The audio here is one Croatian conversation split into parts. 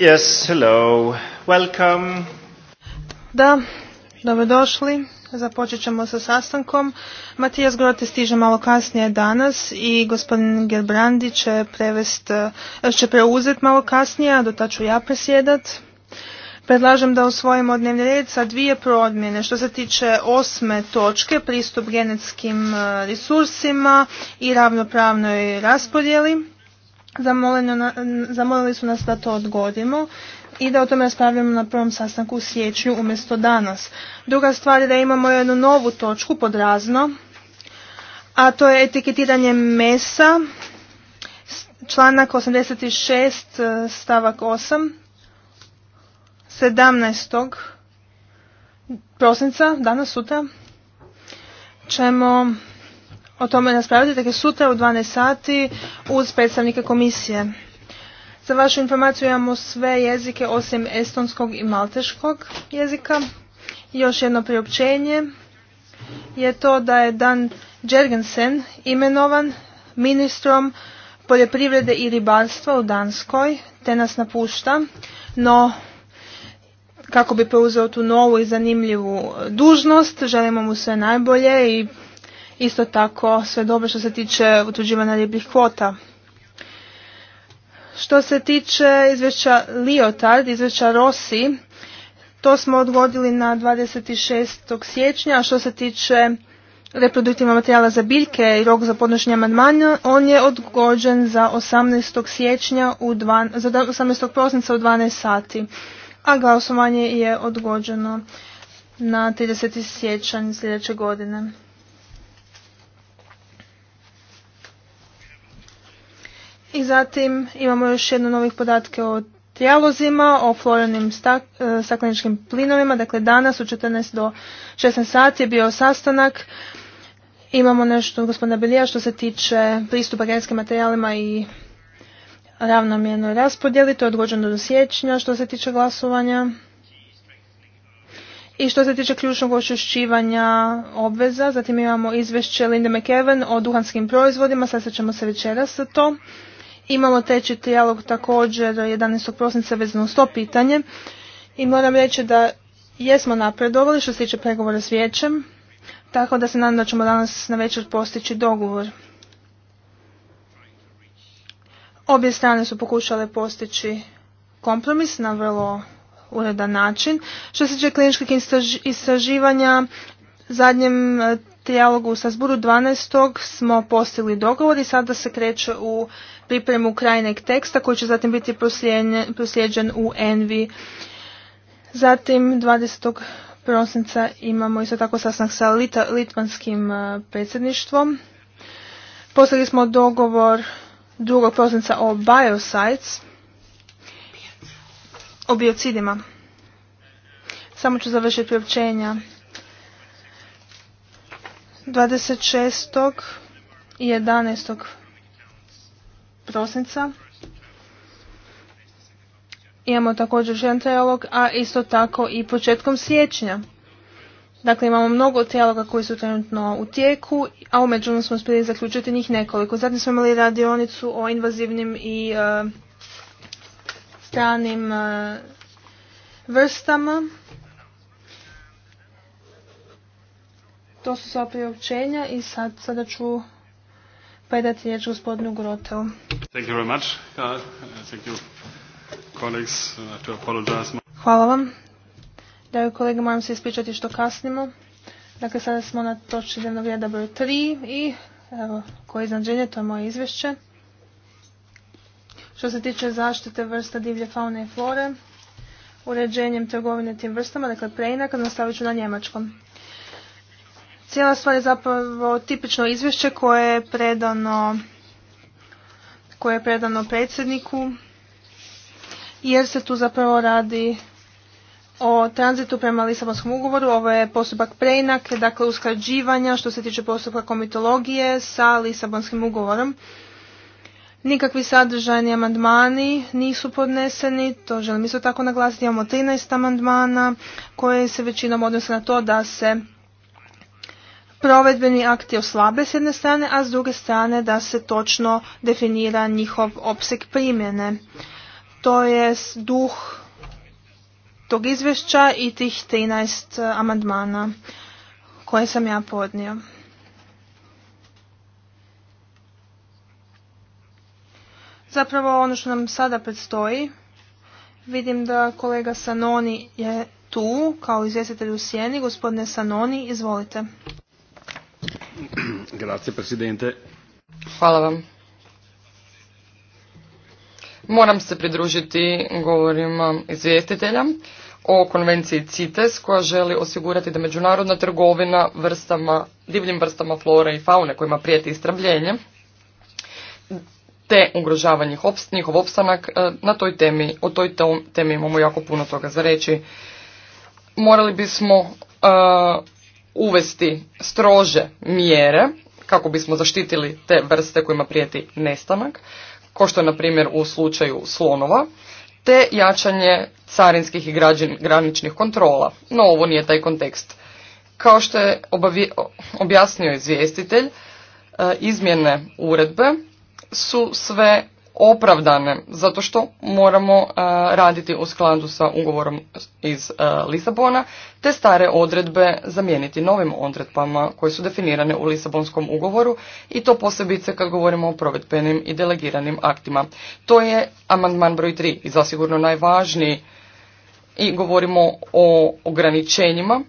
Yes, hello. Welcome. Da, dobrodošli. Započet ćemo sa sastankom. Matijas Grote stiže malo kasnije danas i gospodin Gerbrandi će, prevest, eh, će preuzet malo kasnije, a do ta ću ja presjedat. Predlažem da osvojimo dnevni red sa dvije promjene. Što se tiče osme točke, pristup genetskim eh, resursima i ravnopravnoj raspodjeli zamolili su nas da to odgodimo i da o tome raspravljamo na prvom sastanku u siječnju umjesto danas. Druga stvar je da imamo jednu novu točku pod razno, a to je etiketiranje mesa, članak 86 e, stavak 8, 17. prosinca, danas sutra, ćemo o tome raspravljati, dakle sutra u 12 sati uz predstavnike komisije. Za vašu informaciju imamo sve jezike osim estonskog i malteškog jezika. Još jedno priopćenje je to da je Dan Jergensen imenovan ministrom poljoprivrede i ribarstva u Danskoj, te nas napušta, no kako bi preuzeo tu novu i zanimljivu dužnost, želimo mu sve najbolje i isto tako sve dobro što se tiče utvrđivanja ribljih kvota. Što se tiče izvješća Liotard, izvješća Rossi, to smo odgodili na 26. siječnja, a što se tiče reproduktivnog materijala za biljke i rok za podnošenje amandmana, on je odgođen za 18. siječnja u 12, za 18. prosinca u 12 sati, a glasovanje je odgođeno na 30. siječanj sljedeće godine. I zatim imamo još jedno novih podatke o trijalozima, o florenim stak, e, stakleničkim plinovima. Dakle, danas u 14 do 16 sati je bio sastanak. Imamo nešto gospodina Belija što se tiče pristupa genetskim materijalima i ravnomjernoj raspodjeli. To je odgođeno do sjećnja što se tiče glasovanja. I što se tiče ključnog očišćivanja obveza, zatim imamo izvješće Linda McEwen o duhanskim proizvodima, se ćemo se večeras sa to. Imamo treći trijalog također 11. prosinca vezano uz to pitanje i moram reći da jesmo napredovali što se tiče pregovora s vijećem, tako da se nadam da ćemo danas na večer postići dogovor. Obje strane su pokušale postići kompromis na vrlo uredan način. Što se tiče kliničkih istraživanja, zadnjem e, trijalogu u Sazburu 12. smo postigli dogovor i sada se kreće u pripremu krajnjeg teksta koji će zatim biti proslijeđen u Envi. Zatim 20. prosinca imamo isto tako sastanak sa litvanskim eh, predsjedništvom. Poslali smo dogovor 2. prosinca o biocides, o biocidima. Samo ću završiti priopćenja. 26. i 11 prosinca. Imamo također žen a isto tako i početkom siječnja. Dakle, imamo mnogo teologa koji su trenutno u tijeku, a u međunom smo uspjeli zaključiti njih nekoliko. Zatim smo imali radionicu o invazivnim i e, stranim e, vrstama. To su sva priopćenja i sad, sada ću predati riječ gospodinu Groteu. Uh, uh, Hvala vam. Dragi kolege, moram se ispričati što kasnimo. Dakle, sada smo na točki dnevnog reda broj 3 i evo, koje iznadženje, to je moje izvješće. Što se tiče zaštite vrsta divlje faune i flore, uređenjem trgovine tim vrstama, dakle preinaka, nastavit ću na njemačkom. Cijela stvar je zapravo tipično izvješće koje je predano koje je predano predsjedniku jer se tu zapravo radi o tranzitu prema Lisabonskom ugovoru. Ovo je postupak preinake, dakle usklađivanja što se tiče postupka komitologije sa Lisabonskim ugovorom. Nikakvi sadržajni amandmani nisu podneseni, to želim isto tako naglasiti, imamo 13 amandmana koje se većinom odnose na to da se provedbeni akti oslabe s jedne strane, a s druge strane da se točno definira njihov opseg primjene. To je duh tog izvješća i tih 13 eh, amandmana koje sam ja podnio. Zapravo ono što nam sada predstoji, vidim da kolega Sanoni je tu kao izvjestitelj u sjeni. Gospodine Sanoni, izvolite. vam. Moram se pridružiti govorima izvjestitelja o konvenciji CITES koja želi osigurati da međunarodna trgovina vrstama, divljim vrstama flore i faune kojima prijeti istrabljenje te ugrožava njihov opstanak e, na toj temi, o toj temi imamo jako puno toga za reći. Morali bismo e, uvesti strože mjere kako bismo zaštitili te vrste kojima prijeti nestanak, kao što je na primjer u slučaju slonova, te jačanje carinskih i građen, graničnih kontrola. No ovo nije taj kontekst. Kao što je objasnio izvjestitelj, e, izmjene uredbe su sve opravdane zato što moramo e, raditi u skladu sa ugovorom iz e, Lisabona te stare odredbe zamijeniti novim odredbama koje su definirane u Lisabonskom ugovoru i to posebice kad govorimo o provedbenim i delegiranim aktima. To je amandman broj 3 i zasigurno najvažniji i govorimo o ograničenjima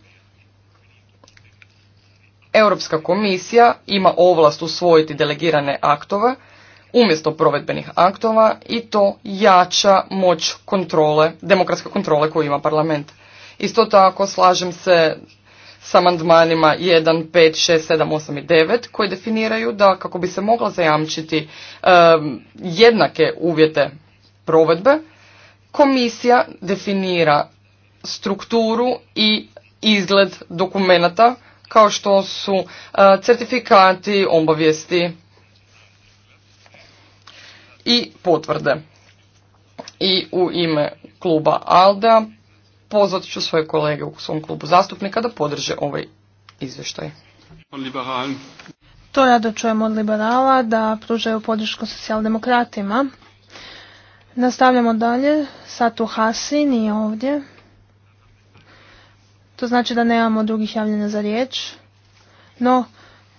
Europska komisija ima ovlast usvojiti delegirane aktove umjesto provedbenih aktova i to jača moć kontrole, demokratske kontrole koju ima parlament. Isto tako slažem se sa amandmanima 1, 5, 6, 7, 8 i 9 koji definiraju da kako bi se mogla zajamčiti jednake uvjete provedbe, komisija definira strukturu i izgled dokumenata kao što su eh, certifikati, obavijesti, i potvrde. I u ime kluba ALDA pozvat ću svoje kolege u svom klubu zastupnika da podrže ovaj izvještaj. To rado čujem od liberala da pružaju podršku socijaldemokratima. Nastavljamo dalje. Satu Hasi nije ovdje. To znači da nemamo drugih javljena za riječ. No,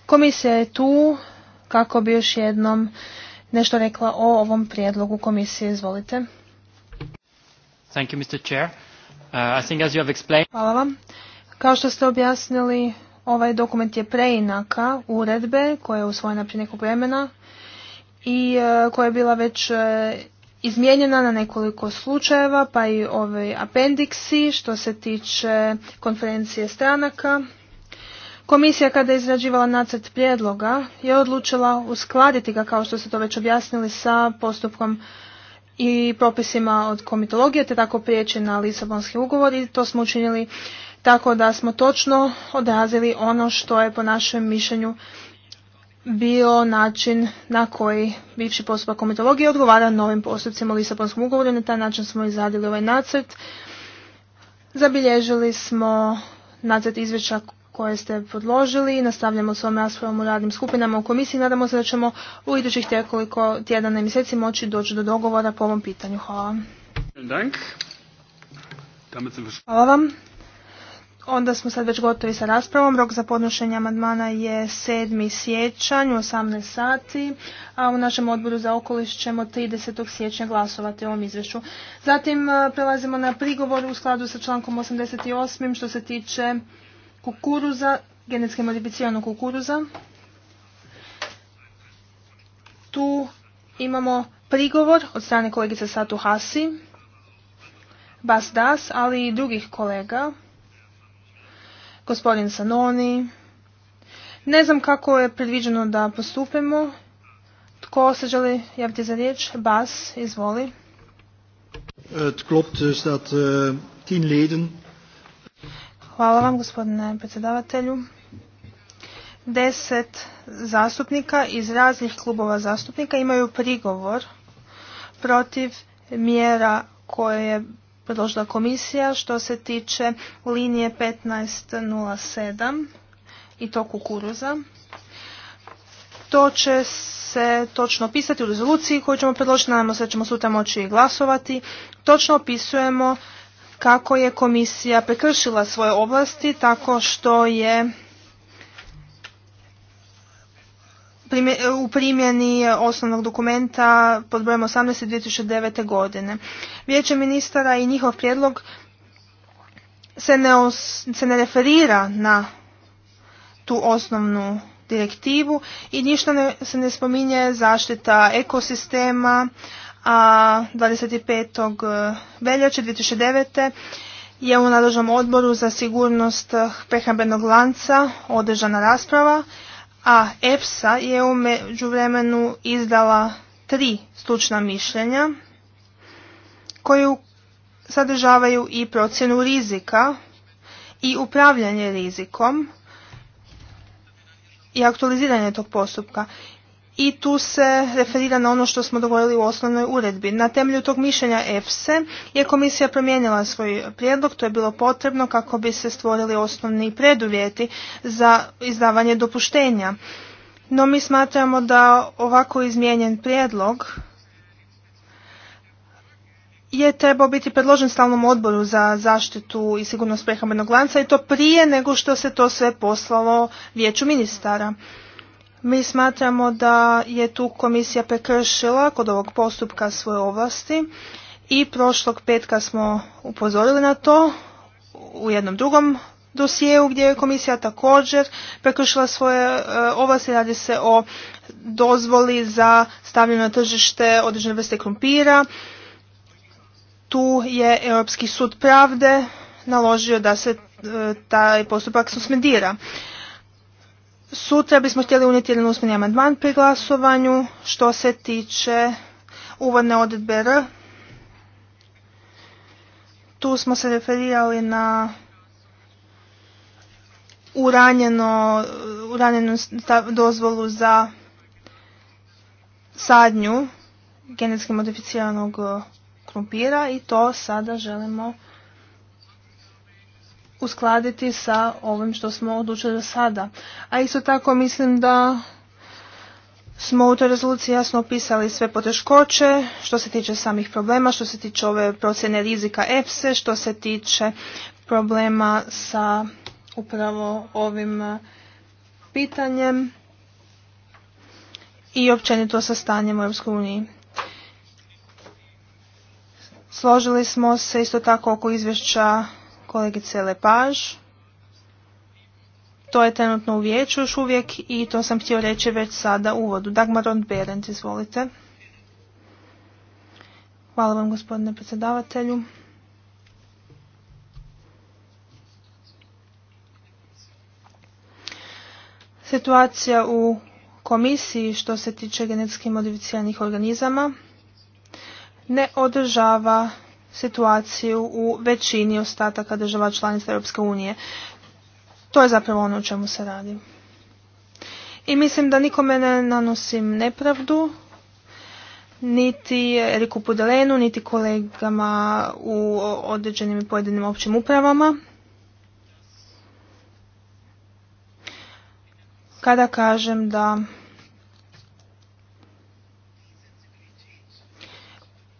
komisija je tu kako bi još jednom nešto rekla o ovom prijedlogu komisije. Izvolite. Thank you, Mr. Uh, Hvala vam. Kao što ste objasnili, ovaj dokument je preinaka uredbe koja je usvojena prije nekog vremena i uh, koja je bila već uh, izmijenjena na nekoliko slučajeva, pa i ove apendiksi što se tiče konferencije stranaka Komisija kada je izrađivala nacrt prijedloga je odlučila uskladiti ga kao što ste to već objasnili sa postupkom i propisima od komitologije te tako prijeći na Lisabonski ugovor i to smo učinili tako da smo točno odrazili ono što je po našem mišljenju bio način na koji bivši postupak komitologije odgovara novim postupcima u Lisabonskom ugovoru. Na taj način smo izradili ovaj nacrt. Zabilježili smo nacrt izvješća koje ste podložili. Nastavljamo s ovom raspravom u radnim skupinama u komisiji. Nadamo se da ćemo u idućih nekoliko tjedana i mjeseci moći doći do dogovora po ovom pitanju. Hvala. Hvala vam. Onda smo sad već gotovi sa raspravom. Rok za podnošenje amandmana je 7. siječanj u 18 sati, a u našem odboru za okoliš ćemo 30. siječnja glasovati o ovom izvješću. Zatim prelazimo na prigovor u skladu sa člankom 88. što se tiče kukuruza, genetski modificiranog kukuruza. Tu imamo prigovor od strane kolegice Satu Hasi, Bas Das, ali i drugih kolega, gospodin Sanoni. Ne znam kako je predviđeno da postupimo. Tko se želi javiti za riječ? Bas, izvoli. Het klopt dat eh, tien leden Hvala vam gospodine predsjedavatelju. Deset zastupnika iz raznih klubova zastupnika imaju prigovor protiv mjera koje je predložila komisija što se tiče linije 1507 i to kukuruza. To će se točno opisati u rezoluciji koju ćemo predložiti, nadamo se da ćemo sutra moći glasovati. Točno opisujemo kako je komisija prekršila svoje ovlasti tako što je u primjeni osnovnog dokumenta pod brojem 18. 2009. godine. Vijeće ministara i njihov prijedlog se ne, se ne referira na tu osnovnu direktivu i ništa ne, se ne spominje zaštita ekosistema, a 25. E, veljače 2009. je u nadležnom odboru za sigurnost prehrambenog lanca održana rasprava, a EPSA je u međuvremenu izdala tri stručna mišljenja koju sadržavaju i procjenu rizika i upravljanje rizikom i aktualiziranje tog postupka i tu se referira na ono što smo dogovorili u osnovnoj uredbi. Na temelju tog mišljenja EFSE je komisija promijenila svoj prijedlog, to je bilo potrebno kako bi se stvorili osnovni preduvjeti za izdavanje dopuštenja. No mi smatramo da ovako izmijenjen prijedlog je trebao biti predložen stalnom odboru za zaštitu i sigurnost prehrambenog lanca i to prije nego što se to sve poslalo vijeću ministara. Mi smatramo da je tu komisija prekršila kod ovog postupka svoje ovlasti i prošlog petka smo upozorili na to u jednom drugom dosijeu gdje je komisija također prekršila svoje e, ovlasti. Radi se o dozvoli za stavljanje na tržište određene vrste krumpira. Tu je Europski sud pravde naložio da se e, taj postupak suspendira. Sutra bismo htjeli unijeti jedan usmeni amandman pri glasovanju što se tiče uvodne odredbe R. Tu smo se referirali na uranjenu dozvolu za sadnju genetski modificiranog krumpira i to sada želimo uskladiti sa ovim što smo odlučili do sada. A isto tako mislim da smo u toj rezoluciji jasno opisali sve poteškoće što se tiče samih problema, što se tiče ove procjene rizika EPSE, što se tiče problema sa upravo ovim eh, pitanjem i općenito sa stanjem u EU. Složili smo se isto tako oko izvješća kolegice Lepaž. To je trenutno u vijeću još uvijek i to sam htio reći već sada u uvodu. Dagmaron Berend, izvolite. Hvala vam gospodine predsjedavatelju. Situacija u komisiji što se tiče genetski modificiranih organizama ne održava situaciju u većini ostataka država članica Europske unije. To je zapravo ono o čemu se radi. I mislim da nikome ne nanosim nepravdu, niti Eriku Pudelenu, niti kolegama u određenim i pojedinim općim upravama. Kada kažem da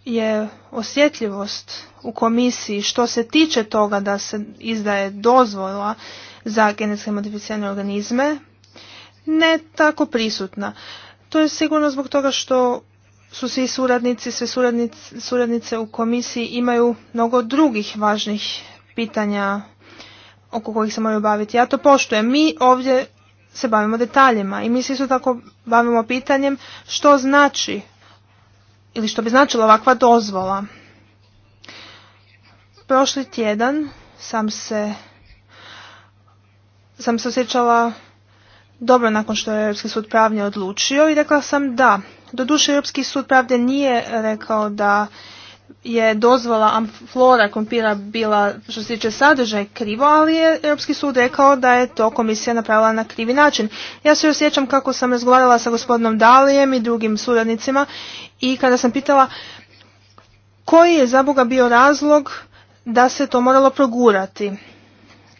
je osjetljivost u komisiji što se tiče toga da se izdaje dozvola za genetske modificirane organizme ne tako prisutna. To je sigurno zbog toga što su svi suradnici, sve suradnice, u komisiji imaju mnogo drugih važnih pitanja oko kojih se moraju baviti. Ja to poštujem. Mi ovdje se bavimo detaljima i mi se isto tako bavimo pitanjem što znači ili što bi značila ovakva dozvola. Prošli tjedan sam se sam se osjećala dobro nakon što je Europski sud pravde odlučio i rekla sam da. Doduše Europski sud pravde nije rekao da je dozvola amflora kompira bila što se tiče sadržaj krivo, ali je Europski sud rekao da je to komisija napravila na krivi način. Ja se još sjećam kako sam razgovarala sa gospodinom Dalijem i drugim suradnicima i kada sam pitala koji je za Boga bio razlog da se to moralo progurati.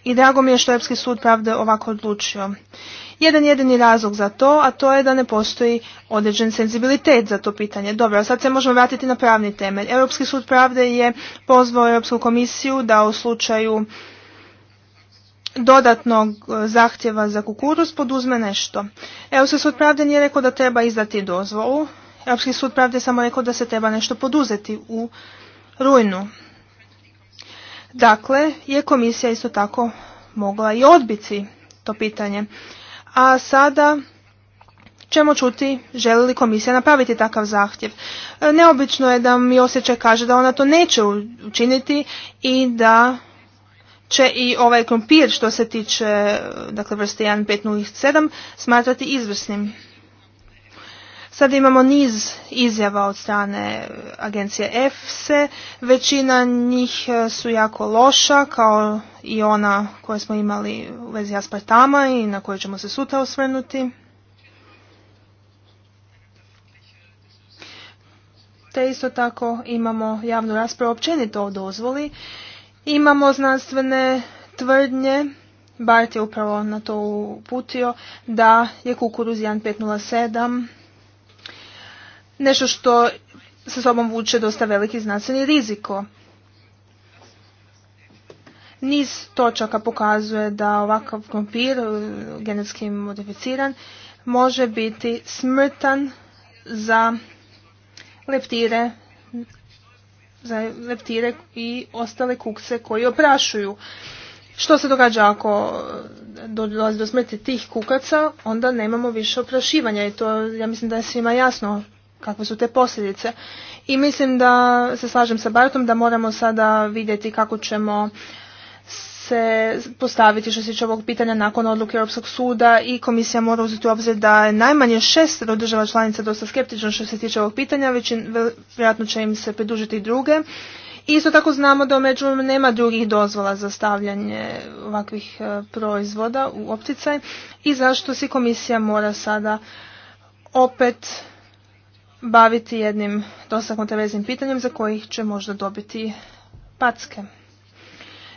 I drago mi je što je Europski sud pravde ovako odlučio jedan jedini razlog za to, a to je da ne postoji određen senzibilitet za to pitanje. Dobro, sad se možemo vratiti na pravni temelj. Europski sud pravde je pozvao Europsku komisiju da u slučaju dodatnog e, zahtjeva za kukuruz poduzme nešto. Europski sud pravde nije rekao da treba izdati dozvolu. Europski sud pravde je samo rekao da se treba nešto poduzeti u rujnu. Dakle, je komisija isto tako mogla i odbiti to pitanje a sada ćemo čuti želi li komisija napraviti takav zahtjev. E, neobično je da mi osjećaj kaže da ona to neće učiniti i da će i ovaj krompir što se tiče e, dakle, vrste 1507 smatrati izvrsnim. Sad imamo niz izjava od strane agencije EFSE, većina njih e, su jako loša, kao i ona koje smo imali u vezi aspartama i na koje ćemo se sutra osvrnuti. Te isto tako imamo javnu raspravu općenito o dozvoli. Imamo znanstvene tvrdnje, Bart je upravo na to uputio, da je kukuruz 1507 nešto što sa sobom vuče dosta veliki znanstveni riziko. Niz točaka pokazuje da ovakav krompir, e, genetski modificiran, može biti smrtan za leptire za leptire i ostale kukce koji oprašuju. Što se događa ako e, dolazi do smrti tih kukaca? Onda nemamo više oprašivanja i to ja mislim da je svima jasno kakve su te posljedice. I mislim da se slažem sa Bartom da moramo sada vidjeti kako ćemo se postaviti što se tiče ovog pitanja nakon odluke Europskog suda i komisija mora uzeti u obzir da je najmanje šest država članica dosta skeptično što se tiče ovog pitanja, već vjerojatno će im se pridružiti i druge. Isto tako znamo da među nema drugih dozvola za stavljanje ovakvih e, proizvoda u opticaj i zašto si komisija mora sada opet baviti jednim dosta kontroverznim pitanjem za kojih će možda dobiti packe.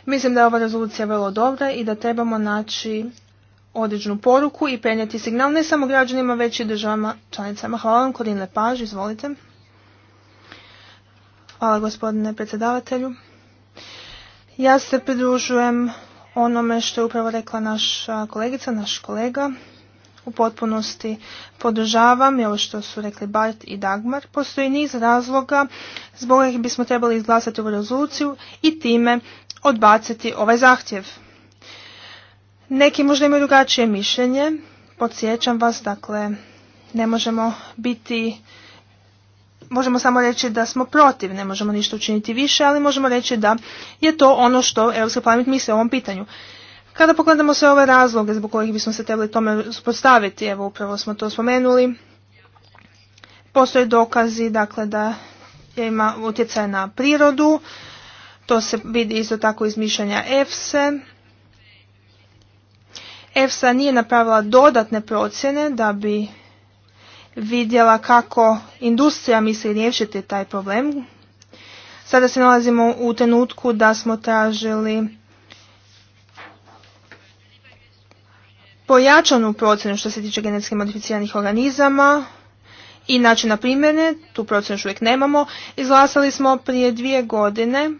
Mislim da je ova rezolucija vrlo dobra i da trebamo naći određenu poruku i prenijeti signal ne samo građanima, već i državama članicama. Hvala vam, Korin Lepaž, izvolite. Hvala gospodine predsjedavatelju. Ja se pridružujem onome što je upravo rekla naša kolegica, naš kolega u potpunosti podržavam i ovo što su rekli Bart i Dagmar. Postoji niz razloga zbog kojih bismo trebali izglasati ovu rezoluciju i time odbaciti ovaj zahtjev. Neki možda imaju drugačije mišljenje, podsjećam vas, dakle, ne možemo biti možemo samo reći da smo protiv, ne možemo ništa učiniti više, ali možemo reći da je to ono što Europski parlament misli o ovom pitanju. Kada pogledamo sve ove razloge zbog kojih bismo se trebali tome spostaviti, evo upravo smo to spomenuli, postoje dokazi dakle, da ima utjecaj na prirodu, to se vidi isto tako iz mišljenja EFSE. EFSA nije napravila dodatne procjene da bi vidjela kako industrija misli riješiti taj problem. Sada se nalazimo u trenutku da smo tražili pojačanu procjenu što se tiče genetski modificiranih organizama i načina primjene, tu procenu još uvijek nemamo, izglasali smo prije dvije godine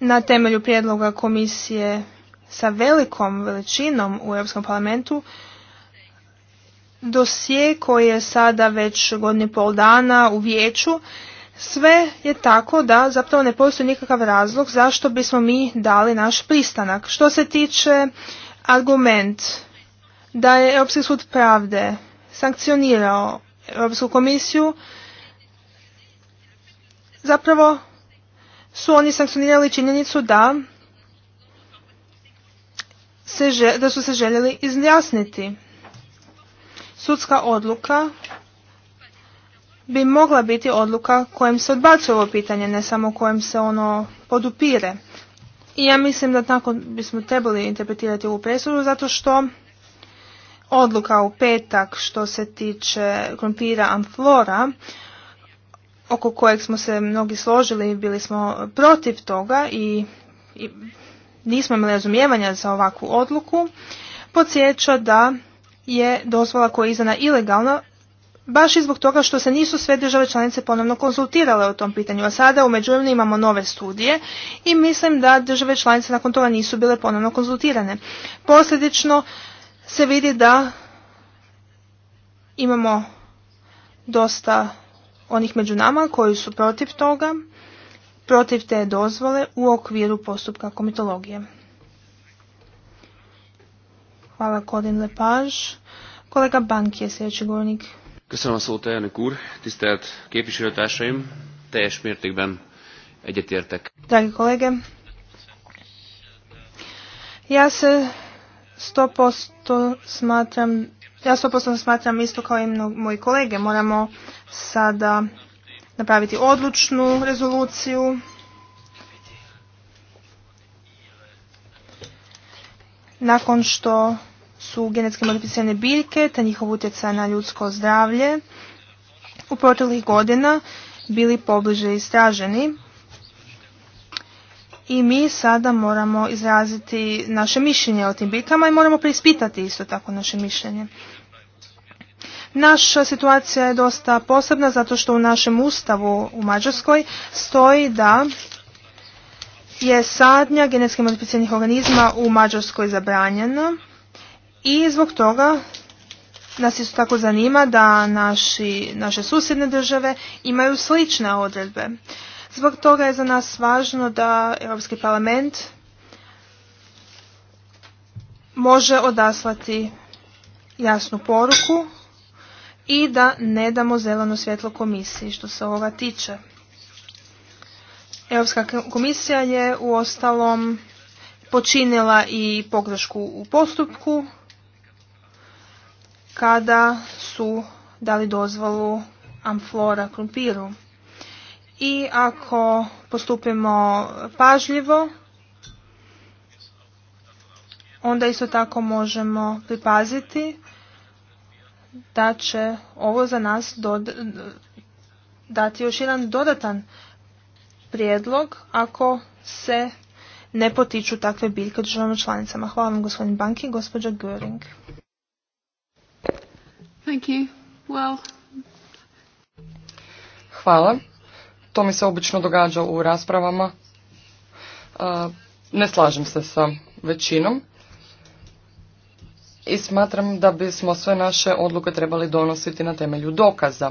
na temelju prijedloga komisije sa velikom veličinom u Europskom parlamentu dosije koji je sada već godinu i pol dana u vijeću sve je tako da zapravo ne postoji nikakav razlog zašto bismo mi dali naš pristanak. Što se tiče argument da je Europski sud pravde sankcionirao Europsku komisiju, zapravo su oni sankcionirali činjenicu da, da su se željeli izjasniti. Sudska odluka bi mogla biti odluka kojem se odbacuje ovo pitanje, ne samo kojem se ono podupire. I ja mislim da tako bismo trebali interpretirati ovu presudu zato što odluka u petak što se tiče krompira Amflora, oko kojeg smo se mnogi složili i bili smo protiv toga i, i nismo imali razumijevanja za ovakvu odluku, podsjeća da je dozvola koja je izdana ilegalno baš i zbog toga što se nisu sve države članice ponovno konzultirale o tom pitanju. A sada u međuvremenu imamo nove studije i mislim da države članice nakon toga nisu bile ponovno konzultirane. Posljedično se vidi da imamo dosta onih među nama koji su protiv toga, protiv te dozvole u okviru postupka komitologije. Hvala Kodin Lepaž. Kolega Bank je sljedeći govornik. Köszönöm a szót, elnök úr. Tisztelt képviselőtársaim, teljes mértékben egyetértek. Dragi kolege, ja se 100% smatram, ja 100% smatram isto kao i moji kolege. Moramo sada napraviti odlučnu rezoluciju. Nakon što su genetski modificirane biljke te njihov utjecaj na ljudsko zdravlje u proteklih godina bili pobliže istraženi i mi sada moramo izraziti naše mišljenje o tim biljkama i moramo preispitati isto tako naše mišljenje. Naša situacija je dosta posebna zato što u našem ustavu u Mađarskoj stoji da je sadnja genetski modificiranih organizma u Mađarskoj zabranjena i zbog toga nas isto tako zanima da naši, naše susjedne države imaju slične odredbe. Zbog toga je za nas važno da Europski parlament može odaslati jasnu poruku i da ne damo zeleno svjetlo komisiji što se ovoga tiče. Europska komisija je u ostalom počinila i pogrešku u postupku kada su dali dozvolu amflora krumpiru. I ako postupimo pažljivo, onda isto tako možemo pripaziti da će ovo za nas dati još jedan dodatan prijedlog ako se ne potiču takve biljke državama članicama. Hvala vam gospodin Banki, gospođa Göring. Thank you. Hvala. To mi se obično događa u raspravama. E, ne slažem se sa većinom i smatram da bismo sve naše odluke trebali donositi na temelju dokaza.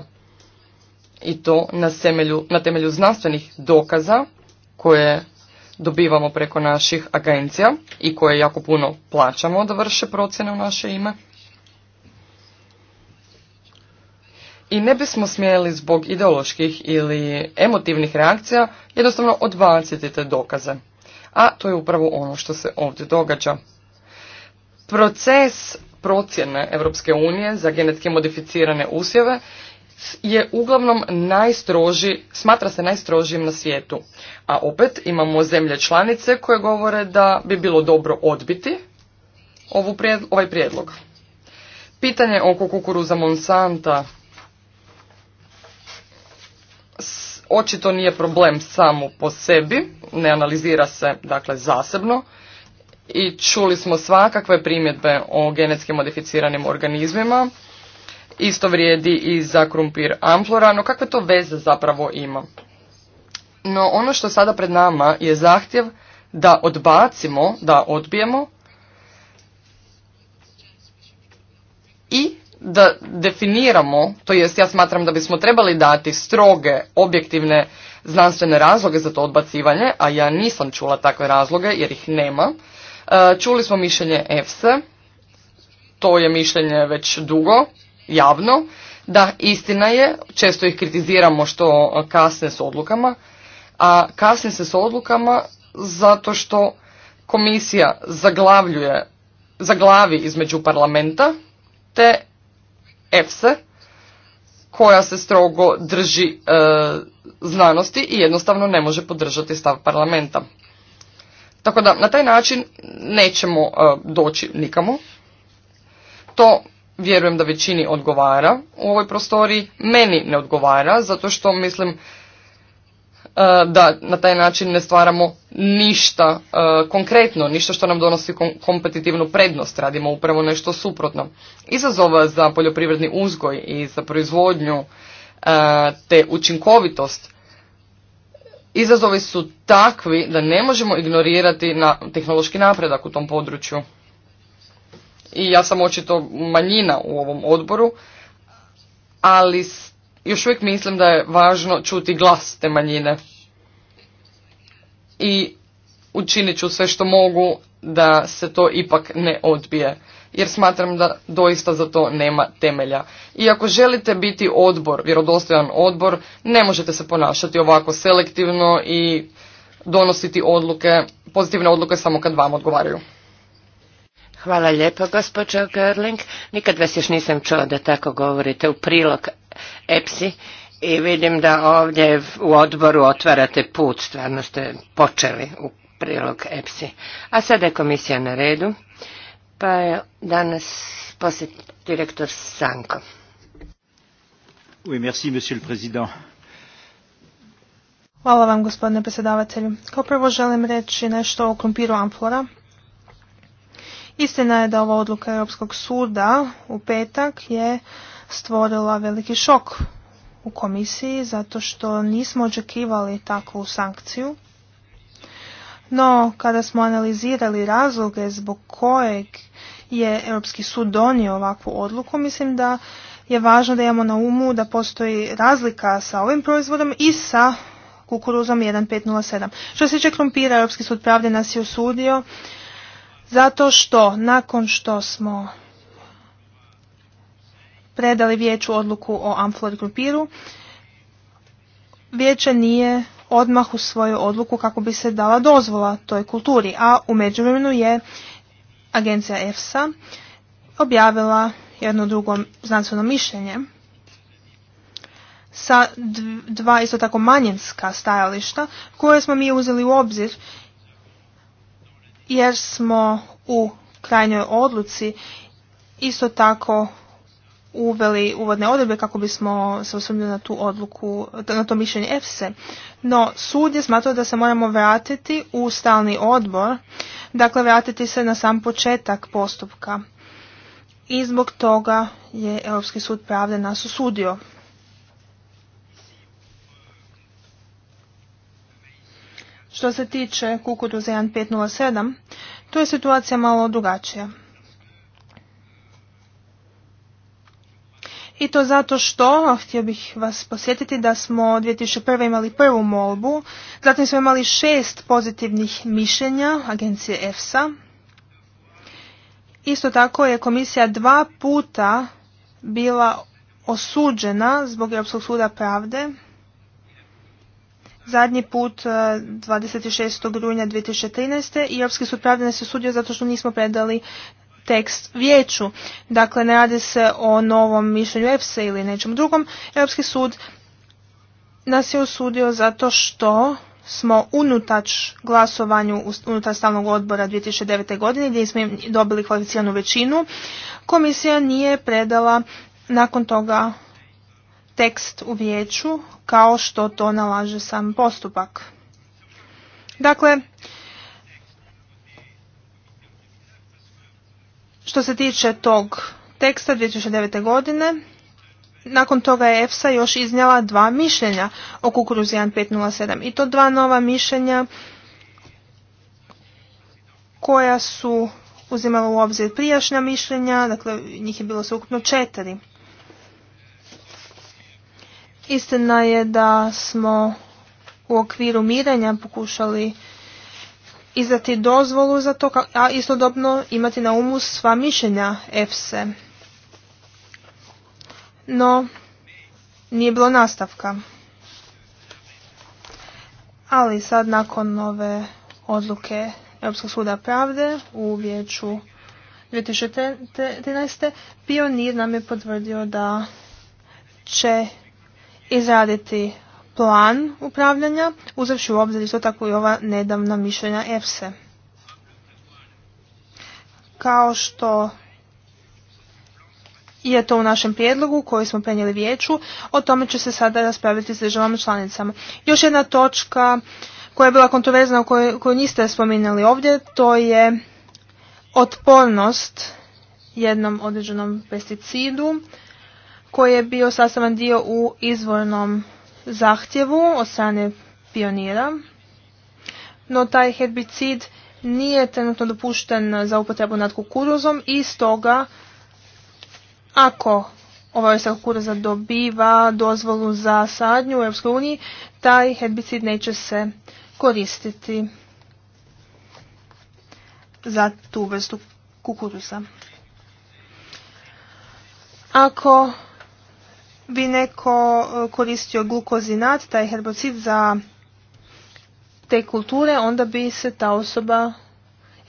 I to na temelju, na temelju znanstvenih dokaza koje dobivamo preko naših agencija i koje jako puno plaćamo da vrše procjene u naše ime. i ne bismo smjeli zbog ideoloških ili emotivnih reakcija jednostavno odbaciti te dokaze. A to je upravo ono što se ovdje događa. Proces procjene Europske unije za genetski modificirane usjeve je uglavnom najstroži, smatra se najstrožijim na svijetu. A opet imamo zemlje članice koje govore da bi bilo dobro odbiti ovu ovaj prijedlog. Pitanje oko kukuruza Monsanta očito nije problem samo po sebi, ne analizira se dakle zasebno i čuli smo svakakve primjedbe o genetski modificiranim organizmima. Isto vrijedi i za krumpir amflora, no kakve to veze zapravo ima? No ono što sada pred nama je zahtjev da odbacimo, da odbijemo i da definiramo, to jest ja smatram da bismo trebali dati stroge, objektivne znanstvene razloge za to odbacivanje, a ja nisam čula takve razloge jer ih nema. E, čuli smo mišljenje EFSE, to je mišljenje već dugo, javno, da istina je, često ih kritiziramo što kasne s odlukama, a kasne se s odlukama zato što komisija zaglavljuje, zaglavi između parlamenta te EFSA koja se strogo drži e, znanosti i jednostavno ne može podržati stav parlamenta. Tako da na taj način nećemo e, doći nikamo. To vjerujem da većini odgovara u ovoj prostoriji. Meni ne odgovara zato što mislim E, da na taj način ne stvaramo ništa e, konkretno, ništa što nam donosi kompetitivnu prednost, radimo upravo nešto suprotno. Izazova za poljoprivredni uzgoj i za proizvodnju e, te učinkovitost Izazovi su takvi da ne možemo ignorirati na tehnološki napredak u tom području. I ja sam očito manjina u ovom odboru, ali još uvijek mislim da je važno čuti glas te manjine. I učinit ću sve što mogu da se to ipak ne odbije. Jer smatram da doista za to nema temelja. I ako želite biti odbor, vjerodostojan odbor, ne možete se ponašati ovako selektivno i donositi odluke, pozitivne odluke samo kad vam odgovaraju. Hvala lijepo, gospođo Gerling. Nikad vas još nisam čuo da tako govorite u prilog EPSI i vidim da ovdje u odboru otvarate put, stvarno ste počeli u prilog EPSI. A sada je komisija na redu, pa je danas posjet direktor Sanko. Oui, merci, monsieur le président. Hvala vam gospodine predsjedavatelju. Kao prvo želim reći nešto o krumpiru Amflora. Istina je da ova odluka Europskog suda u petak je stvorila veliki šok u komisiji zato što nismo očekivali takvu sankciju. No, kada smo analizirali razloge zbog kojeg je Europski sud donio ovakvu odluku, mislim da je važno da imamo na umu da postoji razlika sa ovim proizvodom i sa kukuruzom 1507. Što se tiče krompira, Europski sud pravde nas je osudio zato što nakon što smo predali vijeću odluku o Amflor grupiru, vijeće nije odmah u svoju odluku kako bi se dala dozvola toj kulturi, a u međuvremenu je agencija EFSA objavila jedno drugo znanstveno mišljenje sa dva isto tako manjinska stajališta koje smo mi uzeli u obzir jer smo u krajnjoj odluci isto tako uveli uvodne odredbe kako bismo se osvrnuli na tu odluku, na to mišljenje EFSE. No, sud je smatrao da se moramo vratiti u stalni odbor, dakle vratiti se na sam početak postupka. I zbog toga je Europski sud pravde nas osudio. Što se tiče kukuruza 1507, tu je situacija malo drugačija. I to zato što, htio bih vas posjetiti da smo 2001. imali prvu molbu, zatim smo imali šest pozitivnih mišljenja agencije EFSA. Isto tako je komisija dva puta bila osuđena zbog Europskog suda pravde. Zadnji put 26. E, rujna 2013. i Europski sud pravde nas se osudio zato što nismo predali tekst vijeću. Dakle, ne radi se o novom mišljenju EFSA ili nečem drugom. Europski sud nas je usudio zato što smo unutač glasovanju unutar stalnog odbora 2009. godine gdje smo dobili kvalificiranu većinu. Komisija nije predala nakon toga tekst u vijeću kao što to nalaže sam postupak. Dakle, Što se tiče tog teksta 2009. godine, nakon toga je EFSA još iznjela dva mišljenja o kukuruzu 1507 i to dva nova mišljenja koja su uzimala u obzir prijašnja mišljenja, dakle njih je bilo sveukupno četiri. Istina je da smo u okviru mirenja pokušali izdati dozvolu za to, a istodobno imati na umu sva mišljenja EFSE. No, nije bilo nastavka. Ali sad nakon ove odluke Europskog suda pravde u vijeću 2013. pionir nam je potvrdio da će izraditi plan upravljanja, uzevši u obzir isto tako i ova nedavna mišljenja EFSE. Kao što je to u našem prijedlogu koji smo prenijeli vijeću, o tome će se sada raspraviti s državama članicama. Još jedna točka koja je bila kontroverzna, koju, koju niste spominjali ovdje, to je otpornost jednom određenom pesticidu koji je bio sastavan dio u izvornom zahtjevu od strane pionira, no taj herbicid nije trenutno dopušten za upotrebu nad kukuruzom i stoga ako ova vrsta kukuruza dobiva dozvolu za sadnju u EU, taj herbicid neće se koristiti za tu vrstu kukuruza. Ako bi neko e, koristio glukozinat, taj herbocid za te kulture, onda bi se ta osoba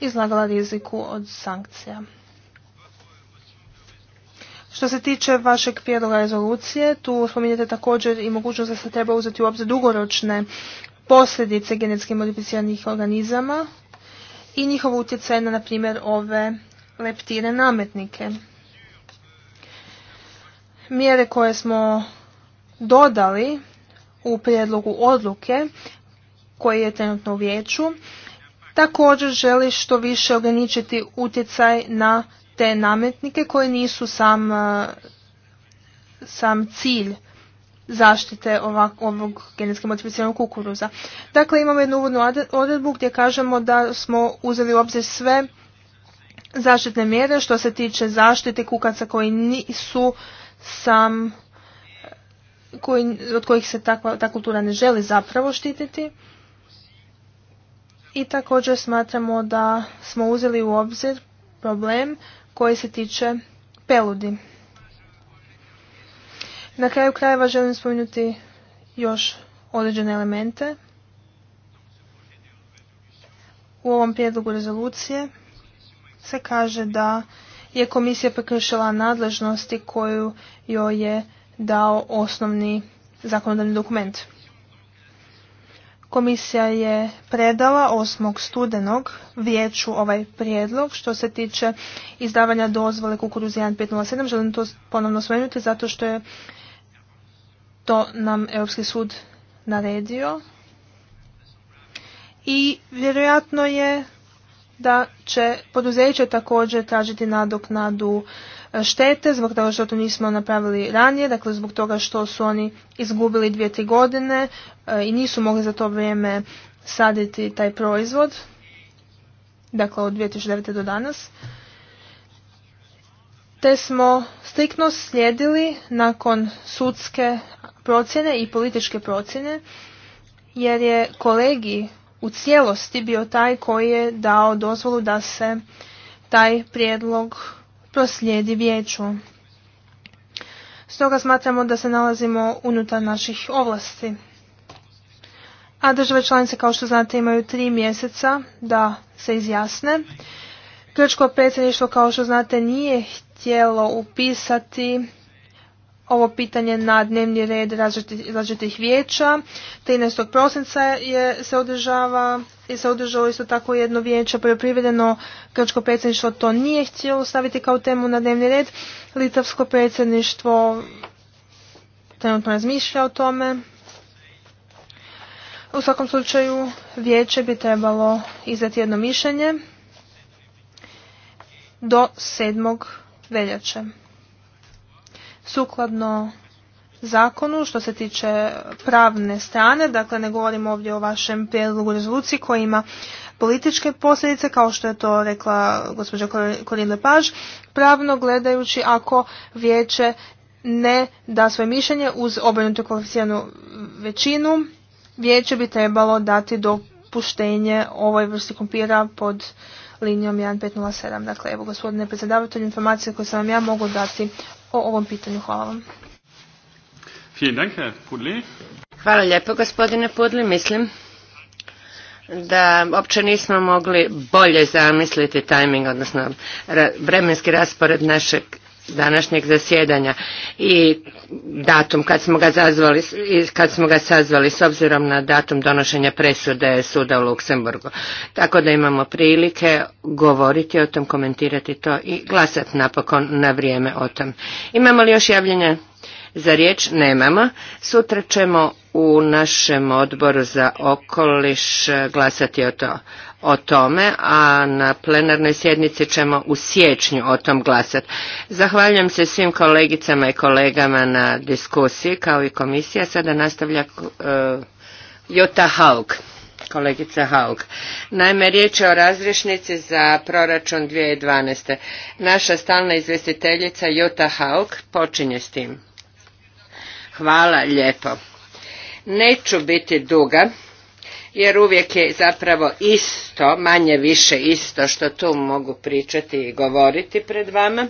izlagala riziku od sankcija. Što se tiče vašeg prijedloga rezolucije, tu spominjete također i mogućnost da se treba uzeti u obzir dugoročne posljedice genetski modificiranih organizama i njihov utjecaj na, na primjer, ove leptire nametnike. Mjere koje smo dodali u prijedlogu odluke koji je trenutno u vijeću također želi što više ograničiti utjecaj na te nametnike koji nisu sam, e, sam cilj zaštite ovak, ovog genetski modificiranog kukuruza. Dakle, imamo jednu uvodnu odredbu gdje kažemo da smo uzeli u obzir sve zaštitne mjere što se tiče zaštite kukaca koji nisu sam koji, od kojih se takva, ta kultura ne želi zapravo štititi. I također smatramo da smo uzeli u obzir problem koji se tiče peludi. Na kraju krajeva želim spomenuti još određene elemente u ovom prijedlogu rezolucije se kaže da je komisija prekršila nadležnosti koju joj je dao osnovni zakonodavni dokument. Komisija je predala 8. studenog vijeću ovaj prijedlog što se tiče izdavanja dozvole kukuruzi 1507. Želim to ponovno spomenuti zato što je to nam Europski sud naredio i vjerojatno je da će poduzeće također tražiti nadoknadu e, štete zbog toga što to nismo napravili ranije, dakle zbog toga što su oni izgubili dvije, tri godine e, i nisu mogli za to vrijeme saditi taj proizvod, dakle od 2009. do danas. Te smo striktno slijedili nakon sudske procjene i političke procjene, jer je kolegi u cijelosti bio taj koji je dao dozvolu da se taj prijedlog proslijedi vijeću. Stoga smatramo da se nalazimo unutar naših ovlasti. A države članice, kao što znate, imaju tri mjeseca da se izjasne. Grčko predsjedništvo, kao što znate, nije htjelo upisati ovo pitanje na dnevni red različitih vijeća. 13. prosinca je, se održava i se održalo isto tako jedno vijeće poljoprivredno. Grčko predsjedništvo to nije htjelo staviti kao temu na dnevni red. Litavsko predsjedništvo trenutno razmišlja o tome. U svakom slučaju vijeće bi trebalo izdati jedno mišljenje do 7. veljače sukladno zakonu što se tiče pravne strane, dakle ne govorim ovdje o vašem prijedlogu rezoluciji koji ima političke posljedice, kao što je to rekla gospođa Corinne Lepaž, pravno gledajući ako vijeće ne da svoje mišljenje uz obrnutu kvalificiranu većinu, vijeće bi trebalo dati dopuštenje ovoj vrsti kompira pod linijom 1507. Dakle, evo gospodine predsjedavatelju, informacije koje sam vam ja mogu dati o ovom pitanju. Hvala vam. Hvala lijepo gospodine Pudli, mislim da uopće nismo mogli bolje zamisliti tajming, odnosno vremenski raspored našeg današnjeg zasjedanja i datum kad smo ga zazvali, kad smo ga sazvali s obzirom na datum donošenja presude suda u Luksemburgu. Tako da imamo prilike govoriti o tom, komentirati to i glasati napokon na vrijeme o tom. Imamo li još javljenja za riječ? Nemamo. Sutra ćemo u našem odboru za okoliš glasati o to o tome, a na plenarnoj sjednici ćemo u siječnju o tom glasati. Zahvaljujem se svim kolegicama i kolegama na diskusiji, kao i komisija. Sada nastavlja e, Jota Haug kolegica Haug. Naime, riječ je o razrješnici za proračun 2012. Naša stalna izvjestiteljica Jota Haug počinje s tim. Hvala lijepo. Neću biti duga jer uvijek je zapravo isto, manje više isto što tu mogu pričati i govoriti pred vama.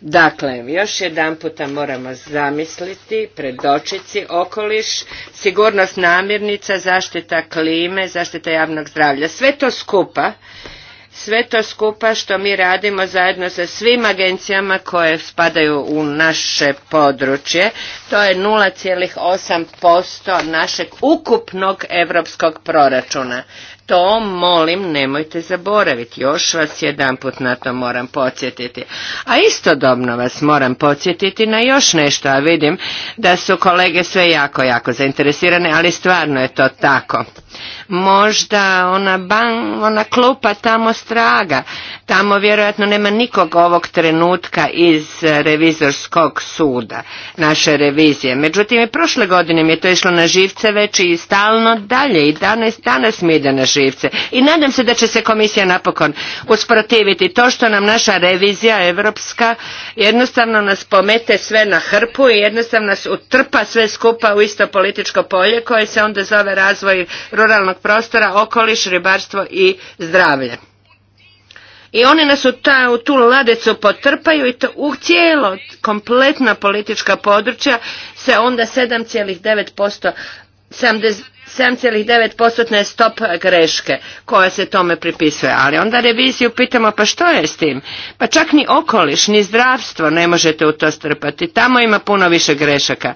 Dakle, još jedan puta moramo zamisliti, predočici, okoliš, sigurnost namirnica, zaštita klime, zaštita javnog zdravlja. Sve to skupa sve to skupa što mi radimo zajedno sa svim agencijama koje spadaju u naše područje, to je 0,8% našeg ukupnog europskog proračuna. To molim nemojte zaboraviti, još vas jedanput na to moram podsjetiti. A istodobno vas moram podsjetiti na još nešto, a vidim da su kolege sve jako, jako zainteresirane, ali stvarno je to tako možda ona, ban, ona klupa tamo straga. Tamo vjerojatno nema nikog ovog trenutka iz e, revizorskog suda naše revizije. Međutim, i prošle godine mi je to išlo na živce već i stalno dalje i danas, danas mi ide na živce. I nadam se da će se komisija napokon usprotiviti to što nam naša revizija evropska jednostavno nas pomete sve na hrpu i jednostavno nas utrpa sve skupa u isto političko polje koje se onda zove razvoj ruralnog prostora, okoliš, ribarstvo i zdravlje. I oni nas u, ta, tu ladecu potrpaju i to u cijelo kompletna politička područja se onda 7,9% 7,9% stop greške koja se tome pripisuje. Ali onda reviziju pitamo pa što je s tim? Pa čak ni okoliš, ni zdravstvo ne možete u to strpati. Tamo ima puno više grešaka.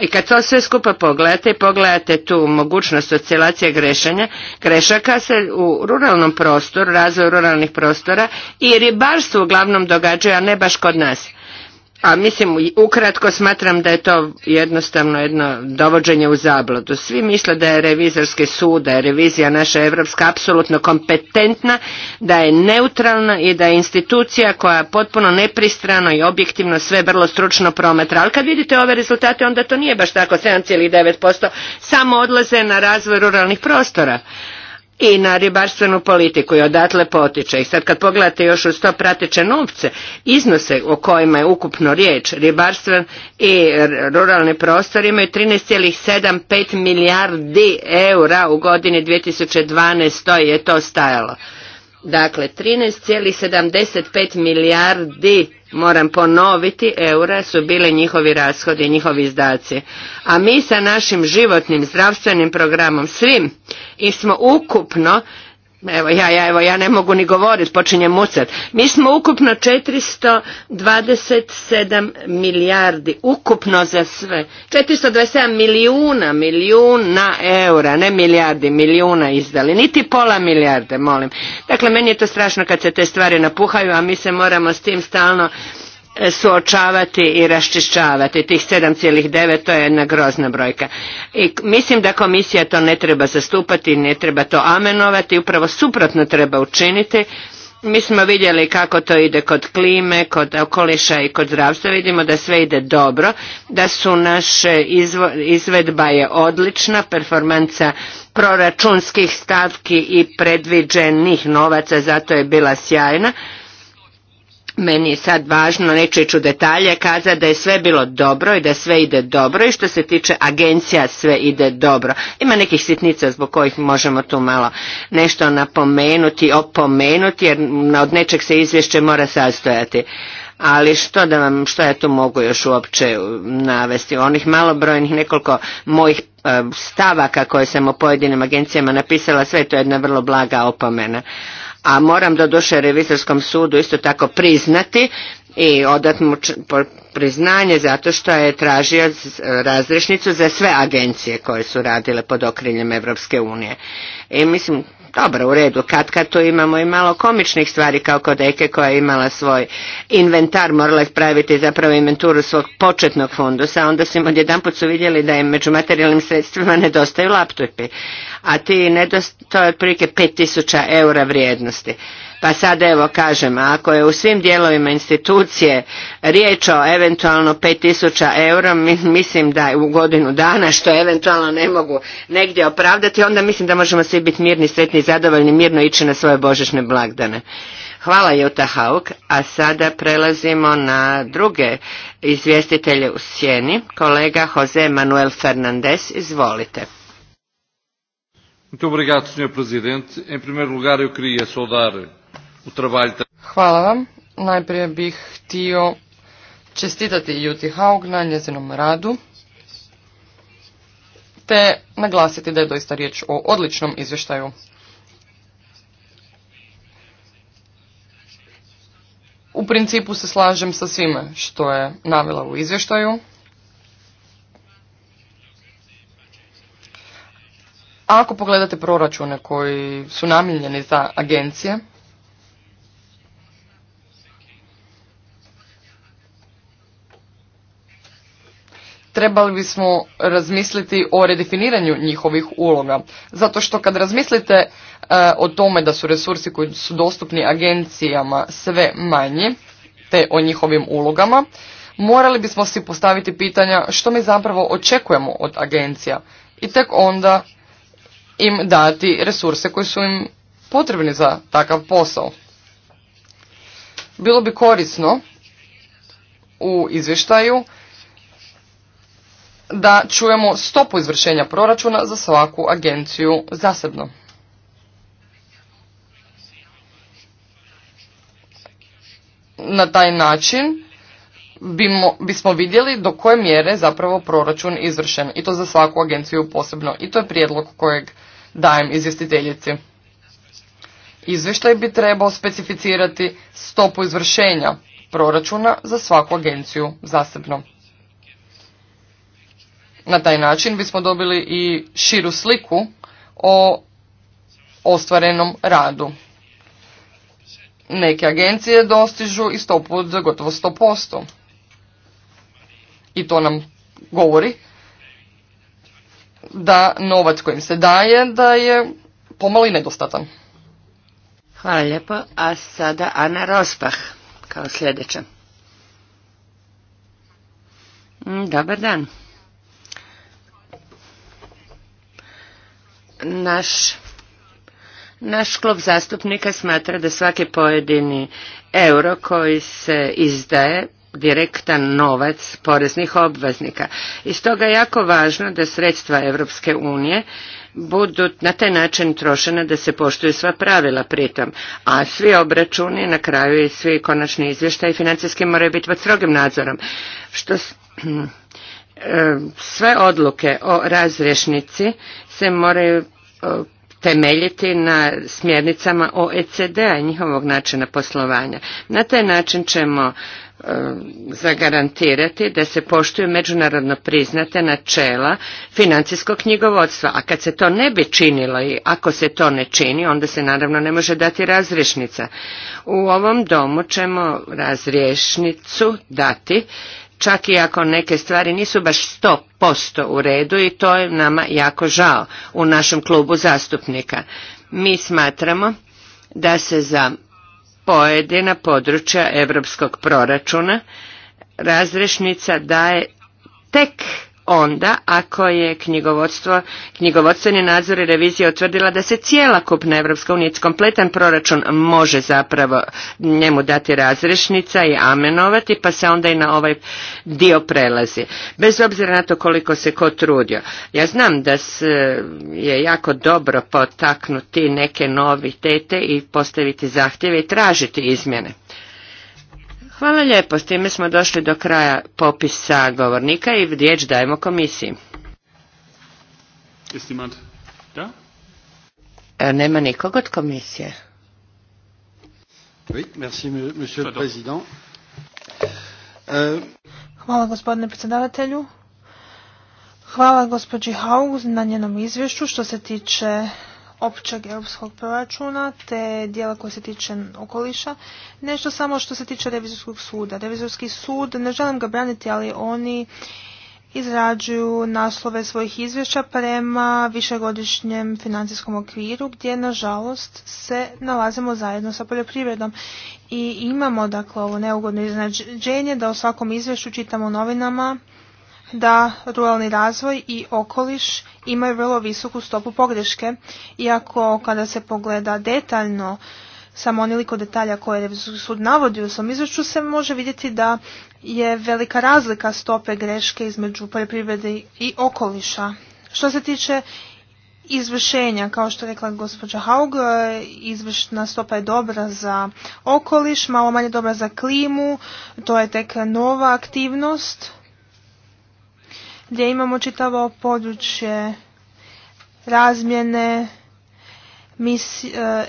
I kad to sve skupa pogledate i pogledate tu mogućnost oscilacije grešanja, grešaka se u ruralnom prostoru, razvoju ruralnih prostora i ribarstvo uglavnom događaju, a ne baš kod nas a mislim ukratko smatram da je to jednostavno jedno dovođenje u zablodu. Svi misle da je revizorski sud, da je revizija naša evropska apsolutno kompetentna, da je neutralna i da je institucija koja potpuno nepristrano i objektivno sve vrlo stručno promatra. Ali kad vidite ove rezultate onda to nije baš tako 7,9% samo odlaze na razvoj ruralnih prostora i na ribarstvenu politiku i odatle potiče. I sad kad pogledate još uz to prateće novce, iznose o kojima je ukupno riječ, ribarstven i ruralni prostor imaju 13,75 milijardi eura u godini 2012. je to stajalo. Dakle, 13,75 milijardi moram ponoviti, eura su bile njihovi rashodi, njihovi izdaci. A mi sa našim životnim, zdravstvenim programom, svim, i smo ukupno Evo ja, ja, evo ja ne mogu ni govoriti, počinjem mucat. Mi smo ukupno 427 milijardi, ukupno za sve. 427 milijuna, milijuna eura, ne milijardi, milijuna izdali. Niti pola milijarde, molim. Dakle, meni je to strašno kad se te stvari napuhaju, a mi se moramo s tim stalno suočavati i raščišćavati. Tih 7,9 to je jedna grozna brojka. I mislim da komisija to ne treba zastupati, ne treba to amenovati, upravo suprotno treba učiniti. Mi smo vidjeli kako to ide kod klime, kod okoliša i kod zdravstva, vidimo da sve ide dobro, da su naše izvedba je odlična, performanca proračunskih stavki i predviđenih novaca zato je bila sjajna meni je sad važno, neću detalje, kaza da je sve bilo dobro i da sve ide dobro i što se tiče agencija sve ide dobro. Ima nekih sitnica zbog kojih možemo tu malo nešto napomenuti, opomenuti jer od nečeg se izvješće mora sastojati. Ali što da vam, što ja tu mogu još uopće navesti? Onih malobrojnih nekoliko mojih e, stavaka koje sam o pojedinim agencijama napisala, sve to je jedna vrlo blaga opomena a moram doduše revizorskom sudu isto tako priznati i odat mu priznanje zato što je tražio razrešnicu za sve agencije koje su radile pod okriljem Evropske unije. I mislim, dobro, u redu, kad kad tu imamo i malo komičnih stvari kao kod Eke koja je imala svoj inventar, morala je praviti zapravo inventuru svog početnog fundusa, onda smo odjedan put su vidjeli da je među materijalnim sredstvima nedostaju laptopi, a ti je otprilike 5000 eura vrijednosti. Pa sada evo kažem, ako je u svim dijelovima institucije riječ o eventualno 5000 eura, mislim da je u godinu dana, što eventualno ne mogu negdje opravdati, onda mislim da možemo svi biti mirni, sretni i zadovoljni, mirno ići na svoje božićne blagdane. Hvala Juta hauk a sada prelazimo na druge izvjestitelje u sjeni. Kolega Jose Manuel Fernandez, izvolite. Muito obrigado, Sr. Presidente. Em primeiro lugar, eu queria saudar Hvala vam. Najprije bih htio čestitati Juti Haug na njezinom radu te naglasiti da je doista riječ o odličnom izvještaju. U principu se slažem sa svime što je navela u izvještaju. Ako pogledate proračune koji su namijenjeni za agencije, trebali bismo razmisliti o redefiniranju njihovih uloga. Zato što kad razmislite e, o tome da su resursi koji su dostupni agencijama sve manji, te o njihovim ulogama, morali bismo si postaviti pitanja što mi zapravo očekujemo od agencija i tek onda im dati resurse koji su im potrebni za takav posao. Bilo bi korisno u izvještaju da čujemo stopu izvršenja proračuna za svaku agenciju zasebno. Na taj način bismo vidjeli do koje mjere zapravo proračun izvršen i to za svaku agenciju posebno. I to je prijedlog kojeg dajem izvjestiteljici. Izvještaj bi trebao specificirati stopu izvršenja proračuna za svaku agenciju zasebno. Na taj način bismo dobili i širu sliku o ostvarenom radu. Neke agencije dostižu i stopu za gotovo 100%. I to nam govori da novac kojim se daje da je pomalo i nedostatan. Hvala lijepo. A sada Ana Rospah kao sljedeća. Mm, dobar dan. naš naš klub zastupnika smatra da svaki pojedini euro koji se izdaje direktan novac poreznih obveznika. I stoga je jako važno da sredstva Europske unije budu na taj način trošena da se poštuju sva pravila pritom, a svi obračuni na kraju i svi konačni izvještaj financijski moraju biti pod strogim nadzorom. Što sve odluke o razrješnici se moraju e, temeljiti na smjernicama OECD-a i njihovog načina poslovanja. Na taj način ćemo e, zagarantirati da se poštuju međunarodno priznate načela financijskog knjigovodstva, a kad se to ne bi činilo i ako se to ne čini, onda se naravno ne može dati razrješnica U ovom domu ćemo razrješnicu dati čak i ako neke stvari nisu baš 100% u redu i to je nama jako žao u našem klubu zastupnika. Mi smatramo da se za pojedina područja europskog proračuna razrešnica daje tek onda ako je knjigovodstvo, knjigovodstveni nadzor i revizija utvrdila da se cijela kupna Evropska unija, kompletan proračun može zapravo njemu dati razrešnica i amenovati, pa se onda i na ovaj dio prelazi. Bez obzira na to koliko se ko trudio. Ja znam da se je jako dobro potaknuti neke novitete i postaviti zahtjeve i tražiti izmjene. Hvala lijepo, s time smo došli do kraja popisa govornika i riječ dajemo komisiji. Da? E, nema nikog od komisije. Euh, Hvala gospodine predsjedavatelju. Hvala gospođi Haug na njenom izvješću što se tiče općeg europskog proračuna te dijela koje se tiče okoliša. Nešto samo što se tiče revizorskog suda. Revizorski sud, ne želim ga braniti, ali oni izrađuju naslove svojih izvješća prema višegodišnjem financijskom okviru gdje nažalost se nalazimo zajedno sa poljoprivredom i imamo dakle ovo neugodno iznenađenje da o svakom izvješću čitamo novinama da ruralni razvoj i okoliš imaju vrlo visoku stopu pogreške, iako kada se pogleda detaljno samo oniliko detalja koje sud navodi u svom izvješću se može vidjeti da je velika razlika stope greške između poljoprivrede i okoliša. Što se tiče izvršenja, kao što rekla gospođa Haug, izvršna stopa je dobra za okoliš, malo manje dobra za klimu, to je tek nova aktivnost gdje imamo čitavo područje razmjene e,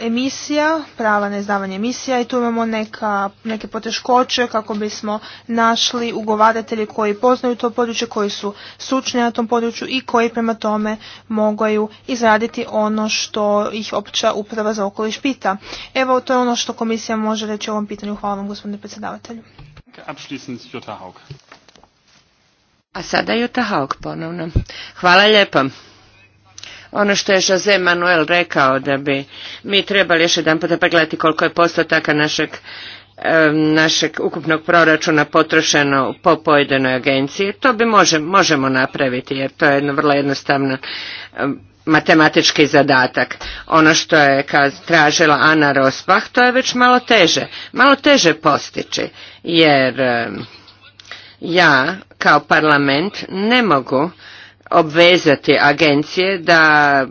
emisija, prava na izdavanje emisija i tu imamo neka, neke poteškoće kako bismo našli ugovaratelje koji poznaju to područje, koji su sučni na tom području i koji prema tome mogaju izraditi ono što ih opća uprava za okoliš pita. Evo to je ono što komisija može reći o ovom pitanju. Hvala vam gospodine predsjedavatelju. A sada ponovno. Hvala lijepo. Ono što je Jose Manuel rekao da bi mi trebali još jedan puta pregledati koliko je postotaka našeg našeg ukupnog proračuna potrošeno po pojedinoj agenciji. To bi možemo napraviti jer to je vrlo jednostavno matematički zadatak. Ono što je kad tražila Ana Rosbach, to je već malo teže. Malo teže postići jer ja kao parlament ne mogu obvezati agencije da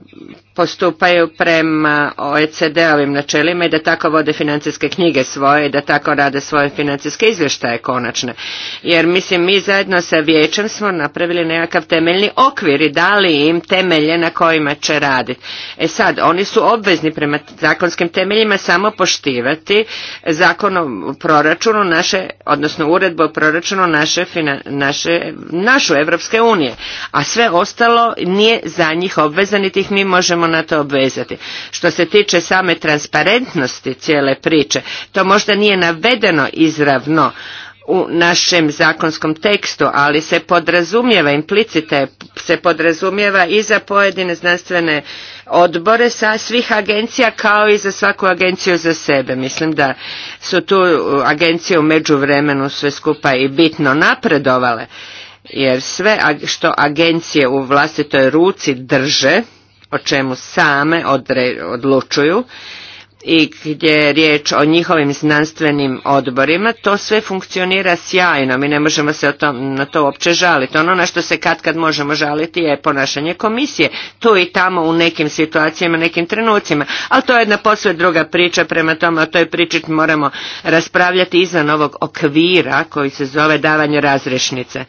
postupaju prema OECD-ovim načelima i da tako vode financijske knjige svoje i da tako rade svoje financijske izvještaje konačne. Jer mislim mi zajedno sa vijećem smo napravili nekakav temeljni okvir i dali im temelje na kojima će raditi. E sad, oni su obvezni prema zakonskim temeljima samo poštivati zakon o proračunu naše, odnosno uredbu o proračunu naše, naše, našu Evropske unije. A sve ostalo nije za njih obvezan niti ih mi možemo na to obvezati. Što se tiče same transparentnosti cijele priče, to možda nije navedeno izravno u našem zakonskom tekstu, ali se podrazumijeva, implicite se podrazumijeva i za pojedine znanstvene odbore sa svih agencija kao i za svaku agenciju za sebe. Mislim da su tu agencije u međuvremenu sve skupa i bitno napredovale, jer sve što agencije u vlastitoj ruci drže, o čemu same odlučuju i gdje je riječ o njihovim znanstvenim odborima, to sve funkcionira sjajno, mi ne možemo se o na to uopće žaliti. Ono na što se kad kad možemo žaliti je ponašanje komisije, tu i tamo u nekim situacijama, nekim trenucima, ali to je jedna posve druga priča, prema tome o toj priči moramo raspravljati izvan ovog okvira koji se zove davanje razrešnice.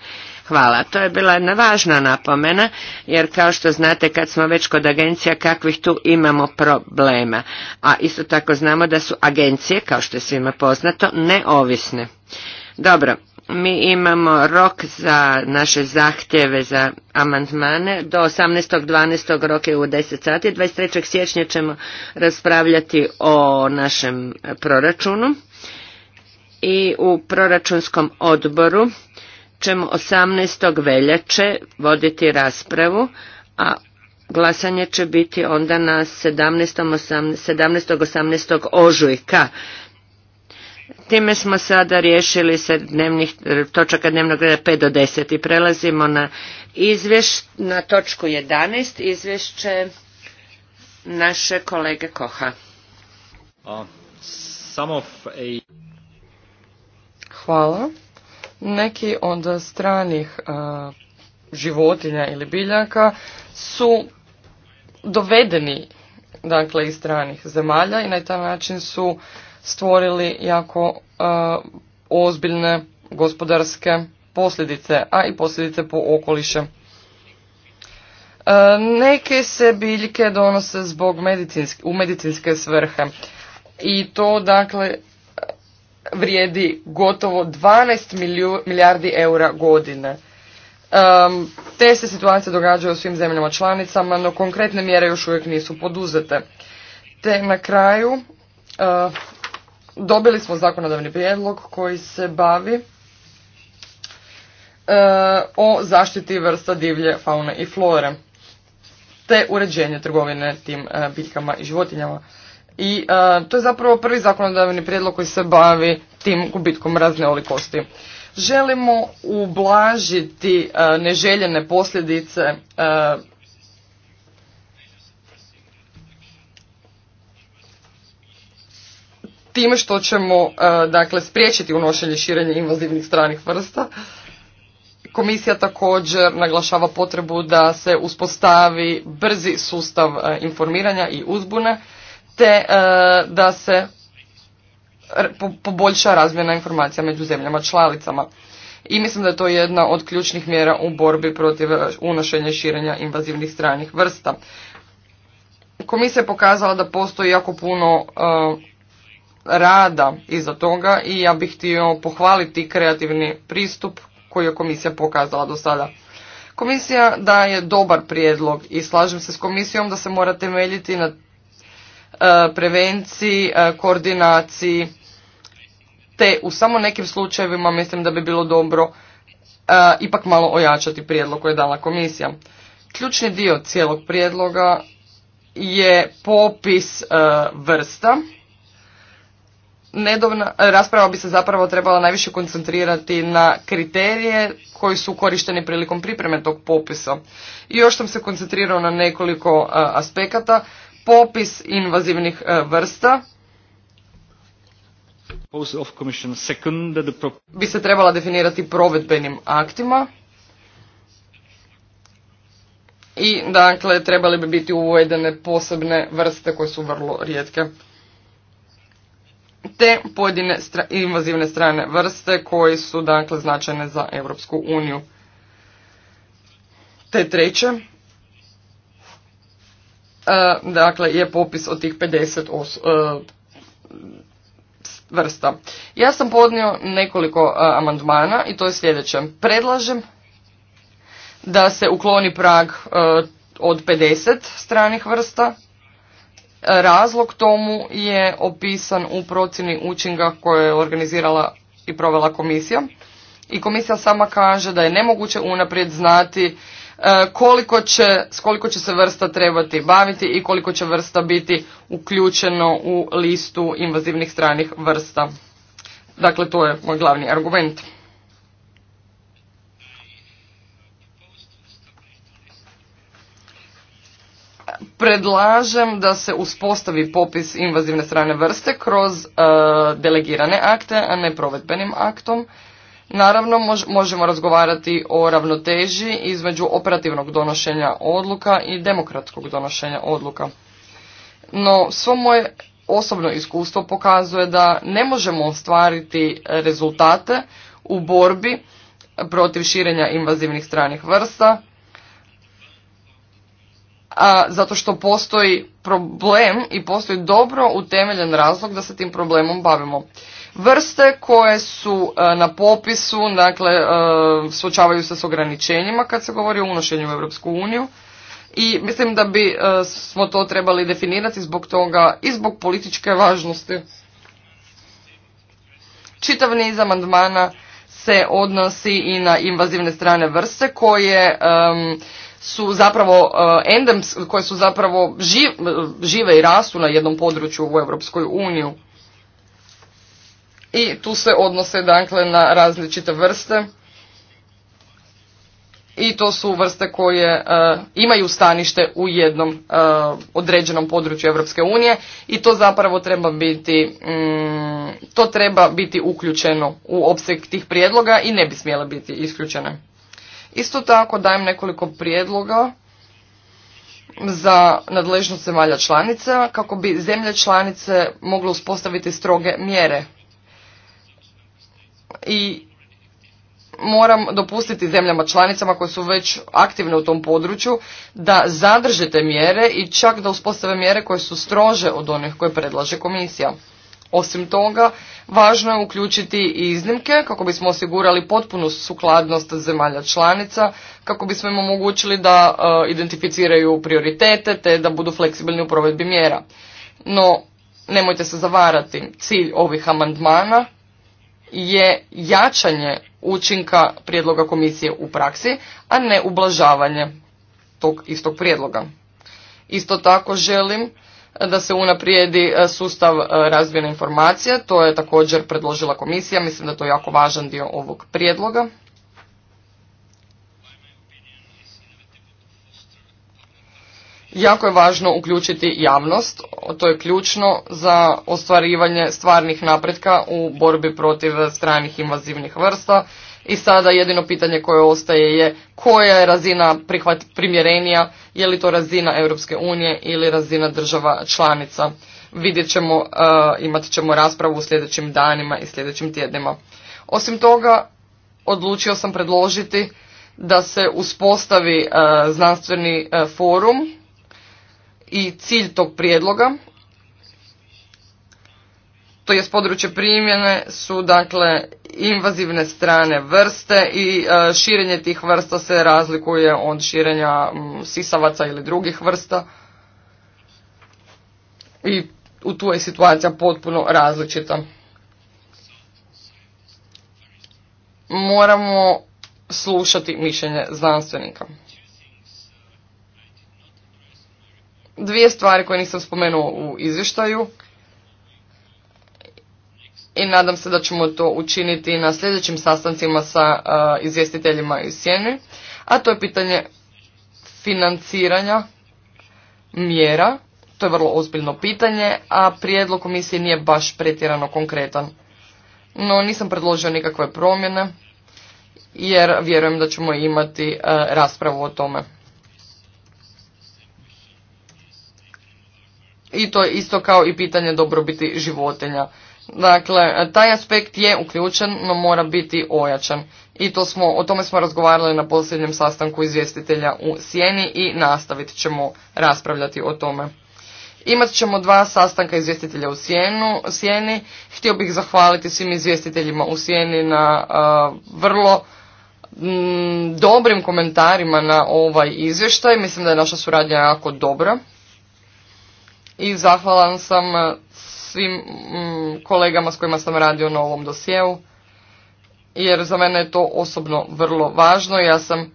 Hvala. To je bila jedna važna napomena, jer kao što znate kad smo već kod agencija kakvih tu imamo problema. A isto tako znamo da su agencije, kao što je svima poznato, neovisne. Dobro, mi imamo rok za naše zahtjeve za amandmane. Do 18.12. rok je u 10 sati. 23. siječnja ćemo raspravljati o našem proračunu. I u proračunskom odboru ćemo 18. veljače voditi raspravu, a glasanje će biti onda na 17. 18, ožujka. Time smo sada riješili se dnevnih, točaka dnevnog reda 5 do 10 i prelazimo na, izvješ, na točku 11, izvješće naše kolege Koha. Hvala. Neki od stranih e, životinja ili biljaka su dovedeni dakle iz stranih zemalja i na taj način su stvorili jako e, ozbiljne gospodarske posljedice, a i posljedice po okoliše. E, neke se biljke donose zbog medicinske, u medicinske svrhe i to dakle vrijedi gotovo 12 milijardi eura godine. Um, te se situacije događaju u svim zemljama članicama, no konkretne mjere još uvijek nisu poduzete. Te na kraju eh, dobili smo zakonodavni prijedlog koji se bavi eh, o zaštiti vrsta divlje faune i flore te uređenje trgovine tim uh, biljkama i životinjama i e, to je zapravo prvi zakonodavni prijedlog koji se bavi tim gubitkom raznolikosti. Želimo ublažiti e, neželjene posljedice e, time što ćemo dakle spriječiti unošenje i širenje invazivnih stranih vrsta. Komisija također naglašava potrebu da se uspostavi brzi sustav informiranja i uzbune te e, da se poboljša razmjena informacija među zemljama članicama. I mislim da je to jedna od ključnih mjera u borbi protiv e, unošenja i širenja invazivnih stranih vrsta. Komisija je pokazala da postoji jako puno e, rada iza toga i ja bih htio pohvaliti kreativni pristup koji je komisija pokazala do sada. Komisija daje dobar prijedlog i slažem se s komisijom da se mora temeljiti na E, prevenciji, e, koordinaciji, te u samo nekim slučajevima mislim da bi bilo dobro e, ipak malo ojačati prijedlog koji je dala komisija. Ključni dio cijelog prijedloga je popis vrsta. Nedovna rasprava bi se zapravo trebala najviše koncentrirati na kriterije koji su korišteni prilikom pripreme tog popisa. I još sam se koncentrirao na nekoliko aspekata popis invazivnih e, vrsta bi se trebala definirati provedbenim aktima i dakle trebali bi biti uvedene posebne vrste koje su vrlo rijetke te pojedine invazivne strane vrste koje su dakle značajne za Europsku uniju. Te treće, E, dakle je popis od tih 50 e, vrsta. Ja sam podnio nekoliko e, amandmana i to je sljedeće. Predlažem da se ukloni prag od 50 stranih vrsta. Razlog tomu je opisan u procjeni učinka koje je organizirala i provela komisija. I komisija sama kaže da je nemoguće unaprijed znati E, koliko će, s koliko će se vrsta trebati baviti i koliko će vrsta biti uključeno u listu invazivnih stranih vrsta. Dakle, to je moj glavni argument. Predlažem da se uspostavi popis invazivne strane vrste kroz e, delegirane akte, a ne provedbenim aktom. Naravno, možemo razgovarati o ravnoteži između operativnog donošenja odluka i demokratskog donošenja odluka. No, svo moje osobno iskustvo pokazuje da ne možemo ostvariti rezultate u borbi protiv širenja invazivnih stranih vrsta, a, zato što postoji problem i postoji dobro utemeljen razlog da se tim problemom bavimo. Vrste koje su e, na popisu, dakle, e, suočavaju se s ograničenjima kad se govori o unošenju u Europsku uniju i mislim da bi e, smo to trebali definirati zbog toga i zbog političke važnosti. Čitav niz amandmana se odnosi i na invazivne strane vrste koje su zapravo koje su zapravo žive i rastu na jednom području u Europskoj uniji i tu se odnose dakle na različite vrste i to su vrste koje e, imaju stanište u jednom e, određenom području Europske unije i to zapravo treba biti mm, to treba biti uključeno u opseg tih prijedloga i ne bi smjele biti isključene. Isto tako dajem nekoliko prijedloga za nadležnost zemalja članica kako bi zemlje članice mogle uspostaviti stroge mjere i moram dopustiti zemljama članicama koje su već aktivne u tom području da zadrže te mjere i čak da uspostave mjere koje su strože od onih koje predlaže komisija. Osim toga, važno je uključiti i iznimke kako bismo osigurali potpunu sukladnost zemalja članica, kako bismo im omogućili da e, identificiraju prioritete te da budu fleksibilni u provedbi mjera. No, nemojte se zavarati, cilj ovih amandmana je jačanje učinka prijedloga komisije u praksi, a ne ublažavanje tog istog prijedloga. Isto tako želim da se unaprijedi e, sustav e, razmjene informacija, to je također predložila komisija, mislim da to je jako važan dio ovog prijedloga. Jako je važno uključiti javnost, to je ključno za ostvarivanje stvarnih napretka u borbi protiv stranih invazivnih vrsta i sada jedino pitanje koje ostaje je koja je razina prihvat primjerenija, je li to razina Europske unije ili razina država članica. Vidjet ćemo, e, imat ćemo raspravu u sljedećim danima i sljedećim tjednima. Osim toga, odlučio sam predložiti da se uspostavi e, znanstveni e, forum i cilj tog prijedloga, to je područje primjene, su dakle invazivne strane vrste i e, širenje tih vrsta se razlikuje od širenja sisavaca ili drugih vrsta. I u tu je situacija potpuno različita. Moramo slušati mišljenje znanstvenika. dvije stvari koje nisam spomenuo u izvještaju i nadam se da ćemo to učiniti na sljedećim sastancima sa izvjestiteljima iz Sjene, a to je pitanje financiranja mjera. To je vrlo ozbiljno pitanje, a prijedlog komisije nije baš pretjerano konkretan. No nisam predložio nikakve promjene jer vjerujem da ćemo imati raspravu o tome. i to je isto kao i pitanje dobrobiti životinja. Dakle, taj aspekt je uključen, no mora biti ojačan. I to smo, o tome smo razgovarali na posljednjem sastanku izvjestitelja u Sjeni i nastavit ćemo raspravljati o tome. Imat ćemo dva sastanka izvjestitelja u Sjenu, Sjeni. Htio bih zahvaliti svim izvjestiteljima u Sjeni na vrlo dobrim komentarima na ovaj izvještaj. Mislim da je naša suradnja jako dobra i zahvalan sam e, svim mm, kolegama s kojima sam radio na ovom dosjeu jer za mene je to osobno vrlo važno. Ja sam,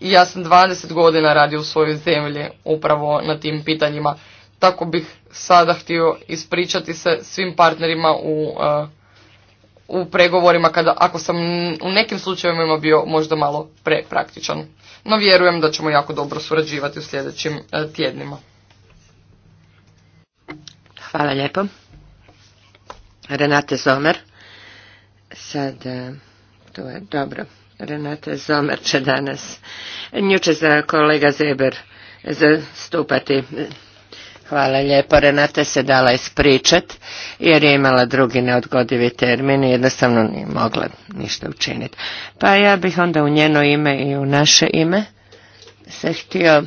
ja sam 20 godina radio u svojoj zemlji upravo na tim pitanjima. Tako bih sada htio ispričati se svim partnerima u, e, u pregovorima kada, ako sam u nekim slučajevima bio možda malo prepraktičan. No vjerujem da ćemo jako dobro surađivati u sljedećim e, tjednima. Hvala lijepo. Renate Zomer. Sad, to je dobro. Renate Zomer će danas, nju će za kolega Zeber zastupati. Hvala lijepo. Renate se dala ispričat jer je imala drugi neodgodivi termin i jednostavno nije mogla ništa učiniti. Pa ja bih onda u njeno ime i u naše ime se htio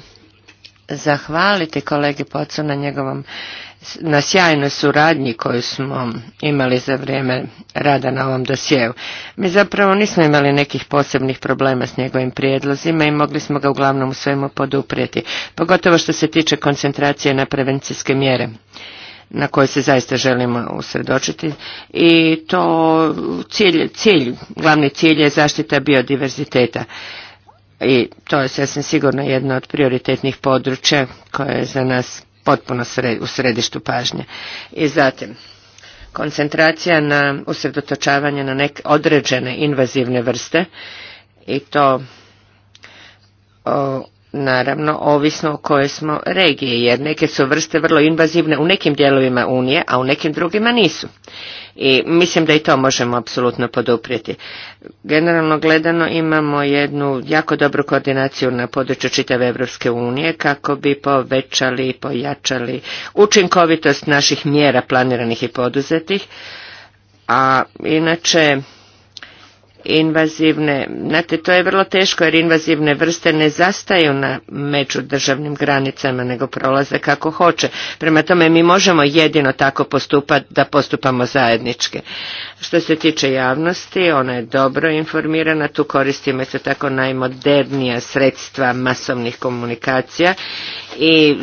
zahvaliti kolegi Pocu na njegovom na sjajnoj suradnji koju smo imali za vrijeme rada na ovom dosjeu. Mi zapravo nismo imali nekih posebnih problema s njegovim prijedlozima i mogli smo ga uglavnom u svemu poduprijeti, pogotovo što se tiče koncentracije na prevencijske mjere na koje se zaista želimo usredočiti i to cilj, cilj, glavni cilj je zaštita biodiverziteta i to je sasvim sigurno jedno od prioritetnih područja koje je za nas potpuno u središtu pažnje. I zatim, koncentracija na usredotočavanje na neke određene invazivne vrste i to naravno ovisno o kojoj smo regiji, jer neke su vrste vrlo invazivne u nekim dijelovima Unije, a u nekim drugima nisu. I mislim da i to možemo apsolutno poduprijeti. Generalno gledano imamo jednu jako dobru koordinaciju na području čitave Evropske unije kako bi povećali i pojačali učinkovitost naših mjera planiranih i poduzetih. A inače invazivne, znate to je vrlo teško jer invazivne vrste ne zastaju na međudržavnim granicama nego prolaze kako hoće. Prema tome mi možemo jedino tako postupati da postupamo zajednički. Što se tiče javnosti, ona je dobro informirana, tu koristimo se tako najmodernija sredstva masovnih komunikacija i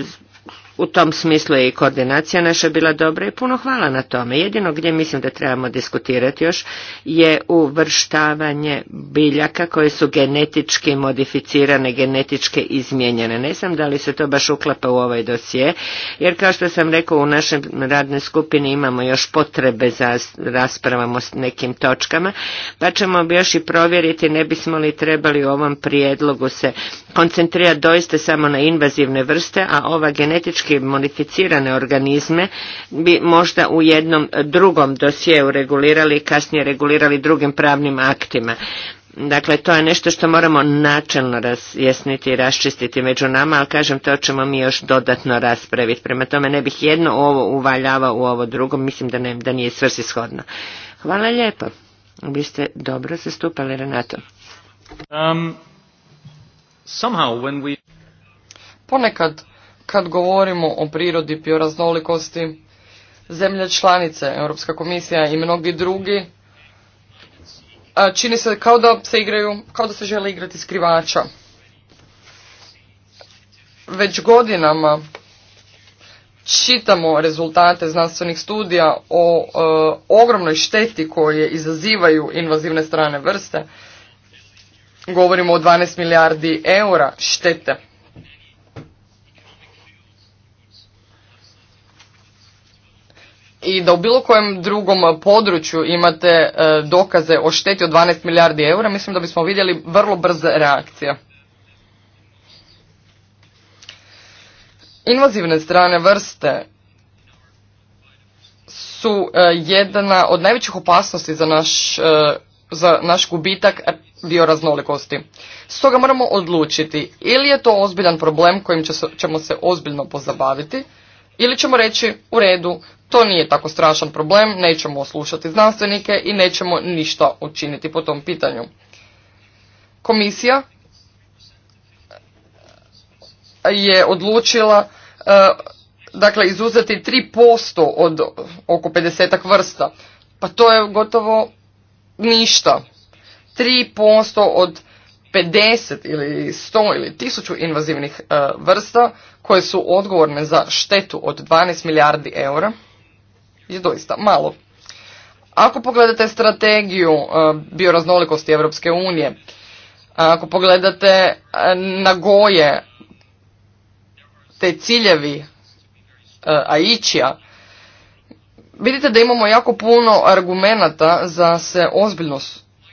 u tom smislu je i koordinacija naša bila dobra i puno hvala na tome. Jedino gdje mislim da trebamo diskutirati još je uvrštavanje biljaka koje su genetički modificirane, genetički izmijenjene. Ne znam da li se to baš uklapa u ovaj dosije, jer kao što sam rekao u našoj radnoj skupini imamo još potrebe za raspravom s nekim točkama, pa ćemo još i provjeriti ne bismo li trebali u ovom prijedlogu se koncentrirati doista samo na invazivne vrste, a ova genetička genetički modificirane organizme bi možda u jednom drugom dosjeu regulirali i kasnije regulirali drugim pravnim aktima. Dakle, to je nešto što moramo načelno razjasniti i raščistiti među nama, ali kažem, to ćemo mi još dodatno raspraviti. Prema tome, ne bih jedno ovo uvaljavao u ovo drugo, mislim da, ne, da nije svrsishodno. Hvala lijepo. Vi ste dobro zastupali, Renato. Um, we... Ponekad kad govorimo o prirodi bioraznolikosti, zemlje članice, Europska komisija i mnogi drugi, čini se kao da se igraju, kao da se žele igrati skrivača. Već godinama čitamo rezultate znanstvenih studija o e, ogromnoj šteti koje izazivaju invazivne strane vrste. Govorimo o 12 milijardi eura štete i da u bilo kojem drugom području imate e, dokaze o šteti od 12 milijardi eura, mislim da bismo vidjeli vrlo brze reakcije. Invazivne strane vrste su e, jedna od najvećih opasnosti za naš, e, za naš gubitak bioraznolikosti. Stoga moramo odlučiti ili je to ozbiljan problem kojim ćemo se ozbiljno pozabaviti, ili ćemo reći u redu, to nije tako strašan problem, nećemo slušati znanstvenike i nećemo ništa učiniti po tom pitanju. Komisija e, je odlučila e, dakle izuzeti 3% od oko 50 vrsta. Pa to je gotovo ništa. 3% od 50 ili 100 ili 1000 invazivnih e, vrsta koje su odgovorne za štetu od 12 milijardi eura je doista malo. Ako pogledate strategiju e, bioraznolikosti Europske unije, ako pogledate e, nagoje te ciljevi e, Aicija, vidite da imamo jako puno argumenata za se ozbiljno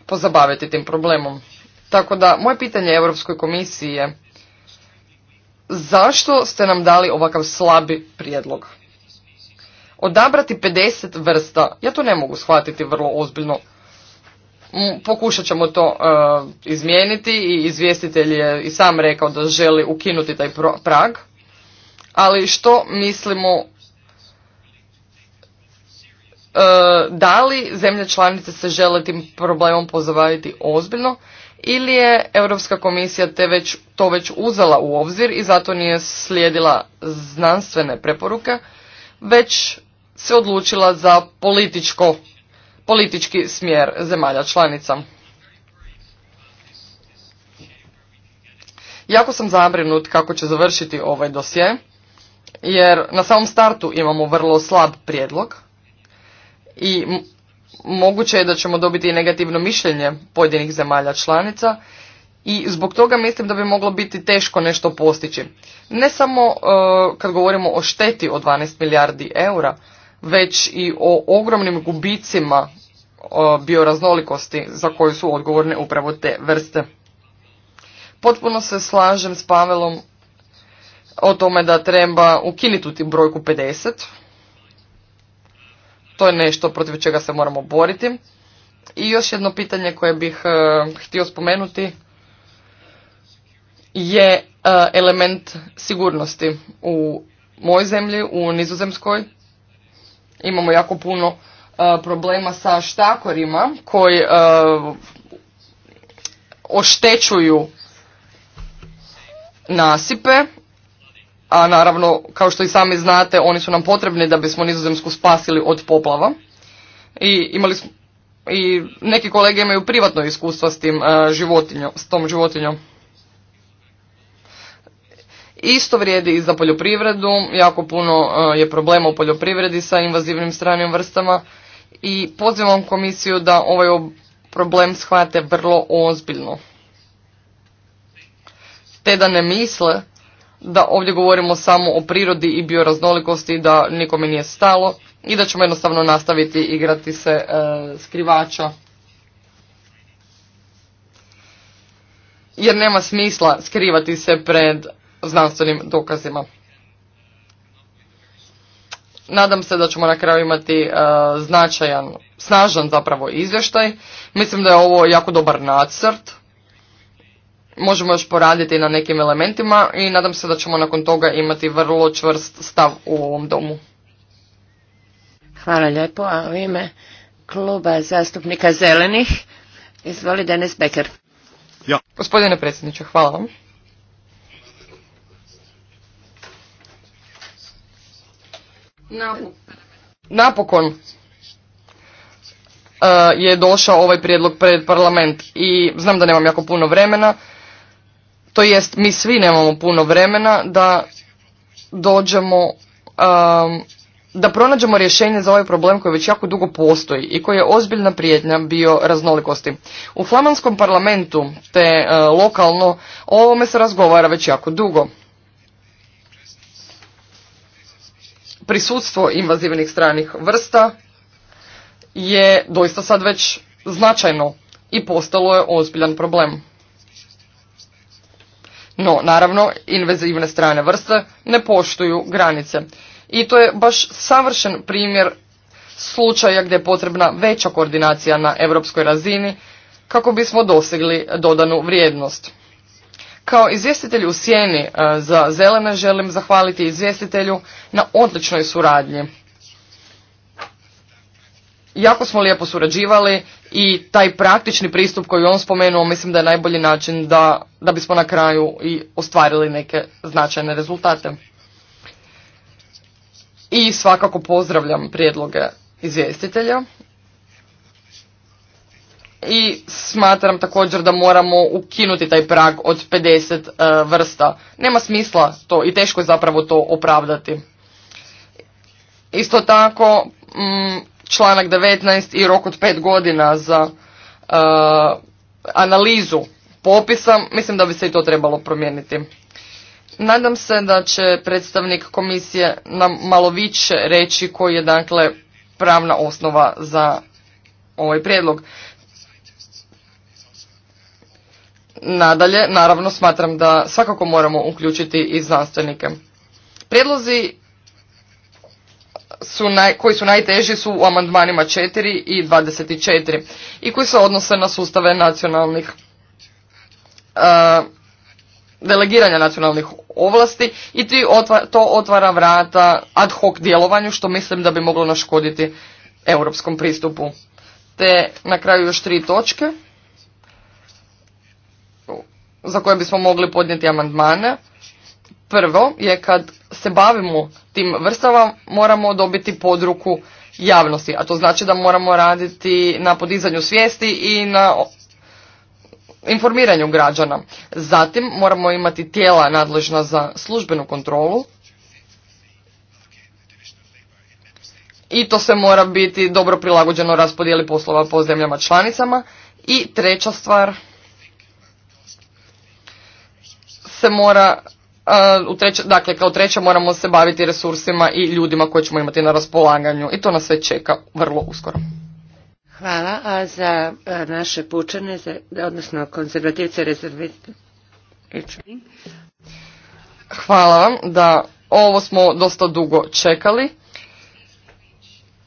pozabaviti tim problemom. Tako da, moje pitanje Europskoj komisiji je zašto ste nam dali ovakav slabi prijedlog? Odabrati 50 vrsta, ja to ne mogu shvatiti vrlo ozbiljno. Pokušat ćemo to e, izmijeniti i izvjestitelj je i sam rekao da želi ukinuti taj prag. Ali što mislimo e, da li zemlje članice se žele tim problemom pozabaviti ozbiljno ili je Europska komisija te već, to već uzela u obzir i zato nije slijedila znanstvene preporuke, već se odlučila za političko, politički smjer zemalja članica. Jako sam zabrinut kako će završiti ovaj dosje, jer na samom startu imamo vrlo slab prijedlog i moguće je da ćemo dobiti i negativno mišljenje pojedinih zemalja članica i zbog toga mislim da bi moglo biti teško nešto postići. Ne samo e, kad govorimo o šteti od 12 milijardi eura, već i o ogromnim gubicima e, bioraznolikosti za koju su odgovorne upravo te vrste. Potpuno se slažem s Pavelom o tome da treba ukinuti brojku 50 to je nešto protiv čega se moramo boriti. I još jedno pitanje koje bih e, htio spomenuti je e, element sigurnosti. U mojoj zemlji, u Nizozemskoj, imamo jako puno e, problema sa štakorima koji oštećuju nasipe a naravno, kao što i sami znate, oni su nam potrebni da bismo nizozemsku spasili od poplava. I imali smo, i neki kolege imaju privatno iskustva s tim e, životinjom, s tom životinjom. Isto vrijedi i za poljoprivredu, jako puno e, je problema u poljoprivredi sa invazivnim stranim vrstama i pozivam komisiju da ovaj problem shvate vrlo ozbiljno. Te da ne misle da ovdje govorimo samo o prirodi i bioraznolikosti, da nikome nije stalo i da ćemo jednostavno nastaviti igrati se e, skrivača. Jer nema smisla skrivati se pred znanstvenim dokazima. Nadam se da ćemo na kraju imati e, značajan, snažan zapravo izvještaj. Mislim da je ovo jako dobar nacrt možemo još poraditi na nekim elementima i nadam se da ćemo nakon toga imati vrlo čvrst stav u ovom domu. Hvala lijepo. A u ime kluba zastupnika zelenih, izvoli Denis Becker. Ja. Gospodine predsjedniče, hvala vam. Napokon e, je došao ovaj prijedlog pred parlament i znam da nemam jako puno vremena, to jest mi svi nemamo puno vremena da dođemo, um, da pronađemo rješenje za ovaj problem koji već jako dugo postoji i koji je ozbiljna prijetnja bio raznolikosti. U flamanskom parlamentu te uh, lokalno o ovome se razgovara već jako dugo. Prisutstvo invazivnih stranih vrsta je doista sad već značajno i postalo je ozbiljan problem. No, naravno, invazivne strane vrste ne poštuju granice. I to je baš savršen primjer slučaja gdje je potrebna veća koordinacija na europskoj razini kako bismo dosegli dodanu vrijednost. Kao izvjestitelj u sjeni e, za zelene želim zahvaliti izvjestitelju na odličnoj suradnji jako smo lijepo surađivali i taj praktični pristup koji je on spomenuo mislim da je najbolji način da, da bismo na kraju i ostvarili neke značajne rezultate. I svakako pozdravljam prijedloge izvjestitelja. I smatram također da moramo ukinuti taj prag od 50 e, vrsta. Nema smisla to i teško je zapravo to opravdati. Isto tako, mm, članak 19 i rok od 5 godina za eh, analizu popisa, mislim da bi se i to trebalo promijeniti. Nadam se da će predstavnik komisije nam malo više reći koji je dakle pravna osnova za ovaj prijedlog. Nadalje, naravno, smatram da svakako moramo uključiti i znanstvenike. Prijedlozi su naj, koji su najteži su u amandmanima 4 i 24 i koji se odnose na sustave nacionalnih uh, delegiranja nacionalnih ovlasti i to otvara vrata ad hoc djelovanju što mislim da bi moglo naškoditi europskom pristupu. Te na kraju još tri točke za koje bismo mogli podnijeti amandmane. Prvo je kad se bavimo tim vrstama moramo dobiti podruku javnosti, a to znači da moramo raditi na podizanju svijesti i na informiranju građana. Zatim moramo imati tijela nadležna za službenu kontrolu i to se mora biti dobro prilagođeno raspodijeli poslova po zemljama članicama. I treća stvar se mora E, u dakle kao treće moramo se baviti resursima i ljudima koje ćemo imati na raspolaganju i to nas sve čeka vrlo uskoro. Hvala, a za e, naše pučane, odnosno konzervativce rezervi Hvala vam da ovo smo dosta dugo čekali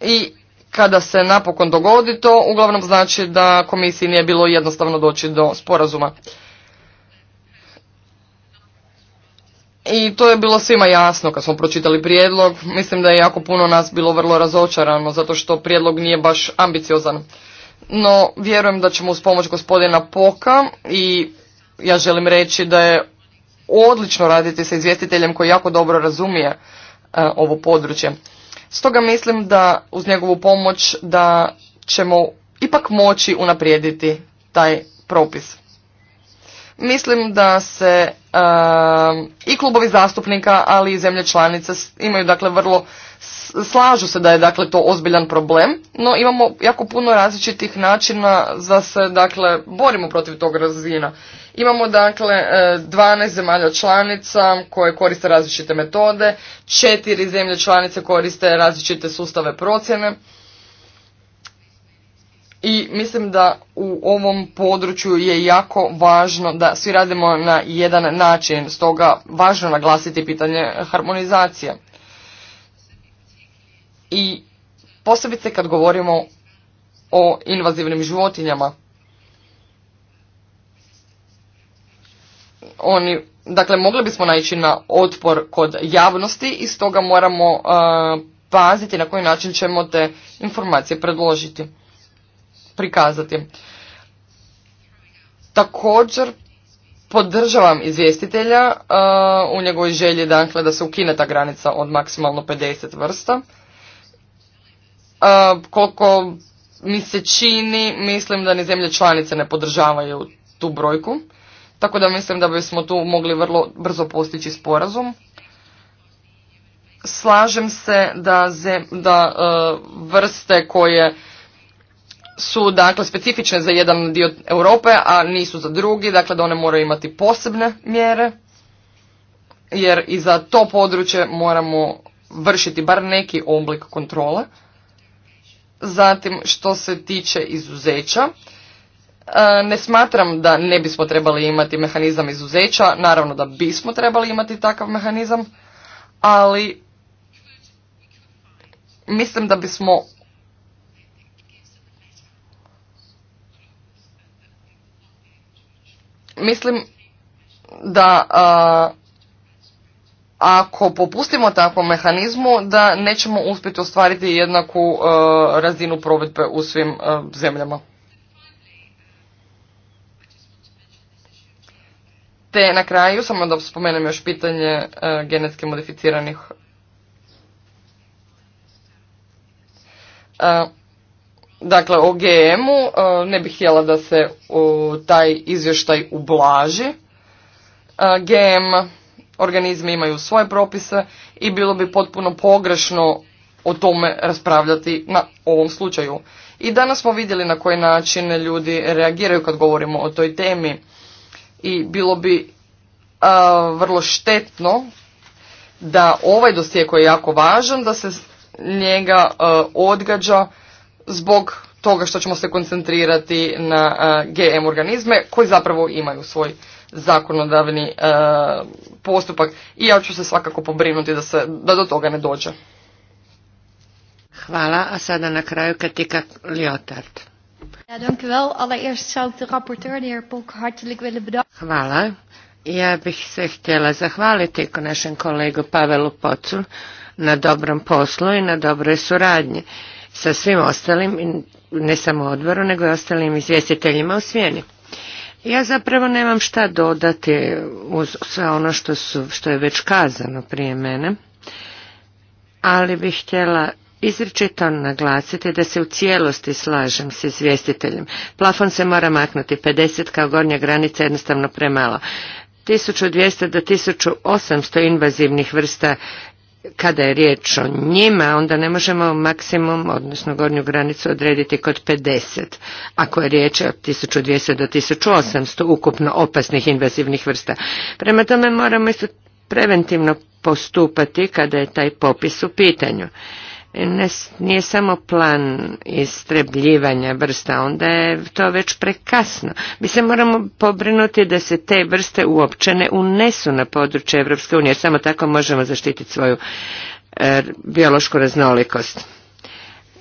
i kada se napokon dogodi to uglavnom znači da komisiji nije bilo jednostavno doći do sporazuma. I to je bilo svima jasno kad smo pročitali prijedlog. Mislim da je jako puno nas bilo vrlo razočarano zato što prijedlog nije baš ambiciozan. No, vjerujem da ćemo uz pomoć gospodina Poka i ja želim reći da je odlično raditi sa izvjestiteljem koji jako dobro razumije e, ovo područje. Stoga mislim da uz njegovu pomoć da ćemo ipak moći unaprijediti taj propis. Mislim da se um, i klubovi zastupnika, ali i zemlje članice imaju dakle vrlo slažu se da je dakle to ozbiljan problem, no imamo jako puno različitih načina za se dakle borimo protiv tog razina. Imamo dakle 12 e, zemalja članica koje koriste različite metode, četiri zemlje članice koriste različite sustave procjene i mislim da u ovom području je jako važno da svi radimo na jedan način, stoga važno naglasiti pitanje harmonizacije. I posebice kad govorimo o invazivnim životinjama. Oni, dakle, mogli bismo naći na otpor kod javnosti i stoga moramo paziti na koji način ćemo te informacije predložiti prikazati. Također podržavam izvjestitelja e, u njegovoj želji dakle, da se ukine ta granica od maksimalno 50 vrsta. E, koliko mi se čini, mislim da ni zemlje članice ne podržavaju tu brojku. Tako da mislim da bismo tu mogli vrlo brzo postići sporazum. Slažem se da, e, vrste koje su dakle specifične za jedan dio Europe, a nisu za drugi, dakle da one moraju imati posebne mjere, jer i za to područje moramo vršiti bar neki oblik kontrole. Zatim što se tiče izuzeća, e, ne smatram da ne bismo trebali imati mehanizam izuzeća, naravno da bismo trebali imati takav mehanizam, ali mislim da bismo Mislim da ako popustimo takvom mehanizmu da nećemo uspjeti ostvariti jednaku razinu provedbe u svim zemljama. Te na kraju, samo da spomenem još pitanje genetski modificiranih Dakle, o GM-u e, ne bih htjela da se taj izvještaj ublaži. E, GM organizmi imaju svoje propise i bilo bi potpuno pogrešno o tome raspravljati na ovom slučaju. I danas smo vidjeli na koji način ljudi reagiraju kad govorimo o toj temi i bilo bi e, vrlo štetno da ovaj dosje koji je jako važan, da se njega odgađa zbog toga što ćemo se koncentrirati na e, GM organizme koji zapravo imaju svoj zakonodavni e, postupak i ja ću se svakako pobrinuti da, se, da do toga ne dođe. Hvala, a sada na kraju Katika Liotard. Ja, dank Allereerst zou de rapporteur, de heer Polk, hartelijk willen bedanken. Hvala. Ja bih se htjela zahvaliti našem kolegu Pavelu Pocu na dobrom poslu i na dobroj suradnji sa svim ostalim, ne samo odboru, nego i ostalim izvjestiteljima u svijeni. Ja zapravo nemam šta dodati uz sve ono što, su, što je već kazano prije mene, ali bih htjela izričito naglasiti da se u cijelosti slažem s izvjestiteljem. Plafon se mora maknuti, 50 kao gornja granica jednostavno premalo. 1200 do 1800 invazivnih vrsta kada je riječ o njima, onda ne možemo maksimum, odnosno gornju granicu odrediti kod 50, ako je riječ od 1200 do 1800 ukupno opasnih invazivnih vrsta. Prema tome moramo isto preventivno postupati kada je taj popis u pitanju ne, nije samo plan istrebljivanja vrsta, onda je to već prekasno. Mi se moramo pobrinuti da se te vrste uopće ne unesu na područje Evropske unije, samo tako možemo zaštititi svoju e, biološku raznolikost.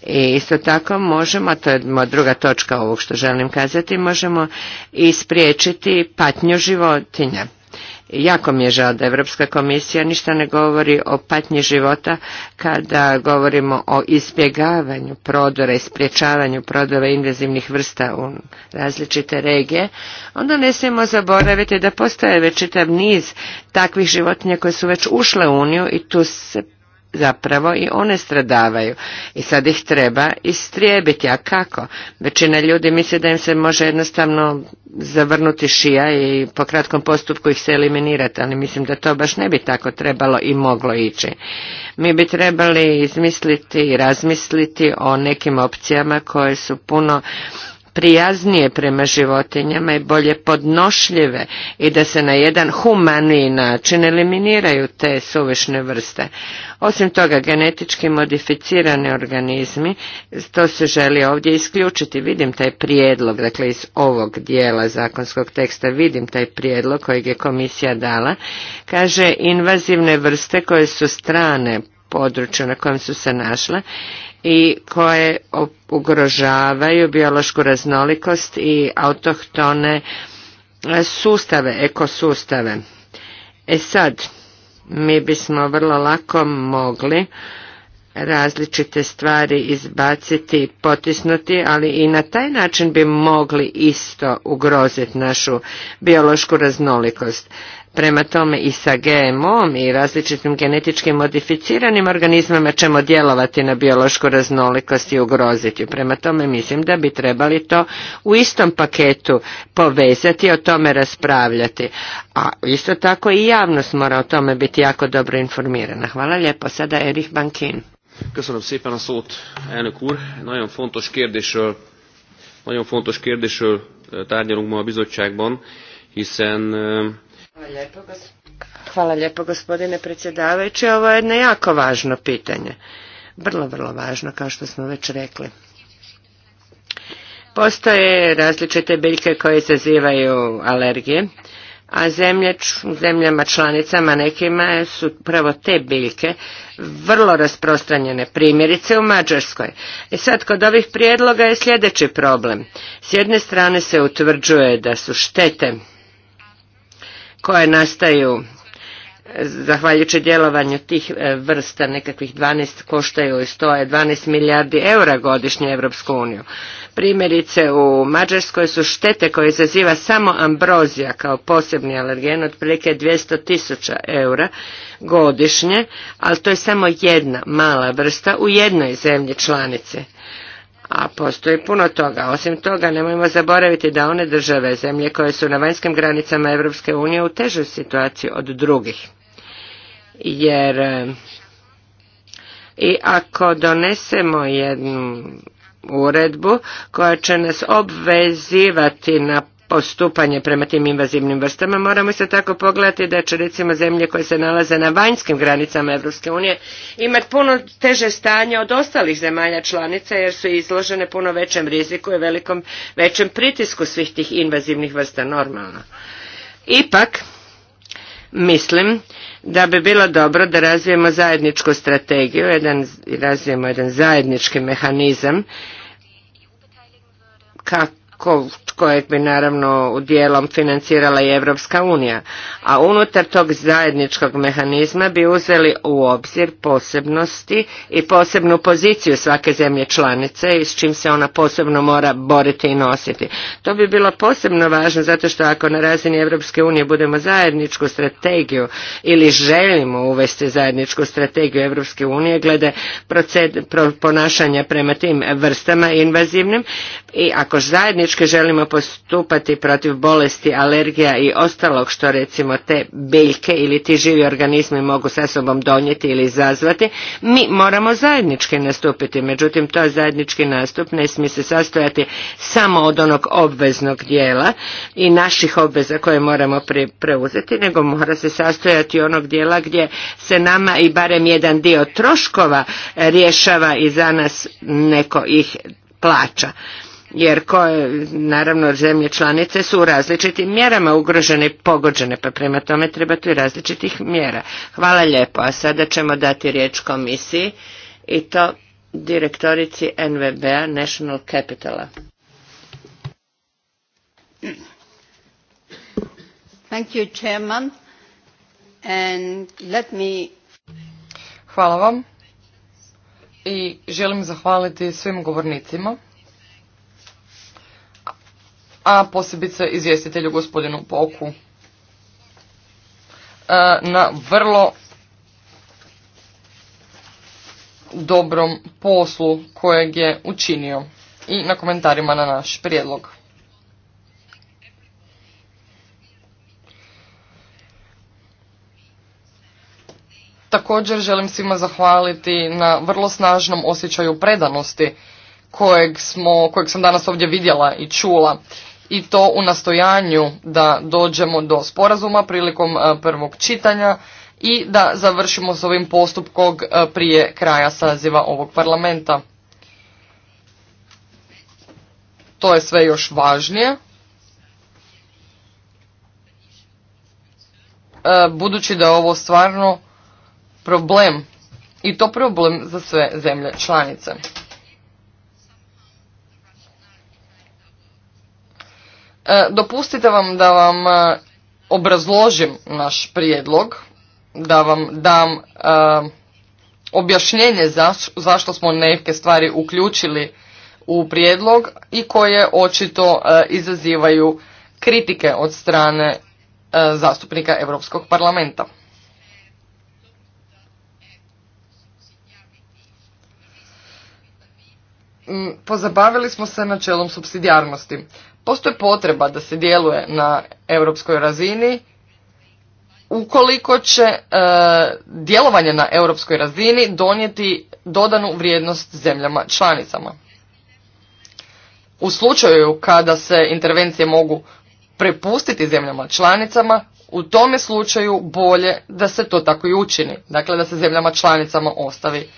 I isto tako možemo, a to je druga točka ovog što želim kazati, možemo ispriječiti patnju životinja jako mi je žao da Europska komisija ništa ne govori o patnji života kada govorimo o izbjegavanju prodora i spriječavanju prodora invazivnih vrsta u različite regije, onda ne smijemo zaboraviti da postoje već čitav niz takvih životinja koje su već ušle u Uniju i tu se zapravo i one stradavaju i sad ih treba istrijebiti, a kako? Većina ljudi misli da im se može jednostavno zavrnuti šija i po kratkom postupku ih se eliminirati, ali mislim da to baš ne bi tako trebalo i moglo ići. Mi bi trebali izmisliti i razmisliti o nekim opcijama koje su puno prijaznije prema životinjama i bolje podnošljive i da se na jedan humaniji način eliminiraju te suvišne vrste. Osim toga, genetički modificirani organizmi, to se želi ovdje isključiti. Vidim taj prijedlog, dakle iz ovog dijela zakonskog teksta, vidim taj prijedlog kojeg je komisija dala. Kaže invazivne vrste koje su strane području na kojem su se našle i koje ugrožavaju biološku raznolikost i autohtone e, sustave, ekosustave. E sad, mi bismo vrlo lako mogli različite stvari izbaciti, potisnuti, ali i na taj način bi mogli isto ugroziti našu biološku raznolikost. Prema tome i sa GMO-om i različitim genetički modificiranim organizmama ćemo djelovati na biološku raznolikost i ugroziti. Prema tome mislim da bi trebali to u istom paketu povezati i o tome raspravljati. A isto tako i javnost mora o tome biti jako dobro informirana. Hvala lijepo. Sada Erich Bankin. Köszönöm szépen a szót, elnök úr. Nagyon fontos kérdésről, nagyon fontos kérdésről tárgyalunk ma a bizottságban, hiszen Hvala lijepo, gospodine predsjedavajući. Ovo je jedno jako važno pitanje. Vrlo, vrlo važno, kao što smo već rekli. Postoje različite biljke koje izazivaju alergije, a zemljama članicama nekima su pravo te biljke vrlo rasprostranjene primjerice u Mađarskoj. I e sad kod ovih prijedloga je sljedeći problem. S jedne strane se utvrđuje da su štete koje nastaju e, zahvaljujući djelovanju tih e, vrsta nekakvih 12 koštaju i stoje 12 milijardi eura godišnje Europsku uniju. Primjerice u Mađarskoj su štete koje izaziva samo ambrozija kao posebni alergen otprilike 200 tisuća eura godišnje, ali to je samo jedna mala vrsta u jednoj zemlji članice a postoji puno toga. Osim toga, nemojmo zaboraviti da one države, zemlje koje su na vanjskim granicama Europske unije u težoj situaciji od drugih. Jer e, i ako donesemo jednu uredbu koja će nas obvezivati na postupanje prema tim invazivnim vrstama. Moramo se tako pogledati da će recimo zemlje koje se nalaze na vanjskim granicama Europske unije imati puno teže stanje od ostalih zemalja članica jer su izložene puno većem riziku i velikom većem pritisku svih tih invazivnih vrsta normalno. Ipak, mislim da bi bilo dobro da razvijemo zajedničku strategiju, jedan, razvijemo jedan zajednički mehanizam kako kojeg bi naravno dijelom financirala i Europska unija, a unutar tog zajedničkog mehanizma bi uzeli u obzir posebnosti i posebnu poziciju svake zemlje članice i s čim se ona posebno mora boriti i nositi. To bi bilo posebno važno zato što ako na razini Evropske unije budemo zajedničku strategiju ili želimo uvesti zajedničku strategiju Evropske unije glede ponašanja prema tim vrstama invazivnim i ako zajedničku zajednički želimo postupati protiv bolesti, alergija i ostalog što recimo te biljke ili ti živi organizmi mogu sa sobom donijeti ili izazvati, mi moramo zajednički nastupiti. Međutim, to zajednički nastup ne smije se sastojati samo od onog obveznog dijela i naših obveza koje moramo preuzeti, nego mora se sastojati onog dijela gdje se nama i barem jedan dio troškova rješava i za nas neko ih plaća jer koje, naravno, zemlje članice su u različitim mjerama ugrožene i pogođene, pa prema tome treba tu i različitih mjera. Hvala lijepo, a sada ćemo dati riječ komisiji i to direktorici NVB-a National Capitala. Thank you, Chairman. And let me... Hvala vam i želim zahvaliti svim govornicima a posebice izvjestitelju gospodinu Poku e, na vrlo dobrom poslu kojeg je učinio i na komentarima na naš prijedlog. Također želim svima zahvaliti na vrlo snažnom osjećaju predanosti kojeg sam danas ovdje vidjela i čula i to u nastojanju da dođemo do sporazuma prilikom e, prvog čitanja i da završimo s ovim postupkom e, prije kraja saziva ovog parlamenta. To je sve još važnije. E, budući da je ovo stvarno problem i to problem za sve zemlje članice. E, dopustite vam da vam e, obrazložim naš prijedlog, da vam dam e, objašnjenje zašto smo neke stvari uključili u prijedlog i koje očito izazivaju kritike od strane zastupnika Europskog parlamenta. Mm, pozabavili smo se načelom subsidijarnosti. Postoji potreba da se djeluje na europskoj razini ukoliko će e, djelovanje na europskoj razini donijeti dodanu vrijednost zemljama članicama. U slučaju kada se intervencije mogu prepustiti zemljama članicama, u tome slučaju bolje da se to tako i učini, dakle da se zemljama članicama ostavi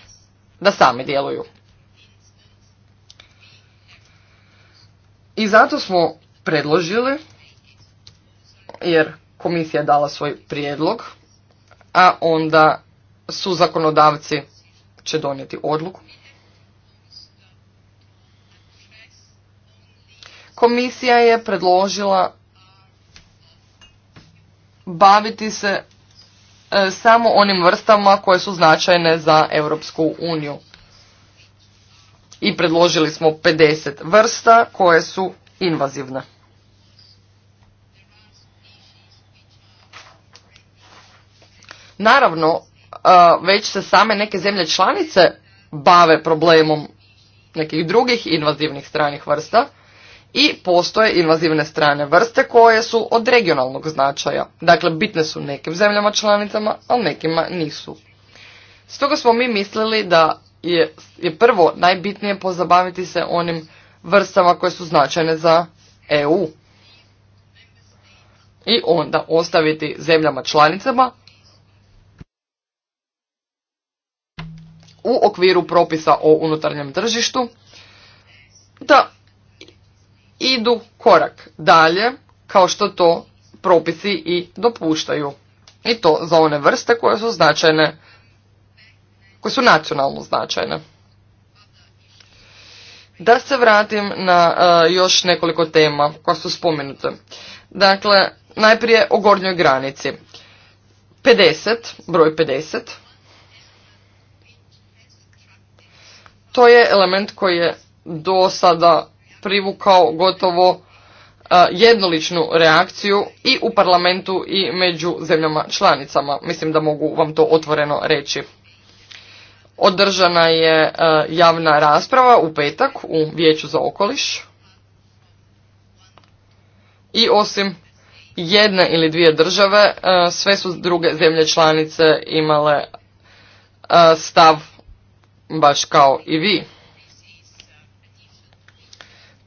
da sami djeluju. I zato smo predložili, jer komisija je dala svoj prijedlog, a onda su zakonodavci će donijeti odluku. Komisija je predložila baviti se e, samo onim vrstama koje su značajne za Europsku uniju i predložili smo 50 vrsta koje su invazivne. Naravno, već se same neke zemlje članice bave problemom nekih drugih invazivnih stranih vrsta i postoje invazivne strane vrste koje su od regionalnog značaja. Dakle, bitne su nekim zemljama članicama, ali nekima nisu. Stoga smo mi mislili da je, prvo najbitnije pozabaviti se onim vrstama koje su značajne za EU. I onda ostaviti zemljama članicama u okviru propisa o unutarnjem tržištu da idu korak dalje kao što to propisi i dopuštaju. I to za one vrste koje su značajne koje su nacionalno značajne. Da se vratim na e, još nekoliko tema koja su spomenute. Dakle, najprije o gornjoj granici. 50, broj 50, to je element koji je do sada privukao gotovo e, jednoličnu reakciju i u parlamentu i među zemljama članicama. Mislim da mogu vam to otvoreno reći. Održana je e, javna rasprava u petak u Vijeću za okoliš. I osim jedne ili dvije države, e, sve su druge zemlje članice imale e, stav baš kao i vi.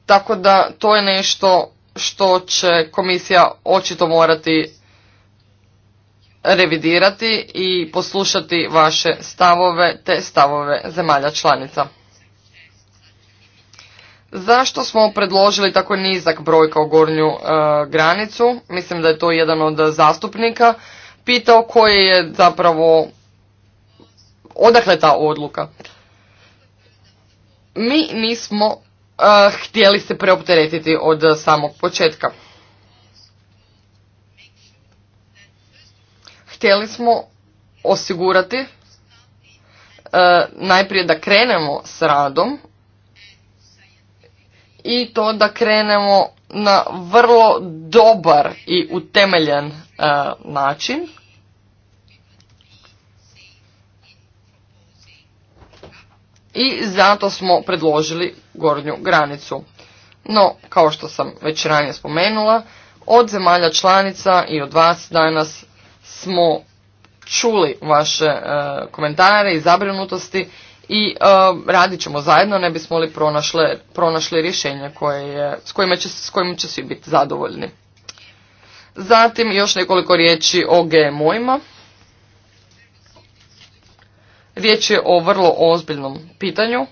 Tako da to je nešto što će komisija očito morati revidirati i poslušati vaše stavove te stavove zemalja članica. Zašto smo predložili tako nizak broj kao gornju e, granicu? Mislim da je to jedan od zastupnika pitao koje je zapravo odakle ta odluka. Mi nismo e, htjeli se preopteretiti od samog početka. htjeli smo osigurati e, najprije da krenemo s radom i to da krenemo na vrlo dobar i utemeljen e, način i zato smo predložili gornju granicu. No, kao što sam već ranije spomenula, od zemalja članica i od vas danas smo čuli vaše e, komentare i zabrinutosti i e, radit ćemo zajedno ne bismo li pronašle, pronašli rješenje koje je, s, kojima će, s kojim će svi biti zadovoljni. Zatim još nekoliko riječi o GMO-ima. Riječ je o vrlo ozbiljnom pitanju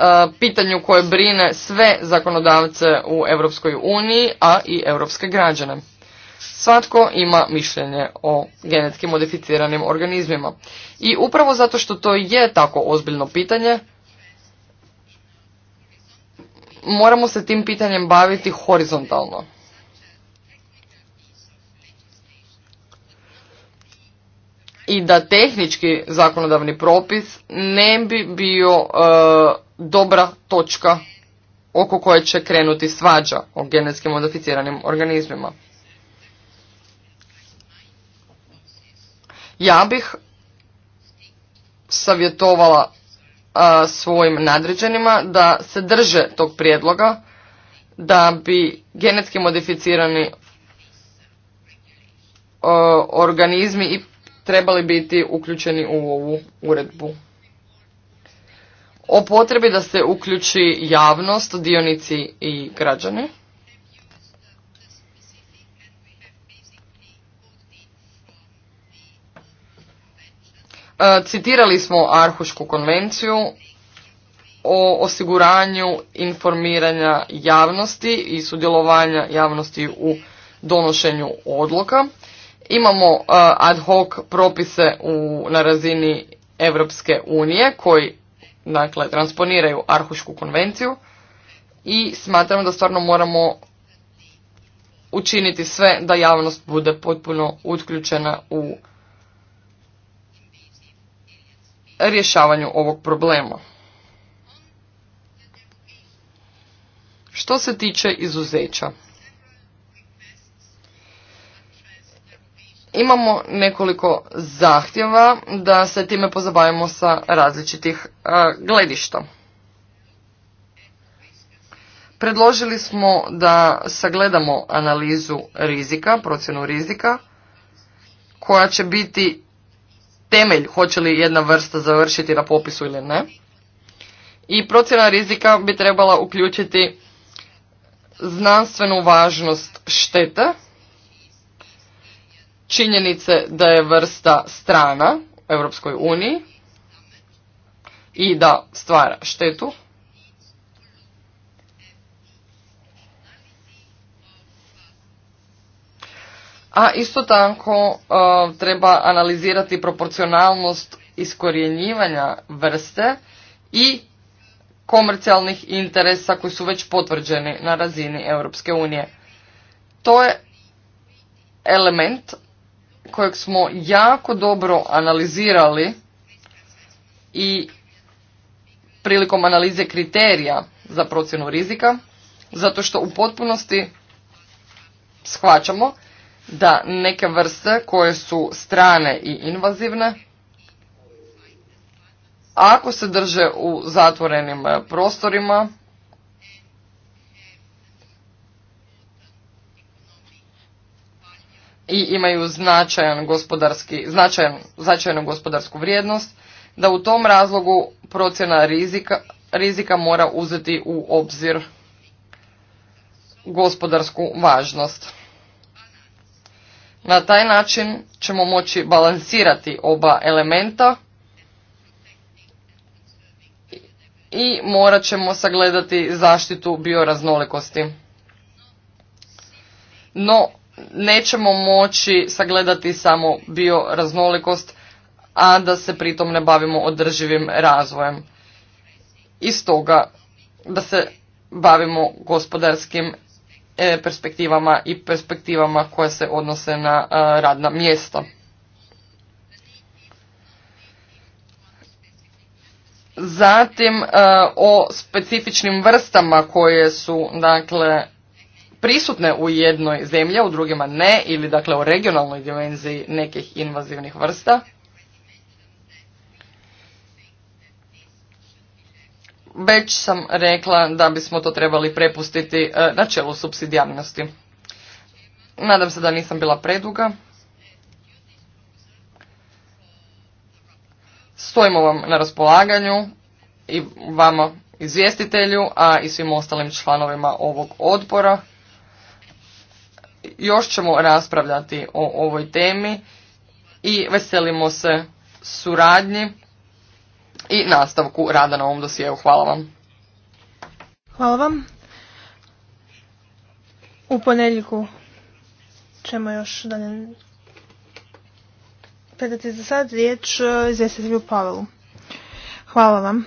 E, pitanju koje brine sve zakonodavce u Europskoj uniji, a i europske građane. Svatko ima mišljenje o genetski modificiranim organizmima. I upravo zato što to je tako ozbiljno pitanje, moramo se tim pitanjem baviti horizontalno. i da tehnički zakonodavni propis ne bi bio e, dobra točka oko koje će krenuti svađa o genetski modificiranim organizmima. Ja bih savjetovala e, svojim nadređenima da se drže tog prijedloga da bi genetski modificirani e, organizmi i trebali biti uključeni u ovu uredbu. O potrebi da se uključi javnost, dionici i građane. E, citirali smo Arhušku konvenciju o osiguranju informiranja javnosti i sudjelovanja javnosti u donošenju odluka. Imamo uh, ad hoc propise u, na razini Europske unije koji dakle, transponiraju Arhušku konvenciju i smatramo da stvarno moramo učiniti sve da javnost bude potpuno uključena u rješavanju ovog problema. Što se tiče izuzeća, Imamo nekoliko zahtjeva da se time pozabavimo sa različitih e, gledišta. Predložili smo da sagledamo analizu rizika, procjenu rizika, koja će biti temelj hoće li jedna vrsta završiti na popisu ili ne. I procjena rizika bi trebala uključiti znanstvenu važnost štete činjenice da je vrsta strana u Europskoj uniji i da stvara štetu. A isto tako e, treba analizirati proporcionalnost iskorjenjivanja vrste i komercijalnih interesa koji su već potvrđeni na razini Europske unije. To je element kojeg smo jako dobro analizirali i prilikom analize kriterija za procjenu rizika, zato što u potpunosti shvaćamo da neke vrste koje su strane i invazivne, ako se drže u zatvorenim prostorima, i imaju značajan gospodarski, značajnu gospodarsku vrijednost, da u tom razlogu procjena rizika, rizika mora uzeti u obzir gospodarsku važnost. Na taj način ćemo moći balansirati oba elementa i morat ćemo sagledati zaštitu bioraznolikosti. No, nećemo moći sagledati samo bioraznolikost, a da se pritom ne bavimo održivim razvojem. I stoga da se bavimo gospodarskim e, perspektivama i perspektivama koje se odnose na e, radna mjesta. Zatim e, o specifičnim vrstama koje su dakle prisutne u jednoj zemlji, a u drugima ne, ili dakle u regionalnoj dimenziji nekih invazivnih vrsta. Već sam rekla da bismo to trebali prepustiti e, na čelu subsidijarnosti. Nadam se da nisam bila preduga. Stojimo vam na raspolaganju i vama izvjestitelju, a i svim ostalim članovima ovog odbora još ćemo raspravljati o ovoj temi i veselimo se suradnji i nastavku rada na ovom dosijeu. Hvala vam. Hvala vam. U ponedjeljku ćemo još dalje predati za sad riječ e, izvjestitelju Pavelu. Hvala vam,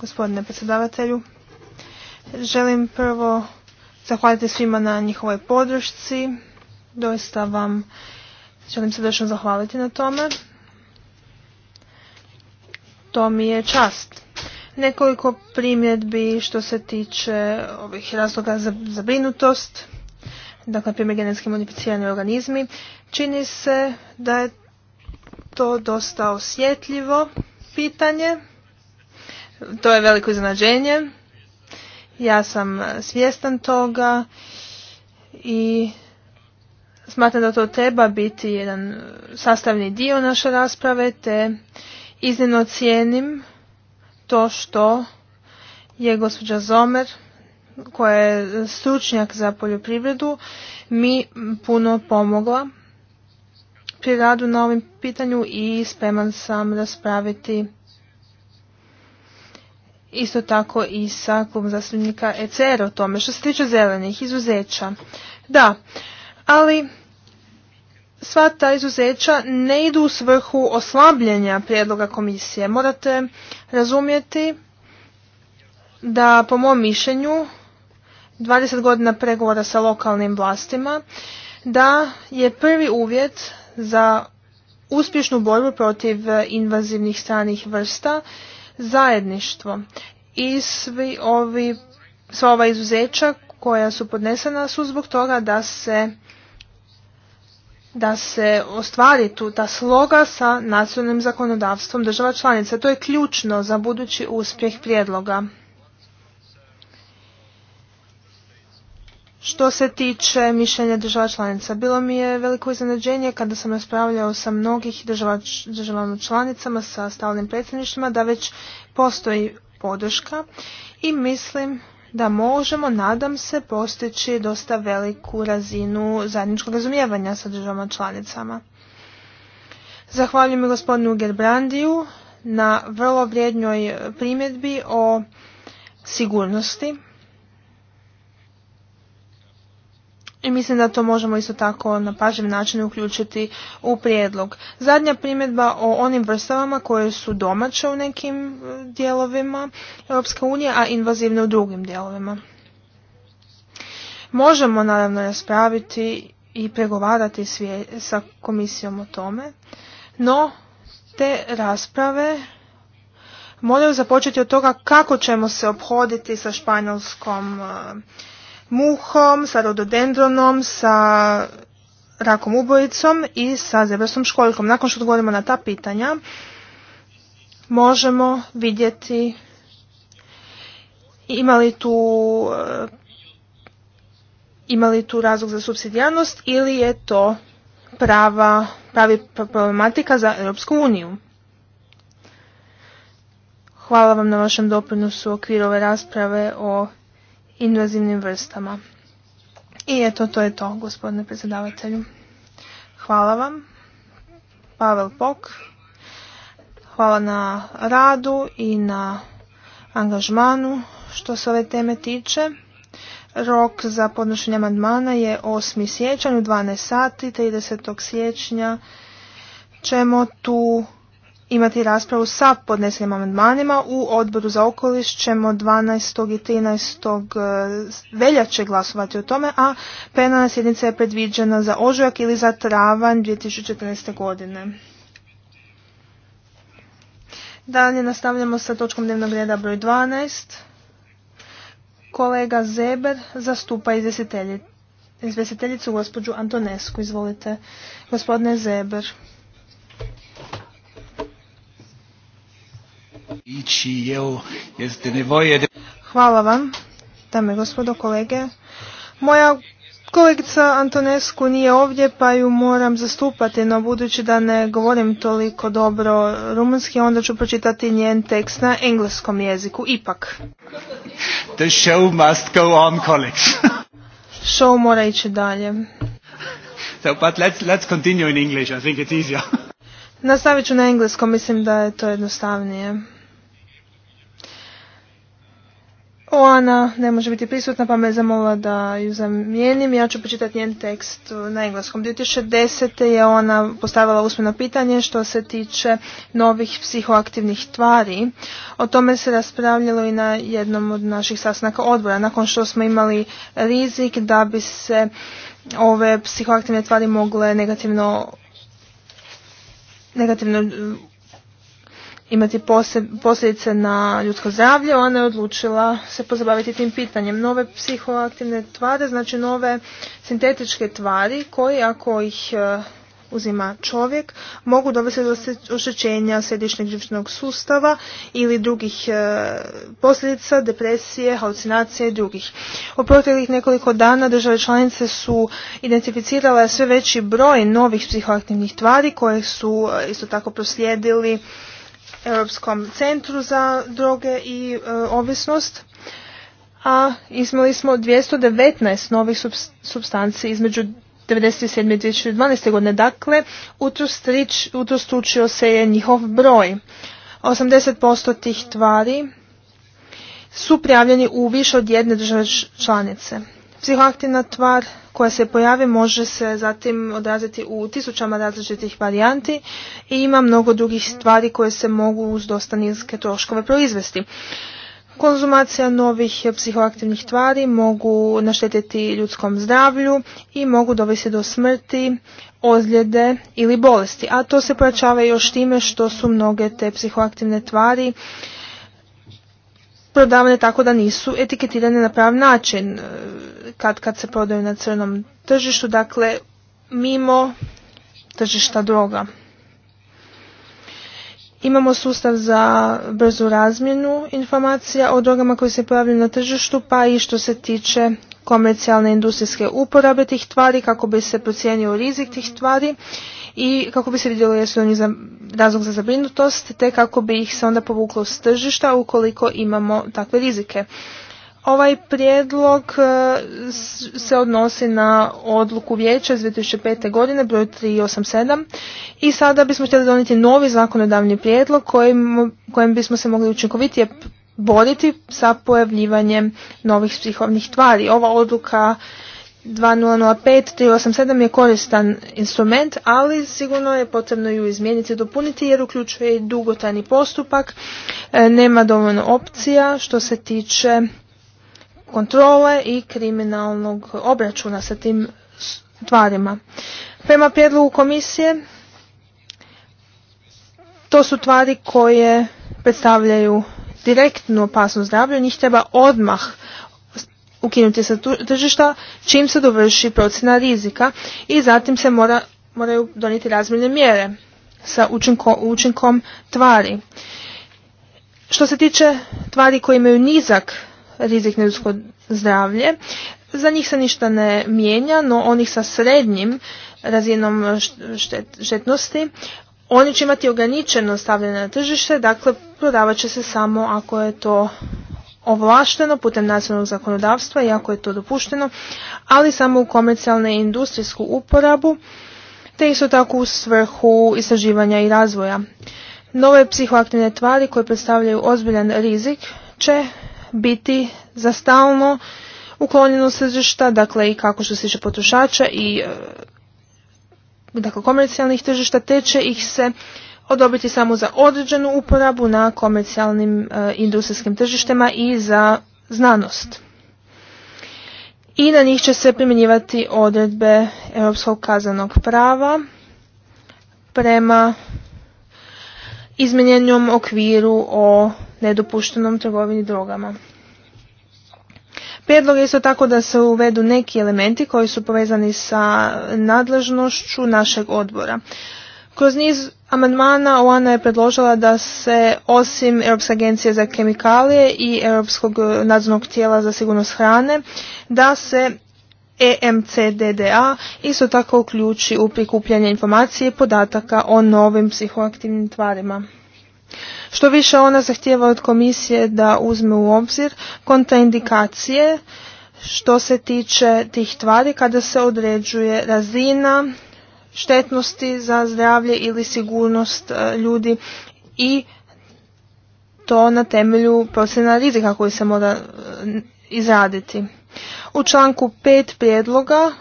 gospodine predsjedavatelju. Želim prvo zahvaliti svima na njihovoj podršci. Doista vam želim došlo zahvaliti na tome. To mi je čast. Nekoliko primjedbi što se tiče ovih razloga za zabrinutost, dakle primjer genetski modificirani organizmi, čini se da je to dosta osjetljivo pitanje. To je veliko iznenađenje ja sam svjestan toga i smatram da to treba biti jedan sastavni dio naše rasprave, te iznimno cijenim to što je gospođa Zomer, koja je stručnjak za poljoprivredu, mi puno pomogla pri radu na ovim pitanju i spreman sam raspraviti isto tako i sa klubom zastupnika ECR o tome. Što se tiče zelenih izuzeća, da, ali sva ta izuzeća ne idu u svrhu oslabljenja prijedloga komisije. Morate razumjeti da po mom mišljenju 20 godina pregovora sa lokalnim vlastima da je prvi uvjet za uspješnu borbu protiv invazivnih stranih vrsta zajedništvo. I svi ovi, sva ova izuzeća koja su podnesena su zbog toga da se da se ostvari tu ta sloga sa nacionalnim zakonodavstvom država članica. To je ključno za budući uspjeh prijedloga. Što se tiče mišljenja država članica, bilo mi je veliko iznenađenje kada sam raspravljao sa mnogih država, državama članicama, sa stalnim predsjedništvima, da već postoji podrška i mislim da možemo, nadam se, postići dosta veliku razinu zajedničkog razumijevanja sa državama članicama. Zahvaljujem gospodinu Gerbrandiju na vrlo vrijednoj primjedbi o sigurnosti I mislim da to možemo isto tako na pažljiv način uključiti u prijedlog. Zadnja primjedba o onim vrstavama koje su domaće u nekim e, dijelovima Europske unije, a invazivne u drugim dijelovima. Možemo naravno raspraviti i pregovarati sa komisijom o tome, no te rasprave moraju započeti od toga kako ćemo se obhoditi sa španjolskom e, muhom, sa rododendronom, sa rakom ubojicom i sa zebrasom školjkom. Nakon što odgovorimo na ta pitanja, možemo vidjeti ima tu e, tu razlog za subsidijarnost ili je to prava, pravi problematika za Europsku uniju. Hvala vam na vašem doprinosu u okviru ove rasprave o invazivnim vrstama. I eto, to je to, gospodine predsjedavatelju. Hvala vam. Pavel Pok. Hvala na radu i na angažmanu što se ove teme tiče. Rok za podnošenje amandmana je 8. siječanj u 12 sati, 30. siječnja ćemo tu imati raspravu sa podnesenim amandmanima. U odboru za okoliš ćemo 12. i 13. E, veljače glasovati o tome, a penalna sjednica je predviđena za ožujak ili za travanj 2014. godine. Dalje nastavljamo sa točkom dnevnog reda broj 12. Kolega Zeber zastupa izvjestiteljicu gospođu Antonesku. Izvolite, gospodine Zeber. Hvala vam, dame i gospodo kolege. Moja kolegica Antonescu nije ovdje pa ju moram zastupati, no budući da ne govorim toliko dobro rumunski, onda ću pročitati njen tekst na engleskom jeziku. Ipak. The show must go on, colleagues. show mora ići dalje. So, let's, continue in English. I think it's easier. Nastavit ću na engleskom, mislim da je to jednostavnije. Oana ne može biti prisutna pa me zamolila da ju zamijenim. Ja ću počitati njen tekst na engleskom. 2010. je ona postavila usmeno pitanje što se tiče novih psihoaktivnih tvari. O tome se raspravljalo i na jednom od naših sastanaka odbora. Nakon što smo imali rizik da bi se ove psihoaktivne tvari mogle negativno negativno imati posljedice na ljudsko zdravlje, ona je odlučila se pozabaviti tim pitanjem. Nove psihoaktivne tvari, znači nove sintetičke tvari koji ako ih e, uzima čovjek, mogu dovesti do oštećenja središnjeg živčnog sustava ili drugih e, posljedica, depresije, halucinacije i drugih. U proteklih nekoliko dana države članice su identificirale sve veći broj novih psihoaktivnih tvari koje su e, isto tako proslijedili Europskom centru za droge i e, ovisnost, a izmali smo 219 novih substanci između 1997. i 2012. godine. Dakle, utrostručio se je njihov broj. 80% tih tvari su prijavljeni u više od jedne države članice. Psihoaktivna tvar koja se pojavi može se zatim odraziti u tisućama različitih varijanti i ima mnogo drugih stvari koje se mogu uz dosta niske troškove proizvesti. Konzumacija novih psihoaktivnih tvari mogu naštetiti ljudskom zdravlju i mogu dovesti do smrti, ozljede ili bolesti, a to se pojačava još time što su mnoge te psihoaktivne tvari prodavane tako da nisu etiketirane na prav način e, kad, kad se prodaju na crnom tržištu, dakle mimo tržišta droga. Imamo sustav za brzu razmjenu informacija o drogama koje se pojavljaju na tržištu, pa i što se tiče komercijalne industrijske uporabe tih tvari, kako bi se procijenio rizik tih tvari i kako bi se vidjelo jesu oni razlog za zabrinutost te kako bi ih se onda povuklo s tržišta ukoliko imamo takve rizike. Ovaj prijedlog e, se odnosi na odluku vijeća iz 2005. godine broj 387 i sada bismo htjeli donijeti novi zakonodavni prijedlog kojim, kojim bismo se mogli učinkovitije boriti sa pojavljivanjem novih psihovnih tvari. Ova odluka 2005 387 je koristan instrument, ali sigurno je potrebno ju izmijeniti i dopuniti jer uključuje i dugotajni postupak, e, nema dovoljno opcija što se tiče kontrole i kriminalnog obračuna sa tim tvarima. Prema prijedlogu komisije to su tvari koje predstavljaju direktnu opasnost zdravlju, njih treba odmah ukinuti sa tržišta čim se dovrši procjena rizika i zatim se mora, moraju donijeti razmjerne mjere sa učinko, učinkom tvari. Što se tiče tvari koje imaju nizak rizik na ljudsko zdravlje, za njih se ništa ne mijenja, no onih sa srednjim razinom štetnosti, oni će imati ograničeno stavljanje na tržište, dakle prodavat će se samo ako je to ovlašteno putem nacionalnog zakonodavstva, iako je to dopušteno, ali samo u komercijalne i industrijsku uporabu, te isto tako u svrhu istraživanja i razvoja. Nove psihoaktivne tvari koje predstavljaju ozbiljan rizik će biti za stalno uklonjeno tržišta, dakle i kako što se tiče potrošača i e, dakle, komercijalnih tržišta, te će ih se odobiti samo za određenu uporabu na komercijalnim e, industrijskim tržištima i za znanost. I na njih će se primjenjivati odredbe Europskog kazanog prava prema izmenjenjom okviru o nedopuštenom trgovini drogama. Prijedlog je isto tako da se uvedu neki elementi koji su povezani sa nadležnošću našeg odbora. Kroz niz amandmana ona je predložila da se osim Europske agencije za kemikalije i Europskog e, nadzornog tijela za sigurnost hrane, da se EMCDDA isto tako uključi u prikupljanje informacije i podataka o novim psihoaktivnim tvarima. Što više ona zahtjeva od komisije da uzme u obzir kontraindikacije što se tiče tih tvari kada se određuje razina štetnosti za zdravlje ili sigurnost e, ljudi i to na temelju procjena rizika koji se mora e, izraditi. U članku 5 prijedloga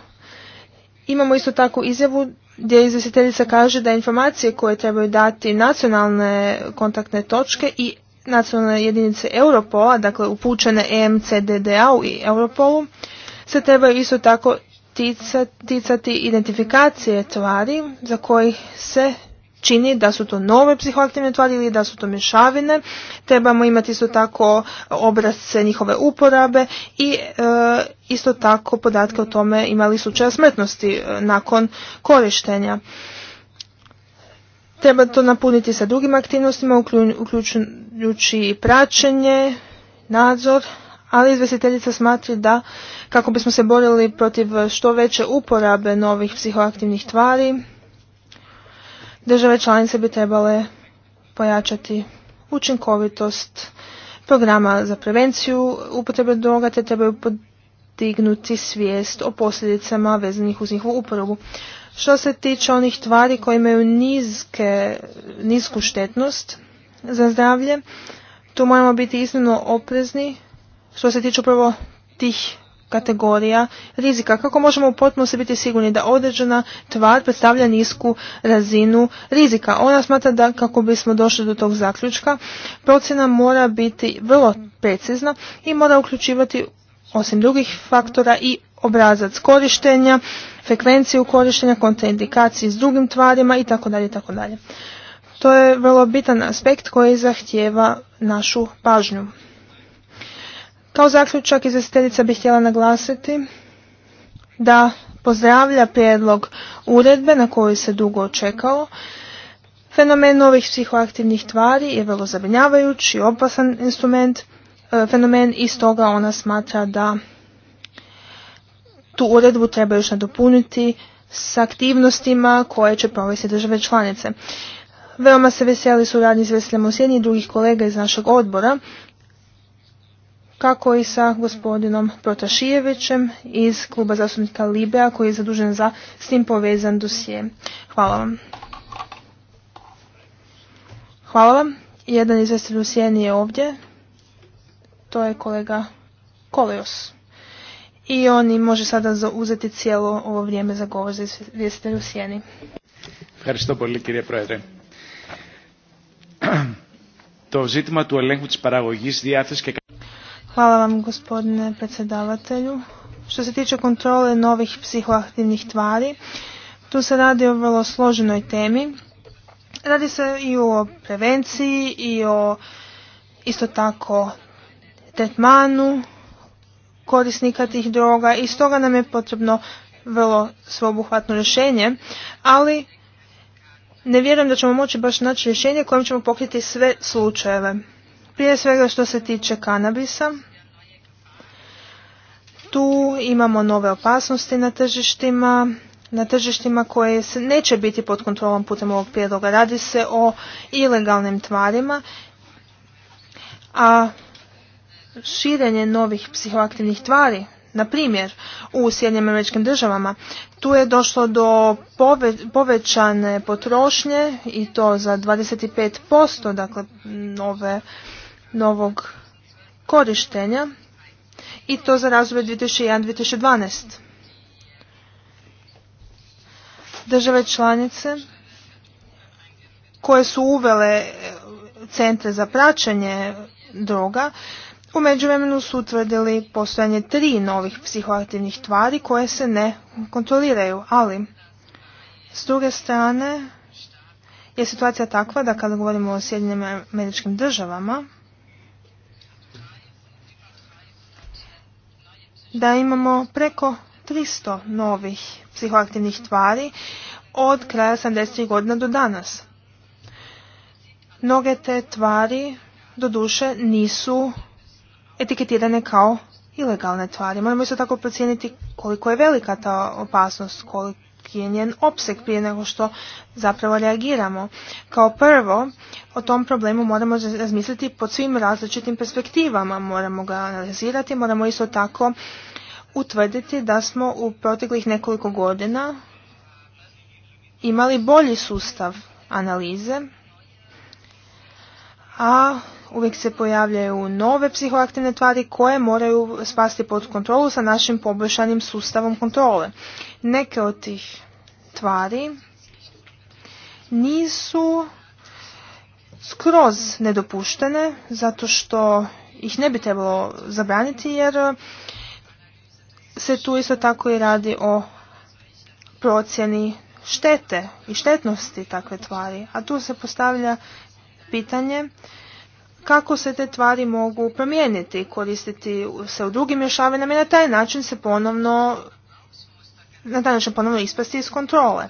imamo isto tako izjavu gdje izvjestiteljica kaže da informacije koje trebaju dati nacionalne kontaktne točke i nacionalne jedinice Europola, dakle upućene EMCDDA-u i Europolu, se trebaju isto tako ticati identifikacije tvari za koji se čini da su to nove psihoaktivne tvari ili da su to mješavine. Trebamo imati isto tako obrazce njihove uporabe i e, isto tako podatke o tome imali slučaja smrtnosti e, nakon korištenja. Treba to napuniti sa drugim aktivnostima, uključujući praćenje, nadzor, ali izvjestiteljica smatri da kako bismo se borili protiv što veće uporabe novih psihoaktivnih tvari, države članice bi trebale pojačati učinkovitost programa za prevenciju upotrebe droga te trebaju podignuti svijest o posljedicama vezanih uz njihovu uporabu. Što se tiče onih tvari koje imaju nizke, nisku štetnost za zdravlje, tu moramo biti iznimno oprezni što se tiče upravo tih kategorija rizika. Kako možemo u potpunosti biti sigurni da određena tvar predstavlja nisku razinu rizika? Ona smatra da kako bismo došli do tog zaključka, procjena mora biti vrlo precizna i mora uključivati osim drugih faktora i obrazac korištenja, frekvenciju korištenja, kontraindikacije s drugim tvarima itd. itd. To je vrlo bitan aspekt koji zahtjeva našu pažnju. Kao zaključak izvjestiteljica bih htjela naglasiti da pozdravlja prijedlog uredbe na koju se dugo očekao. Fenomen novih psihoaktivnih tvari je vrlo zabrinjavajući opasan instrument. E, fenomen i toga ona smatra da tu uredbu treba još nadopuniti s aktivnostima koje će provesti države članice. Veoma se veseli suradnji s veseljem u i drugih kolega iz našeg odbora kako i sa gospodinom Protašijevićem iz kluba zastupnika Libea koji je zadužen za s tim povezan dosije. Hvala vam. Hvala vam. Jedan izvestelj u Sjeni je ovdje. To je kolega Koleos. I on može sada zauzeti cijelo ovo vrijeme za govor za u Sjeni. Το ζήτημα του ελέγχου της παραγωγής, διάθεσης Hvala vam gospodine predsjedavatelju. Što se tiče kontrole novih psihoaktivnih tvari, tu se radi o vrlo složenoj temi. Radi se i o prevenciji i o isto tako tretmanu korisnika tih droga i stoga nam je potrebno vrlo sveobuhvatno rješenje, ali ne vjerujem da ćemo moći baš naći rješenje kojim ćemo pokriti sve slučajeve. Prije svega što se tiče kanabisa, tu imamo nove opasnosti na tržištima, na tržištima koje neće biti pod kontrolom putem ovog prijedloga. Radi se o ilegalnim tvarima, a širenje novih psihoaktivnih tvari, na primjer u Sjednjim američkim državama, tu je došlo do povećane potrošnje i to za 25%, dakle nove novog korištenja i to za razdoblje 2001-2012. Države članice koje su uvele centre za praćenje droga, u međuvremenu su utvrdili postojanje tri novih psihoaktivnih tvari koje se ne kontroliraju, ali s druge strane je situacija takva da kada govorimo o Sjedinim američkim državama, da imamo preko 300 novih psihoaktivnih tvari od kraja 70. godina do danas. Mnoge te tvari doduše nisu etiketirane kao ilegalne tvari. Moramo isto tako procijeniti koliko je velika ta opasnost, koliko je njen opseg prije nego što zapravo reagiramo. Kao prvo, o tom problemu moramo razmisliti pod svim različitim perspektivama. Moramo ga analizirati, moramo isto tako utvrditi da smo u proteklih nekoliko godina imali bolji sustav analize a uvijek se pojavljaju nove psihoaktivne tvari koje moraju spasti pod kontrolu sa našim poboljšanim sustavom kontrole. Neke od tih tvari nisu skroz nedopuštene zato što ih ne bi trebalo zabraniti jer se tu isto tako i radi o procjeni štete i štetnosti takve tvari. A tu se postavlja pitanje kako se te tvari mogu promijeniti, koristiti se u drugim mješavinama i na taj način se ponovno na taj način ponovno ispasti iz kontrole.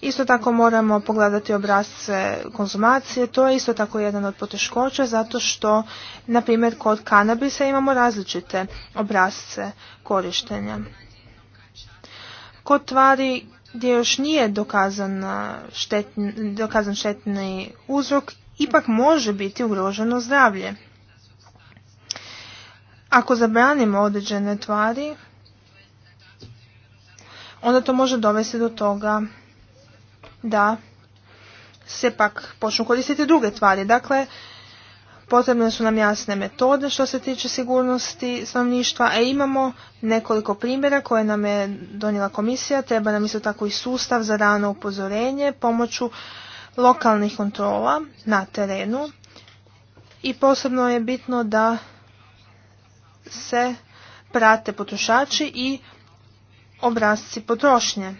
Isto tako moramo pogledati obrazce konzumacije, to je isto tako jedan od poteškoća zato što, na primjer, kod kanabisa imamo različite obrazce korištenja. Kod tvari gdje još nije dokazan štetni, dokazan štetni uzrok ipak može biti ugroženo zdravlje. Ako zabranimo određene tvari, onda to može dovesti do toga da se pak počnu koristiti druge tvari. Dakle, potrebne su nam jasne metode što se tiče sigurnosti stanovništva, a imamo nekoliko primjera koje nam je donijela komisija. Treba nam isto tako i sustav za rano upozorenje pomoću lokalnih kontrola na terenu i posebno je bitno da se prate potrošači i obrazci potrošnje.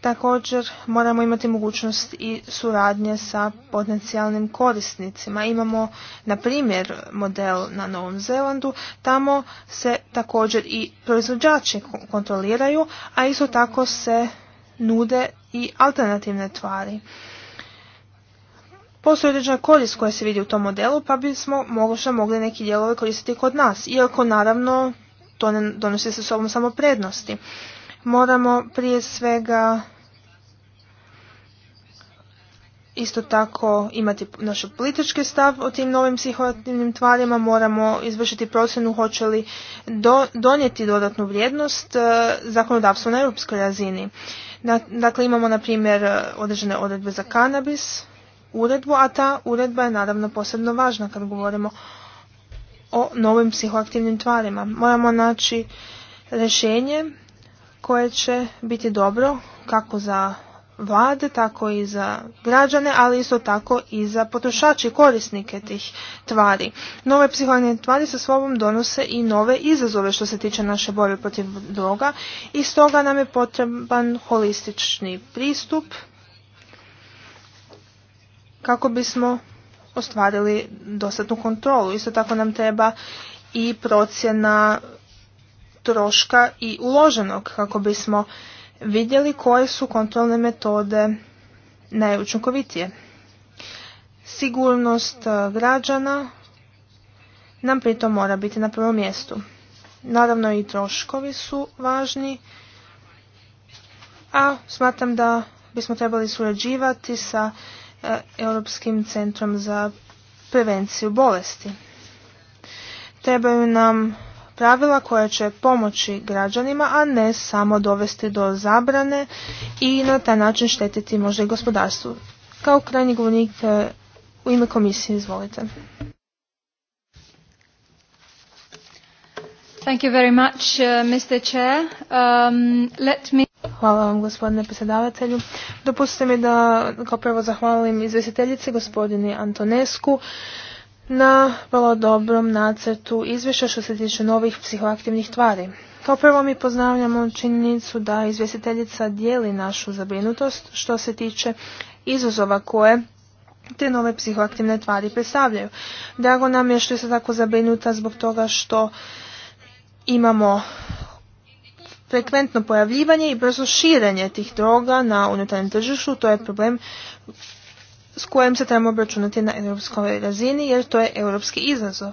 Također moramo imati mogućnost i suradnje sa potencijalnim korisnicima. Imamo na primjer model na Novom Zelandu, tamo se također i proizvođači kontroliraju, a isto tako se nude i alternativne tvari. Postoji određena korist koja se vidi u tom modelu, pa bismo mogli neki dijelove koristiti kod nas, iako naravno to ne donosi sa sobom samo prednosti. Moramo prije svega isto tako imati naš politički stav o tim novim psihoaktivnim tvarima, moramo izvršiti procjenu hoće li donijeti dodatnu vrijednost eh, zakonodavstvu na europskoj razini. Dakle, imamo na primjer određene odredbe za kanabis, uredbu, a ta uredba je naravno posebno važna kad govorimo o novim psihoaktivnim tvarima. Moramo naći rješenje koje će biti dobro kako za vlade, tako i za građane, ali isto tako i za potrošače i korisnike tih tvari. Nove psihoaktivne tvari sa sobom donose i nove izazove što se tiče naše borbe protiv droga i stoga nam je potreban holistični pristup kako bismo ostvarili dostatnu kontrolu. Isto tako nam treba i procjena troška i uloženog kako bismo vidjeli koje su kontrolne metode najučinkovitije. Sigurnost e, građana nam pritom mora biti na prvom mjestu. Naravno i troškovi su važni, a smatram da bismo trebali surađivati sa e, Europskim centrom za prevenciju bolesti. Trebaju nam pravila koja će pomoći građanima, a ne samo dovesti do zabrane i na taj način štetiti možda i gospodarstvu. Kao krajnji govornik e, u ime komisije, izvolite. Thank you very much, uh, Mr. Um, let me... Hvala vam gospodine predsjedavatelju. Dopustite mi da kao prvo zahvalim izvjestiteljici gospodini Antonesku na vrlo dobrom nacrtu izvješća što se tiče novih psihoaktivnih tvari. Kao prvo mi poznavljamo činjenicu da izvjestiteljica dijeli našu zabrinutost što se tiče izazova koje te nove psihoaktivne tvari predstavljaju. Drago nam je što je se tako zabrinuta zbog toga što imamo frekventno pojavljivanje i brzo širenje tih droga na unutarnjem tržištu. To je problem s kojim se trebamo obračunati na europskoj razini jer to je europski izazov.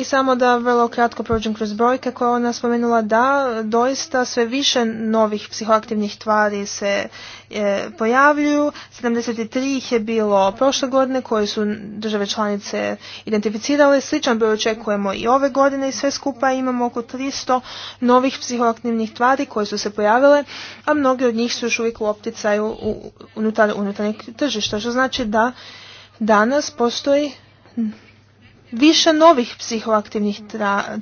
I samo da vrlo kratko prođem kroz brojke koje ona spomenula da doista sve više novih psihoaktivnih tvari se e, pojavljuju. 73 ih je bilo prošle godine koje su države članice identificirale. Sličan broj očekujemo i ove godine i sve skupa imamo oko 300 novih psihoaktivnih tvari koje su se pojavile, a mnogi od njih su još uvijek u opticaju unutar unutarnjeg tržišta, što znači da danas postoji više novih psihoaktivnih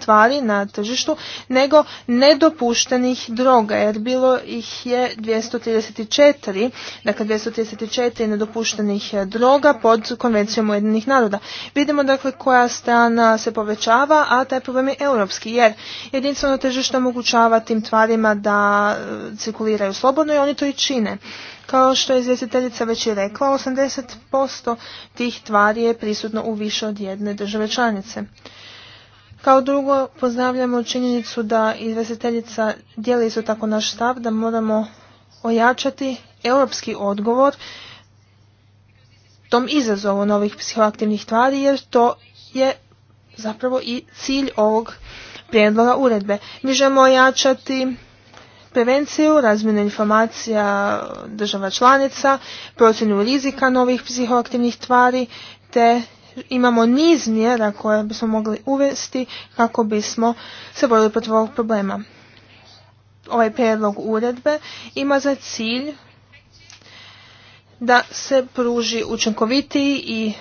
tvari na tržištu nego nedopuštenih droga jer bilo ih je 234, dakle 234 nedopuštenih eh, droga pod konvencijom Ujedinih naroda. Vidimo dakle koja strana se povećava, a taj problem je europski jer jedinstveno tržište omogućava tim tvarima da eh, cirkuliraju slobodno i oni to i čine. Kao što je izvjestiteljica već i rekla, 80% tih tvari je prisutno u više od jedne države članice. Kao drugo, pozdravljamo činjenicu da izvjestiteljica dijeli isto tako naš stav da moramo ojačati europski odgovor tom izazovu novih psihoaktivnih tvari jer to je zapravo i cilj ovog prijedloga uredbe. Mi želimo ojačati prevenciju, razmjenu informacija država članica, procjenu rizika novih psihoaktivnih tvari te imamo niz mjera koje bismo mogli uvesti kako bismo se borili protiv ovog problema. Ovaj prijedlog uredbe ima za cilj da se pruži učinkovitiji i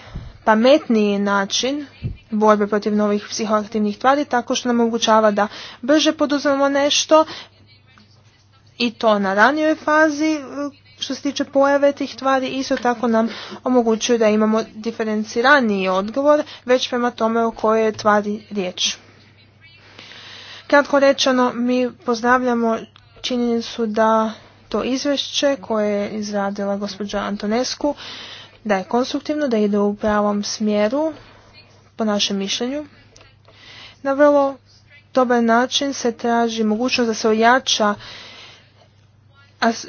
pametniji način borbe protiv novih psihoaktivnih tvari tako što nam omogućava da brže poduzmemo nešto i to na ranijoj fazi e, što se tiče pojave tih tvari isto tako nam omogućuje da imamo diferenciraniji odgovor već prema tome o kojoj je tvari riječ. Kratko rečeno, mi pozdravljamo činjenicu da to izvješće koje je izradila gospođa Antonesku da je konstruktivno, da ide u pravom smjeru po našem mišljenju. Na vrlo dobar način se traži mogućnost da se ojača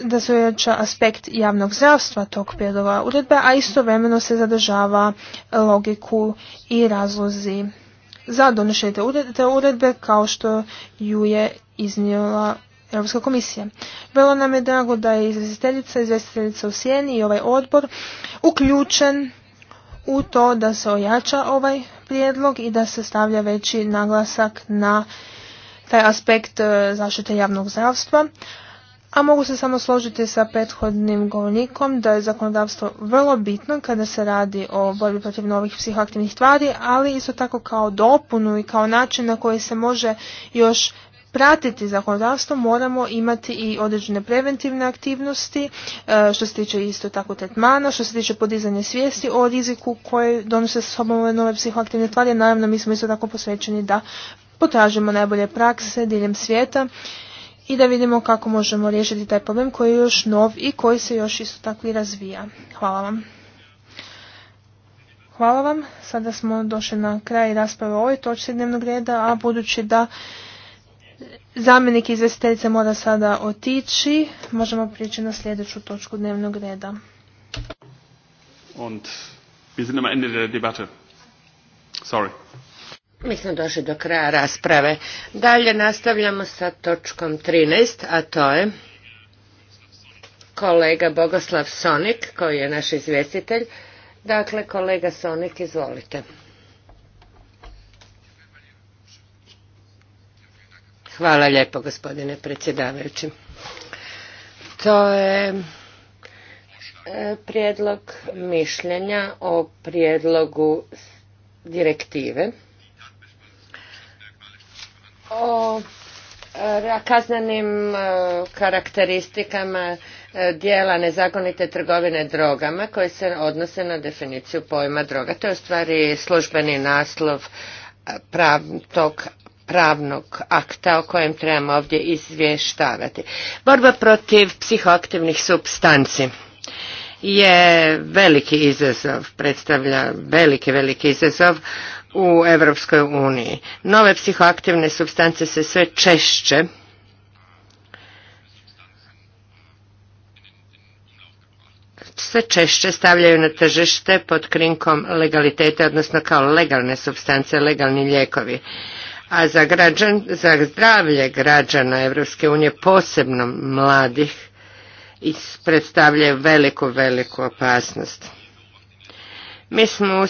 da se ojača aspekt javnog zdravstva tog prijedloga uredbe, a istovremeno se zadržava logiku i razlozi za donošenje te uredbe kao što ju je iznijela Europska komisija. Vrlo nam je drago da je izvjestiteljica, izvestiteljica u Sijeni i ovaj odbor uključen u to da se ojača ovaj prijedlog i da se stavlja veći naglasak na taj aspekt e, zaštite javnog zdravstva, a mogu se samo složiti sa prethodnim govornikom da je zakonodavstvo vrlo bitno kada se radi o borbi protiv novih psihoaktivnih tvari, ali isto tako kao dopunu i kao način na koji se može još pratiti zakonodavstvo moramo imati i određene preventivne aktivnosti e, što se tiče isto tako tretmana, što se tiče podizanja svijesti o riziku koji donose sa sobom nove psihoaktivne tvari. Naravno mi smo isto tako posvećeni da potražimo najbolje prakse diljem svijeta i da vidimo kako možemo riješiti taj problem koji je još nov i koji se još isto tako i razvija. Hvala vam. Hvala vam. Sada smo došli na kraj rasprave o ovoj točci dnevnog reda, a budući da zamjenik izvestiteljice mora sada otići, možemo prijeći na sljedeću točku dnevnog reda. Und wir sind am Ende der Debatte. Sorry. Mi smo došli do kraja rasprave. Dalje nastavljamo sa točkom 13, a to je kolega Bogoslav Sonik, koji je naš izvjestitelj. Dakle, kolega Sonik, izvolite. Hvala lijepo, gospodine predsjedavajući. To je e, prijedlog mišljenja o prijedlogu direktive o e, kaznenim e, karakteristikama e, dijela nezakonite trgovine drogama koje se odnose na definiciju pojma droga. To je u stvari službeni naslov prav, tog pravnog akta o kojem trebamo ovdje izvještavati. Borba protiv psihoaktivnih substanci je veliki izazov, predstavlja veliki, veliki izazov u Evropskoj uniji. Nove psihoaktivne substance se sve češće sve češće stavljaju na tržište pod krinkom legalitete, odnosno kao legalne substance, legalni lijekovi. A za, građan, za zdravlje građana Evropske unije, posebno mladih, predstavljaju veliku, veliku opasnost. Mi smo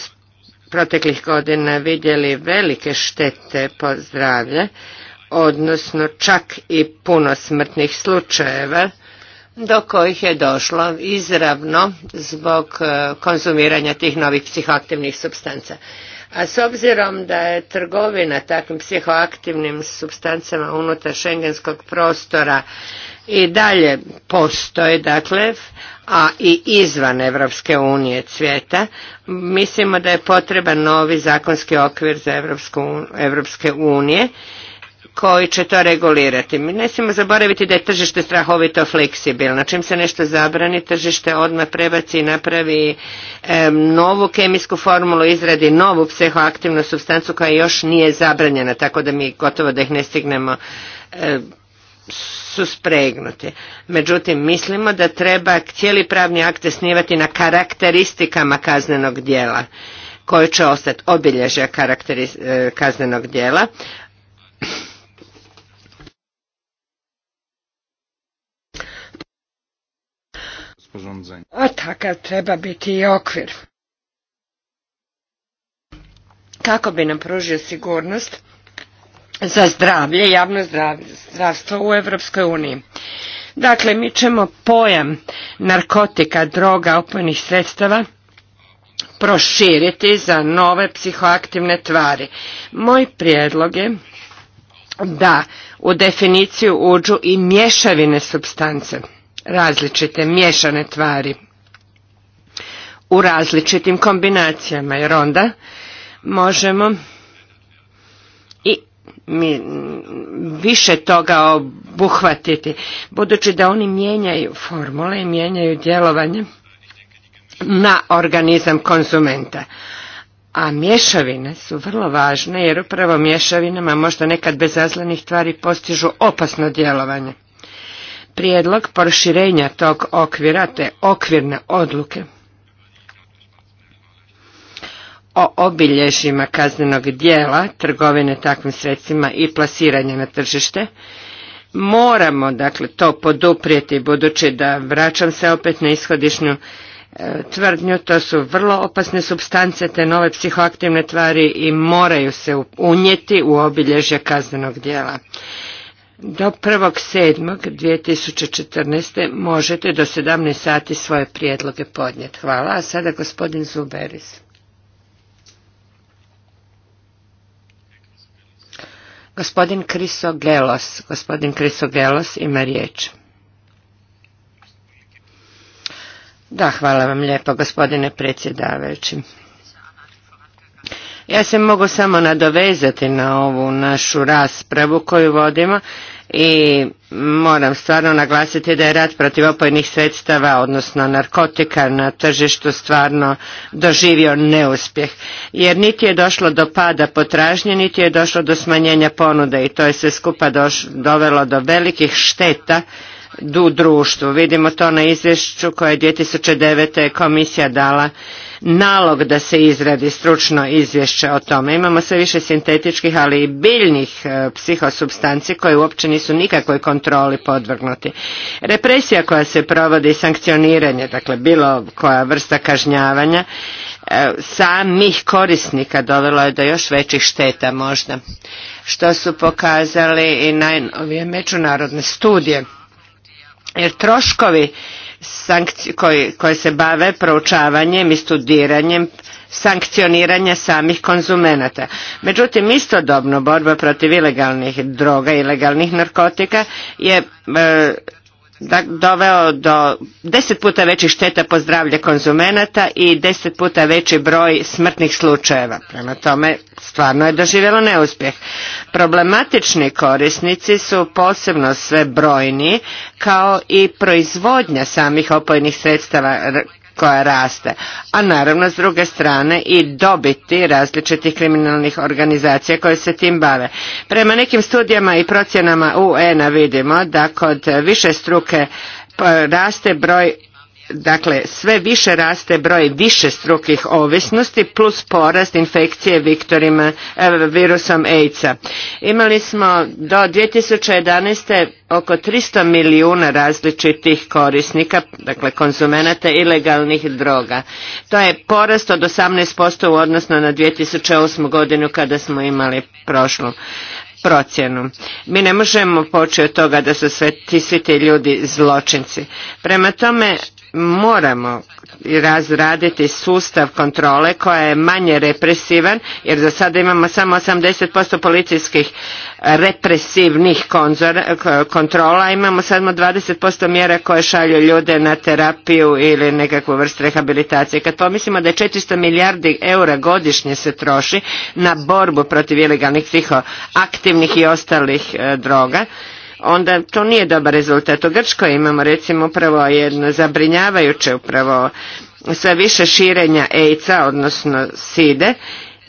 proteklih godina vidjeli velike štete po zdravlje, odnosno čak i puno smrtnih slučajeva do kojih je došlo izravno zbog e, konzumiranja tih novih psihoaktivnih substanca. A s obzirom da je trgovina takvim psihoaktivnim substancama unutar šengenskog prostora i dalje postoje, dakle, a i izvan Evropske unije cvijeta, mislimo da je potreban novi zakonski okvir za Evropske unije koji će to regulirati. Mi ne smijemo zaboraviti da je tržište strahovito fleksibilno. Čim se nešto zabrani, tržište odmah prebaci i napravi novu kemijsku formulu, izradi novu psehoaktivnu substancu koja još nije zabranjena, tako da mi gotovo da ih ne stignemo su spregnuti. Međutim, mislimo da treba cijeli pravni akt snivati na karakteristikama kaznenog dijela, koji će ostati obilježja e, kaznenog dijela, A takav treba biti i okvir. Kako bi nam pružio sigurnost za zdravlje, javno zdravstvo u Europskoj uniji. Dakle, mi ćemo pojam narkotika, droga, opojnih sredstava proširiti za nove psihoaktivne tvari. Moj prijedlog je da u definiciju uđu i mješavine substance, različite mješane tvari u različitim kombinacijama, jer onda možemo mi više toga obuhvatiti, budući da oni mijenjaju formule i mijenjaju djelovanje na organizam konzumenta. A mješavine su vrlo važne jer upravo mješavinama možda nekad bez azlenih tvari postižu opasno djelovanje. Prijedlog proširenja tog okvira te okvirne odluke o obilježjima kaznenog dijela trgovine takvim sredstvima i plasiranje na tržište. Moramo dakle to poduprijeti budući da vraćam se opet na ishodišnju e, tvrdnju, to su vrlo opasne substance, te nove psihoaktivne tvari i moraju se unijeti u obilježje kaznenog dijela. Do 1.7.2014. možete do 17 sati svoje prijedloge podnijeti. Hvala, a sada gospodin Zuberis. Gospodin Kriso Gelos, gospodin Krisogelos ima riječ. Da, hvala vam lijepo gospodine predsjedavajući. Ja se mogu samo nadovezati na ovu našu raspravu koju vodimo i moram stvarno naglasiti da je rat protiv opojnih sredstava, odnosno narkotika na tržištu stvarno doživio neuspjeh. Jer niti je došlo do pada potražnje, niti je došlo do smanjenja ponude i to je sve skupa dovelo do velikih šteta du društvu. Vidimo to na izvješću koje je 2009. komisija dala nalog da se izradi stručno izvješće o tome. Imamo sve više sintetičkih, ali i biljnih e, psihosubstanci koje uopće nisu nikakvoj kontroli podvrgnuti. Represija koja se provodi i sankcioniranje, dakle bilo koja vrsta kažnjavanja, e, samih korisnika dovelo je do još većih šteta možda, što su pokazali i najnovije međunarodne studije jer troškovi koji, koje se bave proučavanjem i studiranjem sankcioniranja samih konzumenata. Međutim, istodobno borba protiv ilegalnih droga i ilegalnih narkotika je e, doveo do deset puta većih šteta po zdravlje konzumenata i deset puta veći broj smrtnih slučajeva. Prema tome, stvarno je doživjelo neuspjeh. Problematični korisnici su posebno sve brojni, kao i proizvodnja samih opojnih sredstava koja raste, a naravno s druge strane i dobiti različitih kriminalnih organizacija koje se tim bave. Prema nekim studijama i procjenama UN-a vidimo da kod više struke e, raste broj dakle sve više raste broj više strukih ovisnosti plus porast infekcije viktorima, e, virusom AIDS-a. Imali smo do 2011. oko 300 milijuna različitih korisnika, dakle konzumenata ilegalnih droga. To je porast od 18% u odnosno na 2008. godinu kada smo imali prošlu procjenu. Mi ne možemo početi od toga da su sve, ti, svi ti ljudi zločinci. Prema tome, moramo razraditi sustav kontrole koja je manje represivan jer za sada imamo samo 80% policijskih represivnih kontrola imamo samo 20% mjera koje šalju ljude na terapiju ili nekakvu vrstu rehabilitacije kad pomislimo da je 400 milijardi eura godišnje se troši na borbu protiv ilegalnih psihoaktivnih i ostalih e, droga onda to nije dobar rezultat. U Grčkoj imamo recimo upravo jedno zabrinjavajuće upravo sve više širenja AIDS-a, odnosno SIDE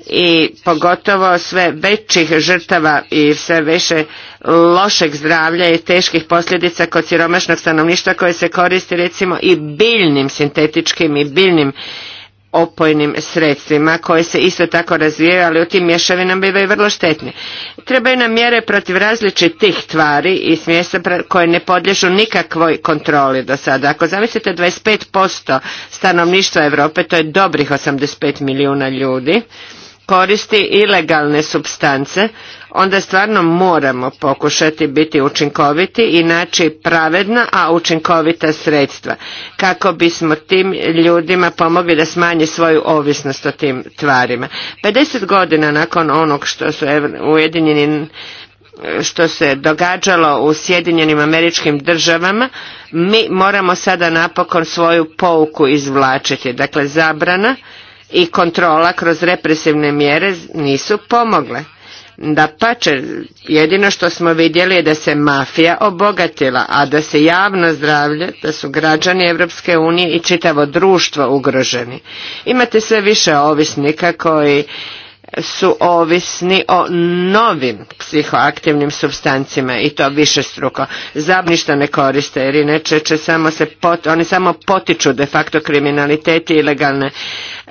i pogotovo sve većih žrtava i sve više lošeg zdravlja i teških posljedica kod siromašnog stanovništva koje se koristi recimo i biljnim sintetičkim i biljnim opojnim sredstvima koje se isto tako razvijaju, ali u tim mješavinama bivaju vrlo štetne. Trebaju nam mjere protiv različitih tvari i smjesa koje ne podlježu nikakvoj kontroli do sada. Ako zamislite 25% stanovništva Europe, to je dobrih 85 milijuna ljudi, koristi ilegalne substance onda stvarno moramo pokušati biti učinkoviti i naći pravedna, a učinkovita sredstva kako bismo tim ljudima pomogli da smanje svoju ovisnost o tim tvarima. 50 godina nakon onog što su Ujedinjeni što se događalo u Sjedinjenim američkim državama, mi moramo sada napokon svoju pouku izvlačiti. Dakle, zabrana i kontrola kroz represivne mjere nisu pomogle. Da pače, jedino što smo vidjeli je da se mafija obogatila, a da se javno zdravlje, da su građani Europske unije i čitavo društvo ugroženi. Imate sve više ovisnika koji su ovisni o novim psihoaktivnim substancima i to više struko. Zabništa ne koriste jer inače samo se oni samo potiču de facto kriminalitet i ilegalne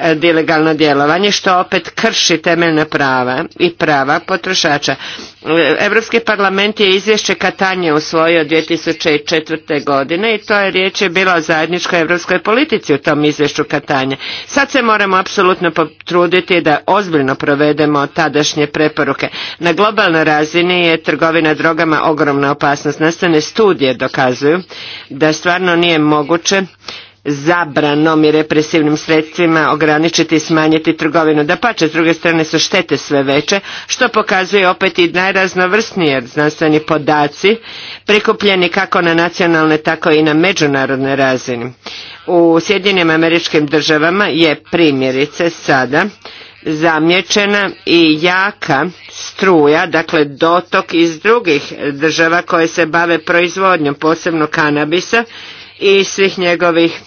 E, ilegalno djelovanje što opet krši temeljna prava i prava potrošača. Europski parlament je izvješće Katanje usvojio 2004. godine i to je riječ je bila o zajedničkoj europskoj politici u tom izvješću Katanje. Sad se moramo apsolutno potruditi da ozbiljno provedemo tadašnje preporuke. Na globalnoj razini je trgovina drogama ogromna opasnost. Nastane studije dokazuju da stvarno nije moguće zabranom i represivnim sredstvima ograničiti i smanjiti trgovinu. Da pače, s druge strane su štete sve veće, što pokazuje opet i najraznovrsnije znanstveni podaci prikupljeni kako na nacionalne, tako i na međunarodne razine. U Sjedinjenim američkim državama je primjerice sada zamječena i jaka struja, dakle dotok iz drugih država koje se bave proizvodnjom, posebno kanabisa i svih njegovih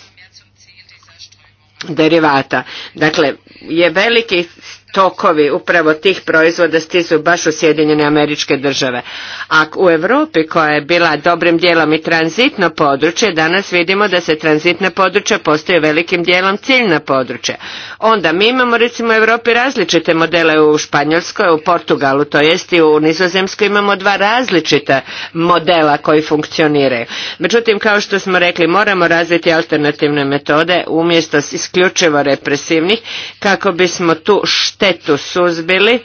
derivata. Dakle, je veliki tokovi upravo tih proizvoda stizu baš u Sjedinjene američke države. A u Europi koja je bila dobrim dijelom i tranzitno područje, danas vidimo da se tranzitna područja postaju velikim dijelom ciljna područja. Onda mi imamo recimo u Europi različite modele u Španjolskoj, u Portugalu, to jest i u Nizozemskoj imamo dva različita modela koji funkcioniraju. Međutim, kao što smo rekli, moramo razviti alternativne metode umjesto isključivo represivnih kako bismo tu štetu suzbili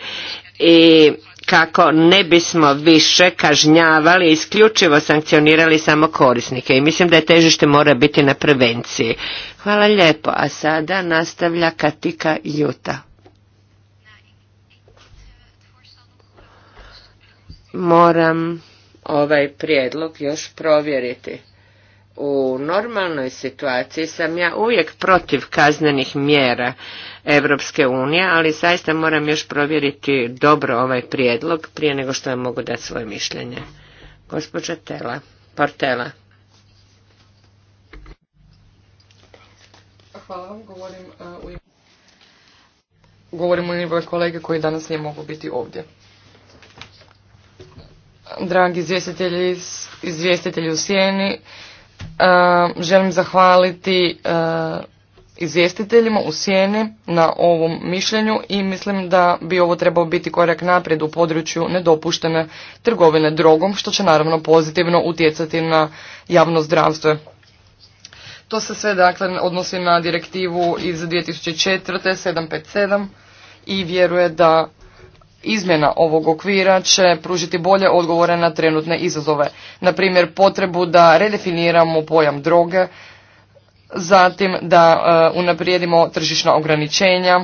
i kako ne bismo više kažnjavali, isključivo sankcionirali samo korisnike i mislim da je težište mora biti na prevenciji. Hvala lijepo, a sada nastavlja Katika Juta. Moram ovaj prijedlog još provjeriti u normalnoj situaciji sam ja uvijek protiv kaznenih mjera Evropske unije, ali zaista moram još provjeriti dobro ovaj prijedlog prije nego što vam mogu dati svoje mišljenje. Gospođa Tela, Portela. Hvala vam, govorim e, u govorim kolege koji danas nije mogu biti ovdje. Dragi izvjestitelji, izvjestitelji u Sijeni, E, želim zahvaliti e, izvjestiteljima u sjeni na ovom mišljenju i mislim da bi ovo trebao biti korak naprijed u području nedopuštene trgovine drogom, što će naravno pozitivno utjecati na javno zdravstvo. To se sve dakle odnosi na direktivu iz 2004. 757 i vjeruje da Izmjena ovog okvira će pružiti bolje odgovore na trenutne izazove, na primjer potrebu da redefiniramo pojam droge, zatim da e, unaprijedimo tržišna ograničenja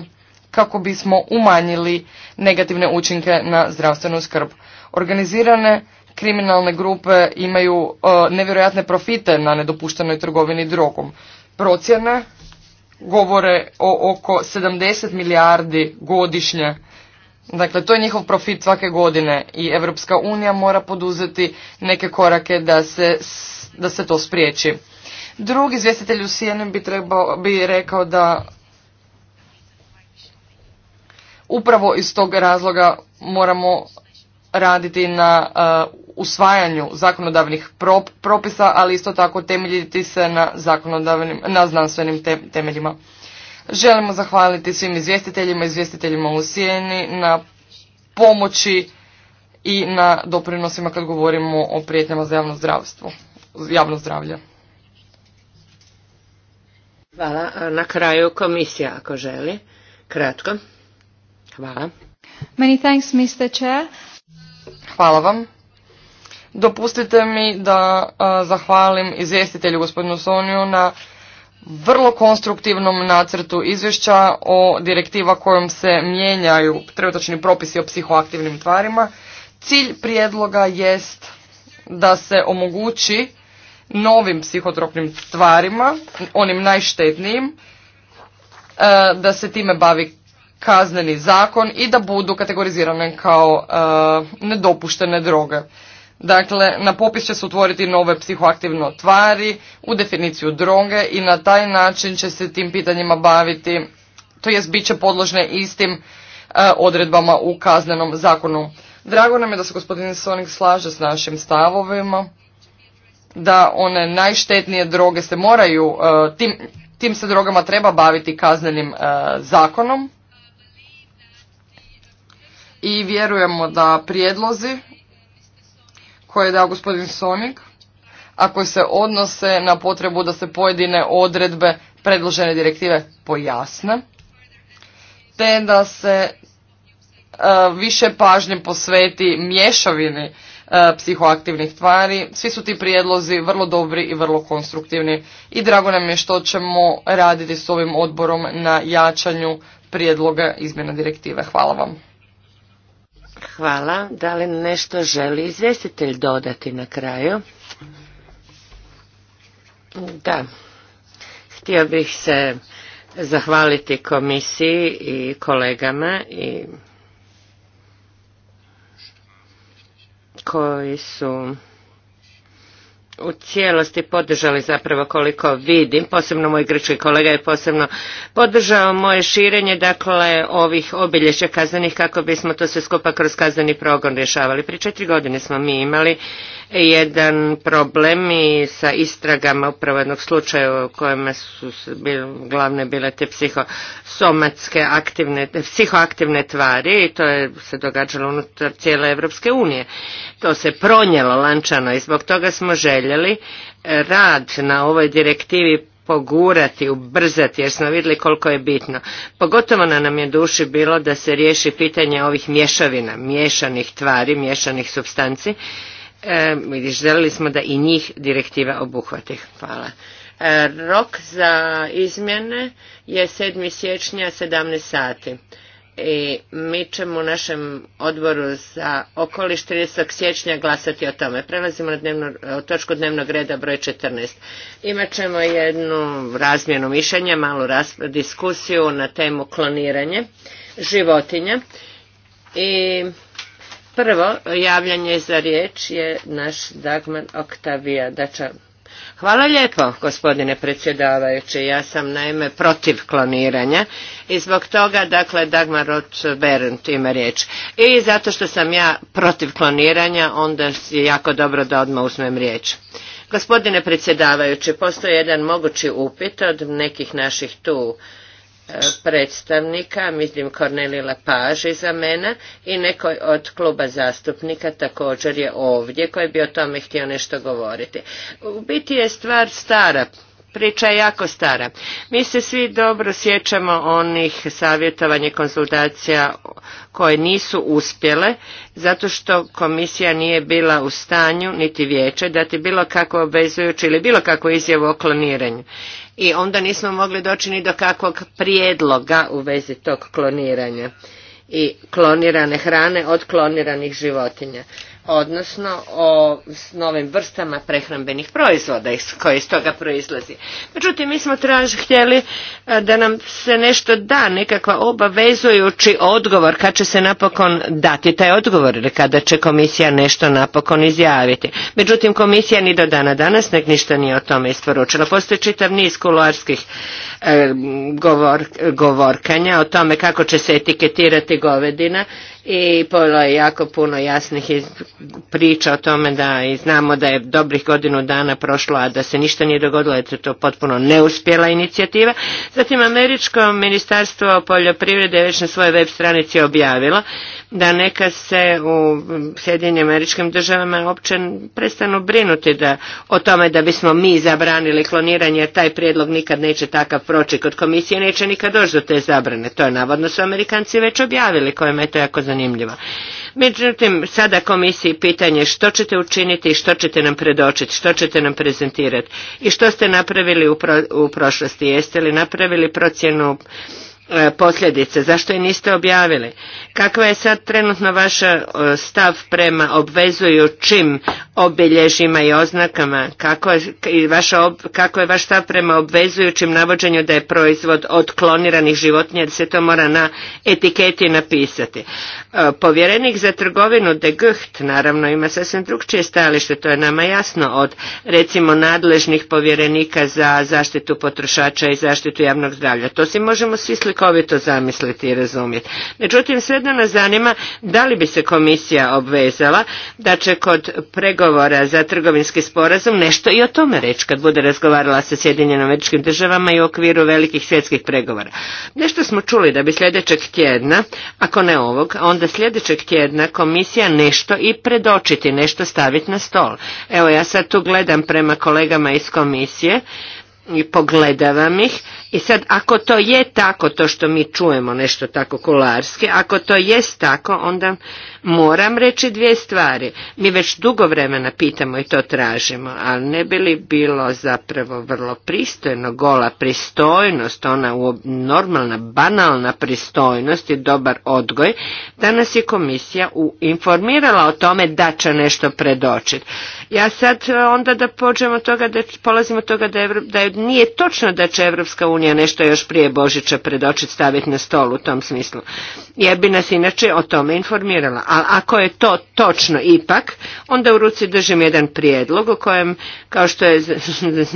kako bismo umanjili negativne učinke na zdravstvenu skrb. Organizirane kriminalne grupe imaju e, nevjerojatne profite na nedopuštenoj trgovini drogom. Procjene govore o oko 70 milijardi godišnje Dakle, to je njihov profit svake godine i Europska unija mora poduzeti neke korake da se, da se to spriječi. Drugi izvjestitelj u Sijenu bi, trebao, bi rekao da upravo iz tog razloga moramo raditi na uh, usvajanju zakonodavnih propisa, ali isto tako temeljiti se na, zakonodavnim, na znanstvenim temeljima. Želimo zahvaliti svim izvjestiteljima, izvjestiteljima u Sijeni na pomoći i na doprinosima kad govorimo o prijetnjama za javno zdravstvo, javno zdravlje. Hvala. na kraju komisija ako želi. Kratko. Hvala. Many thanks, Mr. Chair. Hvala vam. Dopustite mi da zahvalim izvjestitelju gospodinu Soniju na vrlo konstruktivnom nacrtu izvješća o direktiva kojom se mijenjaju trenutačni propisi o psihoaktivnim tvarima. Cilj prijedloga jest da se omogući novim psihotropnim tvarima, onim najštetnijim, e, da se time bavi kazneni zakon i da budu kategorizirane kao e, nedopuštene droge. Dakle, na popis će se utvoriti nove psihoaktivne tvari u definiciju droge i na taj način će se tim pitanjima baviti, to jest bit će podložne istim e, odredbama u kaznenom zakonu. Drago nam je da se gospodin Sonik slaže s našim stavovima, da one najštetnije droge se moraju, e, tim, tim se drogama treba baviti kaznenim e, zakonom i vjerujemo da prijedlozi koje je dao gospodin Sonik, a koje se odnose na potrebu da se pojedine odredbe predložene direktive pojasne, te da se e, više pažnje posveti mješavini e, psihoaktivnih tvari. Svi su ti prijedlozi vrlo dobri i vrlo konstruktivni i drago nam je što ćemo raditi s ovim odborom na jačanju prijedloga izmjena direktive. Hvala vam. Hvala. Da li nešto želi izvjestitelj dodati na kraju? Da. Htio bih se zahvaliti komisiji i kolegama i koji su u cijelosti podržali zapravo koliko vidim, posebno moj grčki kolega je posebno podržao moje širenje dakle ovih obilježja kaznenih kako bismo to sve skupa kroz kazneni progon rješavali. Prije četiri godine smo mi imali jedan problem i sa istragama upravo jednog slučaja u kojima su glavne bile te psihosomatske aktivne, psihoaktivne tvari i to je se događalo unutar cijele Evropske unije. To se pronjelo lančano i zbog toga smo željeli e, rad na ovoj direktivi pogurati, ubrzati jer smo vidjeli koliko je bitno. Pogotovo na nam je duši bilo da se riješi pitanje ovih mješavina, miješanih tvari, miješanih substanci e, željeli smo da i njih direktiva obuhvati. Hvala. E, rok za izmjene je 7. siječnja 17 sati. I mi ćemo u našem odboru za okoliš 30. siječnja glasati o tome. Prelazimo na dnevno, e, točku dnevnog reda broj 14. Imaćemo jednu razmjenu mišljenja, malu diskusiju na temu kloniranje životinja. I Prvo javljanje za riječ je naš Dagman Oktavija Dača. Hvala lijepo, gospodine predsjedavajući. Ja sam naime protiv kloniranja i zbog toga, dakle, Dagmar Roth ima riječ. I zato što sam ja protiv kloniranja, onda je jako dobro da odmah uzmem riječ. Gospodine predsjedavajući, postoji jedan mogući upit od nekih naših tu E, predstavnika, mislim Korneli Lapaž za mene i neko od kluba zastupnika također je ovdje koji bi o tome htio nešto govoriti. U biti je stvar stara, priča je jako stara. Mi se svi dobro sjećamo onih savjetovanja i konsultacija koje nisu uspjele zato što komisija nije bila u stanju niti vijeće dati bilo kako obvezujući ili bilo kako izjavu o kloniranju i onda nismo mogli doći ni do kakvog prijedloga u vezi tog kloniranja i klonirane hrane od kloniranih životinja odnosno o novim vrstama prehrambenih proizvoda koje iz toga proizlazi. Međutim, mi smo htjeli e, da nam se nešto da, nekakva obavezujući odgovor kad će se napokon dati taj odgovor ili kada će komisija nešto napokon izjaviti. Međutim, komisija ni do dana danas nek ništa nije o tome isporučila. Postoji čitav niz kuloarskih e, e, govorkanja o tome kako će se etiketirati govedina i bilo je jako puno jasnih priča o tome da i znamo da je dobrih godinu dana prošlo, a da se ništa nije dogodilo, jer je to potpuno neuspjela inicijativa. Zatim Američko ministarstvo poljoprivrede je već na svojoj web stranici objavilo da neka se u Sjedinjenim američkim državama uopće prestanu brinuti da, o tome da bismo mi zabranili kloniranje, taj prijedlog nikad neće takav proći kod komisije, neće nikad doći do te zabrane. To je navodno su Amerikanci već objavili, kojima je to jako zanimljivo. Međutim, sada komisiji pitanje što ćete učiniti i što ćete nam predočiti, što ćete nam prezentirati i što ste napravili u, u prošlosti. Jeste li napravili procjenu E, posljedice, zašto je niste objavili? Kakva je sad trenutno vaš e, stav prema obvezujućim obilježjima i oznakama? Kako je, i vaša kako je vaš stav prema obvezujućim navođenju da je proizvod od kloniranih životinja, da se to mora na etiketi napisati? E, povjerenik za trgovinu de Gucht naravno ima sasvim drugčije stajalište, to je nama jasno od recimo nadležnih povjerenika za zaštitu potrošača i zaštitu javnog zdravlja. To si možemo svi slikovito zamisliti i razumjeti. Međutim, da nas zanima da li bi se komisija obvezala da će kod pregovora za trgovinski sporazum nešto i o tome reći kad bude razgovarala sa Sjedinjenim američkim državama i u okviru velikih svjetskih pregovora. Nešto smo čuli da bi sljedećeg tjedna, ako ne ovog, onda sljedećeg tjedna komisija nešto i predočiti, nešto staviti na stol. Evo ja sad tu gledam prema kolegama iz komisije i pogledavam ih i sad, ako to je tako, to što mi čujemo nešto tako kularski, ako to jest tako, onda moram reći dvije stvari. Mi već dugo vremena pitamo i to tražimo, ali ne bi li bilo zapravo vrlo pristojno, gola pristojnost, ona normalna, banalna pristojnost i dobar odgoj, da nas je komisija informirala o tome da će nešto predočiti. Ja sad eh, onda da pođemo toga, da polazimo toga da, da nije točno da će Evropska unija nešto još prije Božića predočit staviti na stol u tom smislu. Jer bi nas inače o tome informirala. Ali ako je to točno ipak, onda u ruci držim jedan prijedlog u kojem, kao što je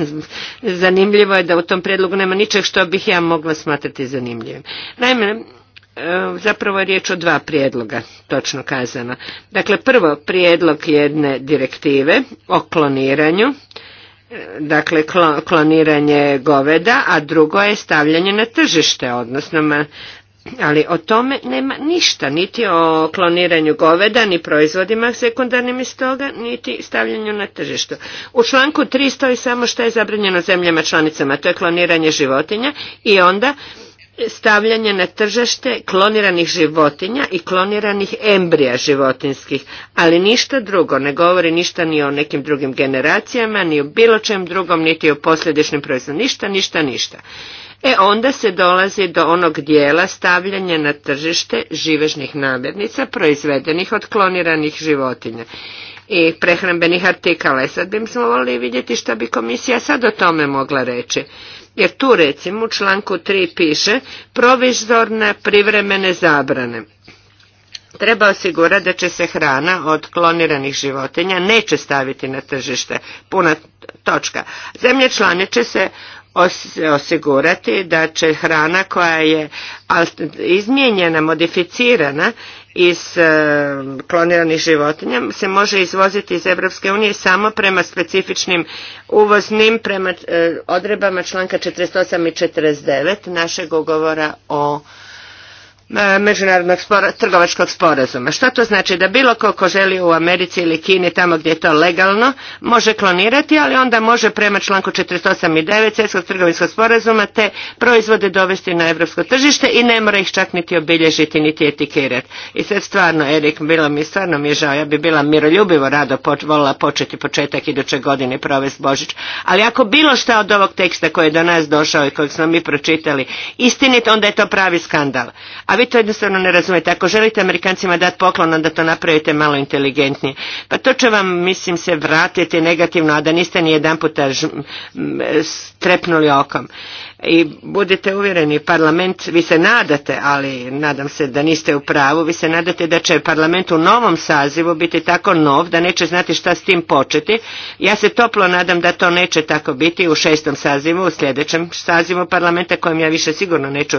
zanimljivo je da u tom prijedlogu nema ničeg što bih ja mogla smatrati zanimljivim. Naime, e, zapravo je riječ o dva prijedloga, točno kazano. Dakle, prvo prijedlog jedne direktive o kloniranju, dakle kloniranje goveda, a drugo je stavljanje na tržište, odnosno ali o tome nema ništa, niti o kloniranju goveda, ni proizvodima sekundarnim iz toga, niti stavljanju na tržište. U članku 3 stoji samo što je zabranjeno zemljama članicama, to je kloniranje životinja i onda stavljanje na tržište kloniranih životinja i kloniranih embrija životinskih, ali ništa drugo, ne govori ništa ni o nekim drugim generacijama, ni o bilo čem drugom, niti o posljedičnim proizvodima, ništa, ništa, ništa. E onda se dolazi do onog dijela stavljanja na tržište živežnih namirnica proizvedenih od kloniranih životinja i prehrambenih artikala. E, sad bismo volili vidjeti što bi komisija sad o tome mogla reći. Jer tu recimo u članku 3 piše provizorne privremene zabrane. Treba osigurati da će se hrana od kloniranih životinja neće staviti na tržište. Puna točka. Zemlje člane će se osigurati da će hrana koja je izmijenjena, modificirana iz kloniranih e, životinja se može izvoziti iz Europske unije samo prema specifičnim uvoznim prema e, odrebama članka 48 i 49 našeg ugovora o E, međunarodnog trgovačkog sporazuma. Što to znači? Da bilo ko ko želi u Americi ili Kini, tamo gdje je to legalno, može klonirati, ali onda može prema članku 48 i 9 svjetskog trgovinskog sporazuma te proizvode dovesti na europsko tržište i ne mora ih čak niti obilježiti, niti etikirati. I sad stvarno, Erik, bilo mi stvarno mi je žao, ja bi bila miroljubivo rado volila početi početak iduće godine provesti Božić. Ali ako bilo šta od ovog teksta koji je do nas došao i kojeg smo mi pročitali istinit, onda je to pravi skandal. A a vi to jednostavno ne razumijete. Ako želite Amerikancima dati poklon, onda to napravite malo inteligentnije. Pa to će vam, mislim, se vratiti negativno, a da niste ni jedan puta trepnuli okom i budite uvjereni, parlament, vi se nadate, ali nadam se da niste u pravu, vi se nadate da će parlament u novom sazivu biti tako nov da neće znati šta s tim početi. Ja se toplo nadam da to neće tako biti u šestom sazivu, u sljedećem sazivu parlamenta kojem ja više sigurno neću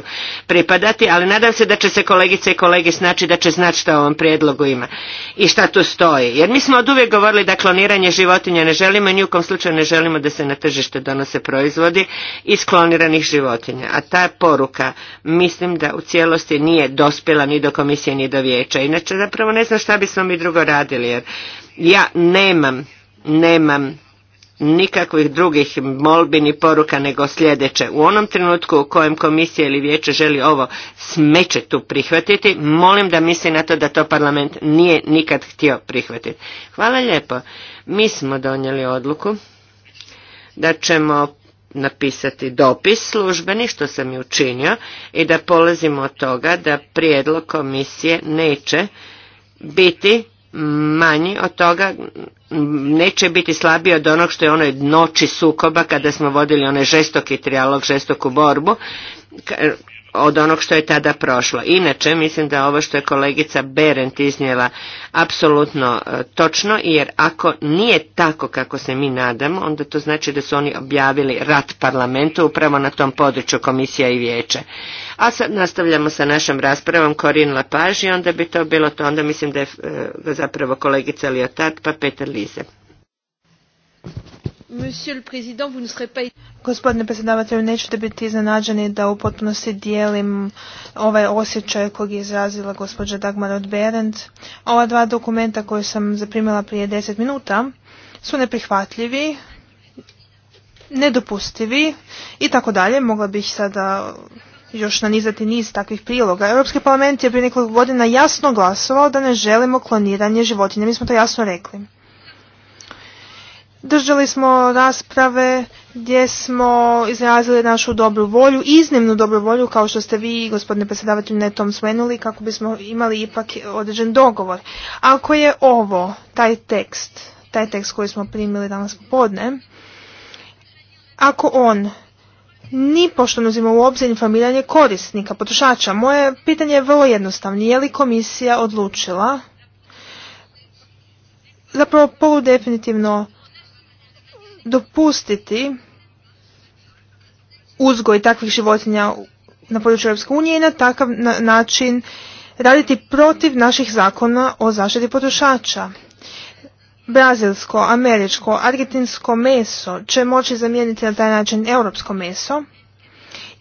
pripadati, ali nadam se da će se kolegice i kolege znači da će znati šta u ovom prijedlogu ima i šta tu stoji. Jer mi smo od uvijek govorili da kloniranje životinja ne želimo i ni u kom slučaju ne želimo da se na tržište donose proizvodi i sklonira kloniranih životinja. A ta poruka mislim da u cijelosti nije dospjela ni do komisije ni do vijeća. Inače zapravo ne znam šta bismo mi drugo radili jer ja nemam, nemam nikakvih drugih molbi ni poruka nego sljedeće. U onom trenutku u kojem komisija ili vijeće želi ovo smeće tu prihvatiti, molim da misli na to da to parlament nije nikad htio prihvatiti. Hvala lijepo. Mi smo donijeli odluku da ćemo napisati dopis službeni, što sam i učinio, i da polazimo od toga da prijedlog komisije neće biti manji od toga, neće biti slabiji od onog što je onoj noći sukoba kada smo vodili onaj žestoki trijalog, žestoku borbu, od onog što je tada prošlo. Inače, mislim da ovo što je kolegica berend iznijela apsolutno e, točno, jer ako nije tako kako se mi nadamo, onda to znači da su oni objavili rat parlamentu upravo na tom području komisija i vijeće. A sad nastavljamo sa našom raspravom Korin Lapaž onda bi to bilo to, onda mislim da je e, zapravo kolegica Liotard pa Peter Lize. Gospodine predsjedavatelju, nećete biti iznenađeni da u potpunosti dijelim ovaj osjećaj kojeg je izrazila gospođa Dagmar od Berend. Ova dva dokumenta koje sam zaprimila prije deset minuta su neprihvatljivi, nedopustivi i tako dalje. Mogla bih sada još nanizati niz takvih priloga. Europski parlament je prije nekoliko godina jasno glasovao da ne želimo kloniranje životinja. Mi smo to jasno rekli. Držali smo rasprave gdje smo izrazili našu dobru volju, iznimnu dobru volju kao što ste vi gospodine predsjedavatelju netom smenuli kako bismo imali ipak određen dogovor. Ako je ovo taj tekst, taj tekst koji smo primili danas popodne, ako on ni pošto ne uzima u obzir informiranje korisnika, potrošača, moje pitanje je vrlo jednostavno. Je li komisija odlučila zapravo poludefinitivno dopustiti uzgoj takvih životinja na području Europske unije i na takav način raditi protiv naših zakona o zaštiti potrošača. Brazilsko, američko, argentinsko meso će moći zamijeniti na taj način europsko meso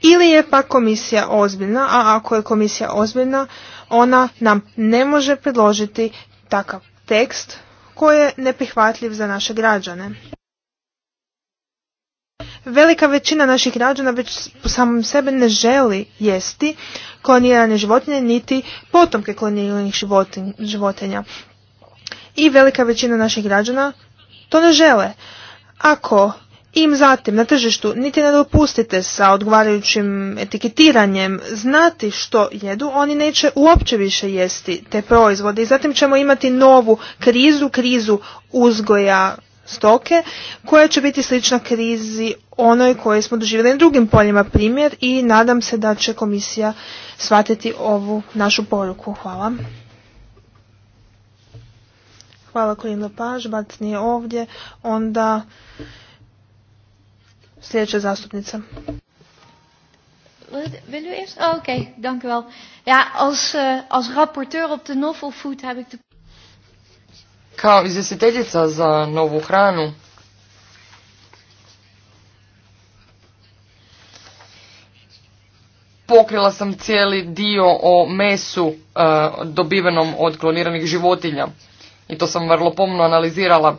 ili je pa komisija ozbiljna, a ako je komisija ozbiljna, ona nam ne može predložiti takav tekst koji je neprihvatljiv za naše građane. Velika većina naših građana već samom sebe ne želi jesti klonirane životinje niti potomke kloniranih životinja. I velika većina naših građana to ne žele. Ako im zatim na tržištu niti ne dopustite sa odgovarajućim etiketiranjem znati što jedu, oni neće uopće više jesti te proizvode i zatim ćemo imati novu krizu, krizu uzgoja stoke koja će biti slična krizi onoj koju smo doživjeli na drugim poljima primjer i nadam se da će komisija shvatiti ovu našu poruku. Hvala. Hvala Korin Lepaž, Bart nije ovdje. Onda sljedeća zastupnica. Wil u eerst? Oh, Oké, okay. Ja, als, eh, als rapporteur op de novel food heb ik de kao izvjestiteljica za novu hranu pokrila sam cijeli dio o mesu e, dobivenom od kloniranih životinja i to sam vrlo pomno analizirala. E,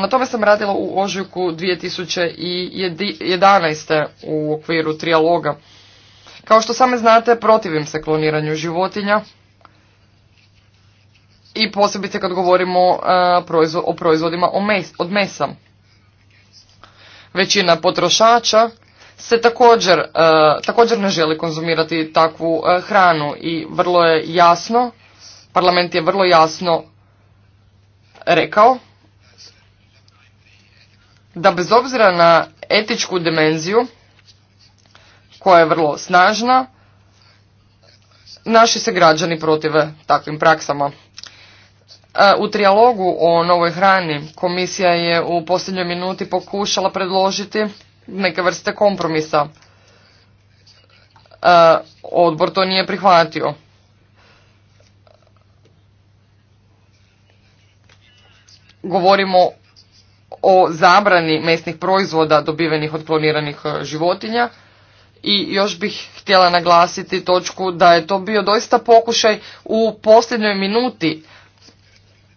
na tome sam radila u ožujku 2011. u okviru trijaloga. Kao što same znate, protivim se kloniranju životinja i posebice kad govorimo e, o proizvodima od mesa. Većina potrošača se također, e, također ne želi konzumirati takvu e, hranu i vrlo je jasno, parlament je vrlo jasno rekao da bez obzira na etičku dimenziju koja je vrlo snažna, naši se građani protive takvim praksama. U trijalogu o novoj hrani komisija je u posljednjoj minuti pokušala predložiti neke vrste kompromisa. Odbor to nije prihvatio. Govorimo o zabrani mesnih proizvoda dobivenih od kloniranih e, životinja i još bih htjela naglasiti točku da je to bio doista pokušaj u posljednjoj minuti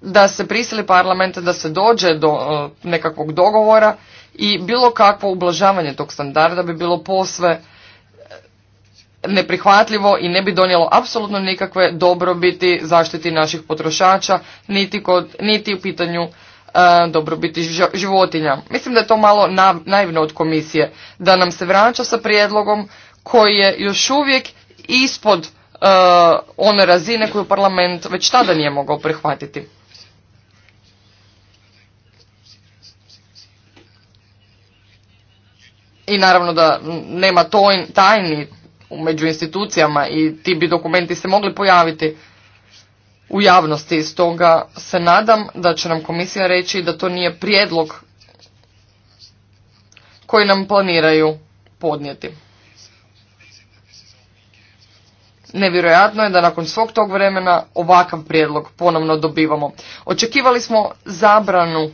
da se prisili Parlamenta da se dođe do e, nekakvog dogovora i bilo kakvo ublažavanje tog standarda bi bilo posve e, neprihvatljivo i ne bi donijelo apsolutno nikakve dobrobiti zaštiti naših potrošača niti, kod, niti u pitanju e, dobrobiti životinja. Mislim da je to malo naivno od komisije da nam se vraća sa prijedlogom koji je još uvijek ispod one razine koju parlament već tada nije mogao prihvatiti. i naravno da nema tajni među institucijama i ti bi dokumenti se mogli pojaviti u javnosti. Stoga se nadam da će nam komisija reći da to nije prijedlog koji nam planiraju podnijeti. Nevjerojatno je da nakon svog tog vremena ovakav prijedlog ponovno dobivamo. Očekivali smo zabranu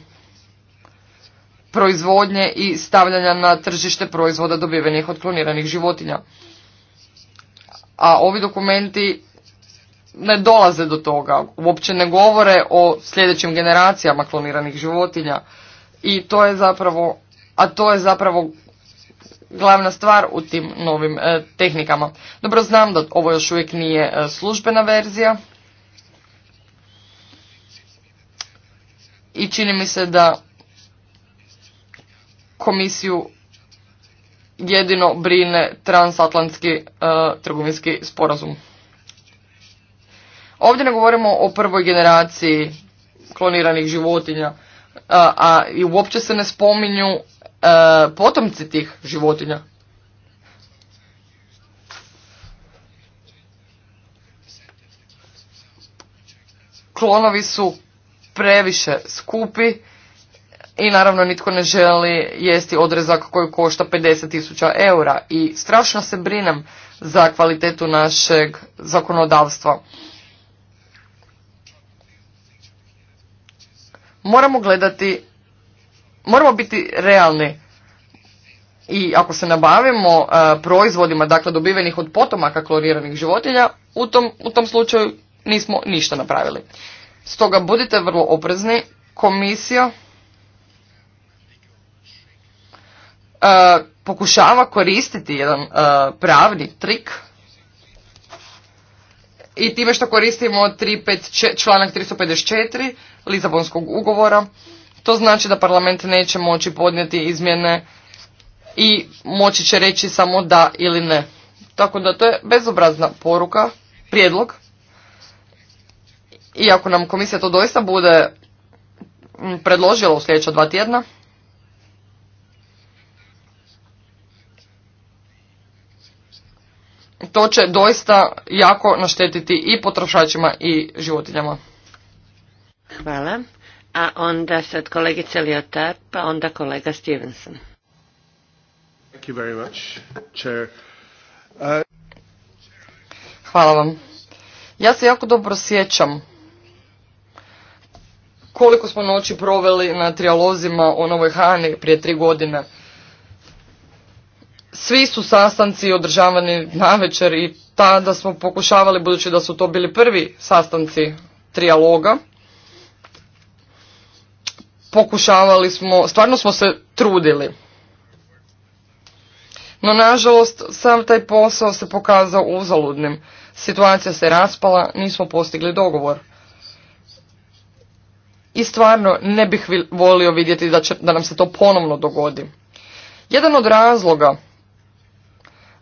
proizvodnje i stavljanja na tržište proizvoda dobivenih od kloniranih životinja. A ovi dokumenti ne dolaze do toga, uopće ne govore o sljedećim generacijama kloniranih životinja i to je zapravo, a to je zapravo glavna stvar u tim novim e, tehnikama. Dobro znam da ovo još uvijek nije e, službena verzija i čini mi se da komisiju jedino brine transatlantski e, trgovinski sporazum. Ovdje ne govorimo o prvoj generaciji kloniranih životinja, e, a, i uopće se ne spominju e, potomci tih životinja. Klonovi su previše skupi i naravno nitko ne želi jesti odrezak koji košta 50.000 eura i strašno se brinem za kvalitetu našeg zakonodavstva. Moramo gledati, moramo biti realni i ako se nabavimo e, proizvodima dakle dobivenih od potomaka kloriranih životinja, u tom, u tom slučaju nismo ništa napravili. Stoga budite vrlo oprezni, komisija E, pokušava koristiti jedan e, pravni trik i time što koristimo 35, članak 354 Lizabonskog ugovora, to znači da parlament neće moći podnijeti izmjene i moći će reći samo da ili ne. Tako da to je bezobrazna poruka, prijedlog. I ako nam komisija to doista bude predložila u sljedeća dva tjedna, to će doista jako naštetiti i potrošačima i životinjama. Hvala. A onda sad kolegica Lyotard, pa onda kolega Stevenson. Thank you very much, chair. Uh, Hvala vam. Ja se jako dobro sjećam koliko smo noći proveli na trijalozima o Novoj hrani prije tri godine svi su sastanci održavani večer i tada smo pokušavali, budući da su to bili prvi sastanci trijaloga, pokušavali smo, stvarno smo se trudili. No, nažalost, sam taj posao se pokazao uzaludnim. Situacija se raspala, nismo postigli dogovor. I stvarno ne bih volio vidjeti da, da nam se to ponovno dogodi. Jedan od razloga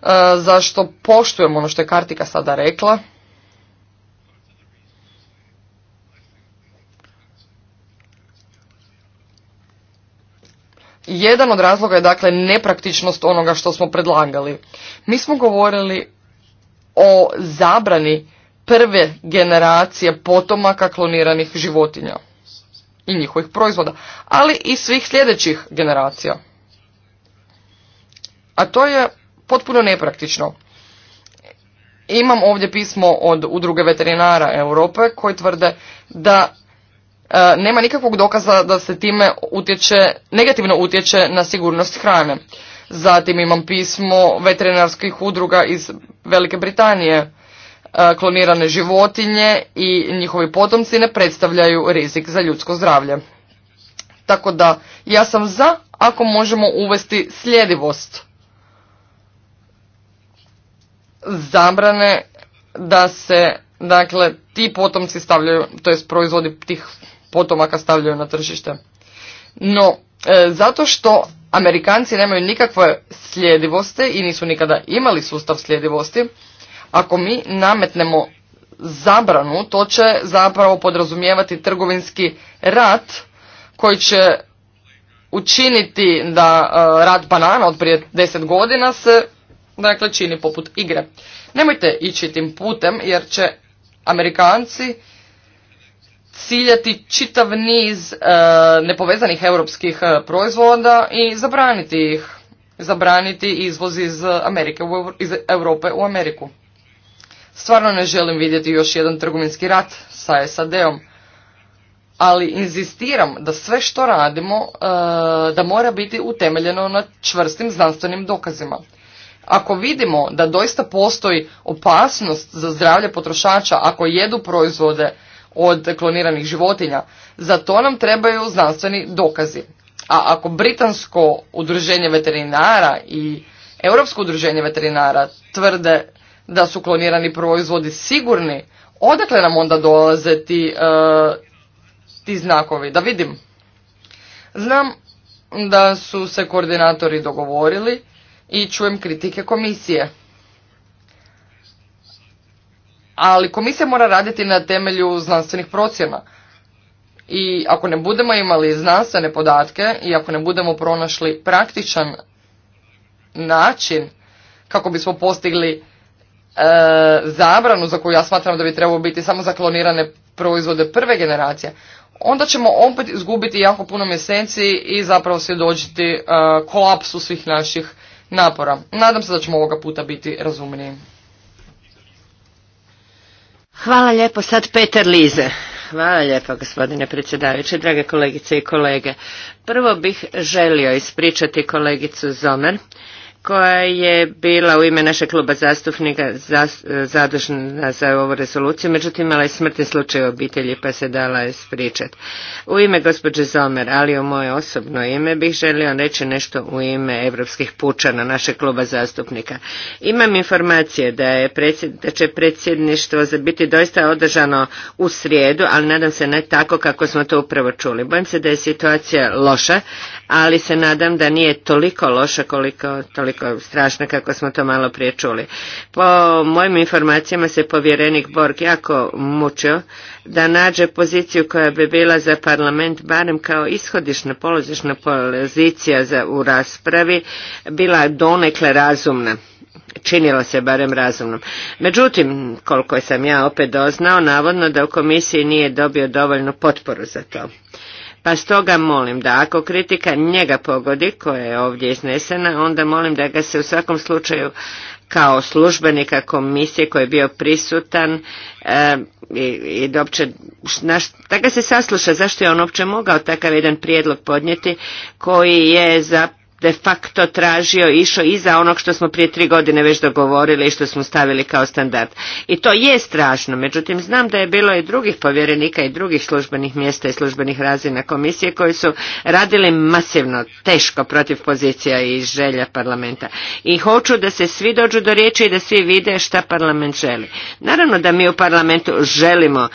E, zašto poštujem ono što je Kartika sada rekla. Jedan od razloga je dakle nepraktičnost onoga što smo predlagali. Mi smo govorili o zabrani prve generacije potomaka kloniranih životinja i njihovih proizvoda, ali i svih sljedećih generacija. A to je potpuno nepraktično. Imam ovdje pismo od udruge veterinara Europe koji tvrde da e, nema nikakvog dokaza da se time utječe, negativno utječe na sigurnost hrane. Zatim imam pismo veterinarskih udruga iz Velike Britanije. E, klonirane životinje i njihovi potomci ne predstavljaju rizik za ljudsko zdravlje. Tako da ja sam za ako možemo uvesti sljedivost zabrane da se dakle ti potomci stavljaju, to jest proizvodi tih potomaka stavljaju na tržište. No, e, zato što Amerikanci nemaju nikakve sljedivosti i nisu nikada imali sustav sljedivosti, ako mi nametnemo zabranu, to će zapravo podrazumijevati trgovinski rat koji će učiniti da e, rad rat banana od prije deset godina se dakle čini poput igre. Nemojte ići tim putem jer će Amerikanci ciljati čitav niz e, nepovezanih europskih e, proizvoda i zabraniti ih, zabraniti izvoz iz Amerike u, iz Europe u Ameriku. Stvarno ne želim vidjeti još jedan trgovinski rat sa SAD-om, ali inzistiram da sve što radimo e, da mora biti utemeljeno na čvrstim znanstvenim dokazima. Ako vidimo da doista postoji opasnost za zdravlje potrošača ako jedu proizvode od kloniranih životinja, za to nam trebaju znanstveni dokazi. A ako britansko udruženje veterinara i europsko udruženje veterinara tvrde da su klonirani proizvodi sigurni, odakle nam onda dolaze ti, e, ti znakovi? Da vidim. Znam da su se koordinatori dogovorili i čujem kritike komisije. Ali komisija mora raditi na temelju znanstvenih procjena. I ako ne budemo imali znanstvene podatke i ako ne budemo pronašli praktičan način kako bismo postigli e, zabranu za koju ja smatram da bi trebalo biti samo za klonirane proizvode prve generacije, onda ćemo opet izgubiti jako puno mjeseci i zapravo svjedočiti e, kolapsu svih naših napora. Nadam se da ćemo ovoga puta biti razumniji. Hvala lijepo, sad Peter Lize. Hvala lijepo gospodine predsjedavajući, drage kolegice i kolege. Prvo bih želio ispričati kolegicu Zomer koja je bila u ime našeg kluba zastupnika e, zadužena za ovu rezoluciju, međutim imala je smrtni slučaj u obitelji pa se dala je spričat. U ime gospođe Zomer, ali u moje osobno ime bih želio reći nešto u ime evropskih pučana našeg kluba zastupnika. Imam informacije da, je predsjed, da će predsjedništvo biti doista održano u srijedu, ali nadam se ne tako kako smo to upravo čuli. Bojim se da je situacija loša, ali se nadam da nije toliko loša koliko toliko toliko strašna kako smo to malo prije čuli. Po mojim informacijama se povjerenik Borg jako mučio da nađe poziciju koja bi bila za parlament barem kao ishodišna polozišna pozicija za, u raspravi bila donekle razumna činila se barem razumnom. Međutim, koliko sam ja opet doznao, navodno da u komisiji nije dobio dovoljno potporu za to. Pa stoga molim da ako kritika njega pogodi, koja je ovdje iznesena, onda molim da ga se u svakom slučaju kao službenika komisije koji je bio prisutan e, i, i naš, da ga se sasluša zašto je on uopće mogao takav jedan prijedlog podnijeti koji je za de facto tražio i išao iza onog što smo prije tri godine već dogovorili i što smo stavili kao standard. I to je strašno, međutim znam da je bilo i drugih povjerenika i drugih službenih mjesta i službenih razina komisije koji su radili masivno, teško protiv pozicija i želja parlamenta. I hoću da se svi dođu do riječi i da svi vide šta parlament želi. Naravno da mi u parlamentu želimo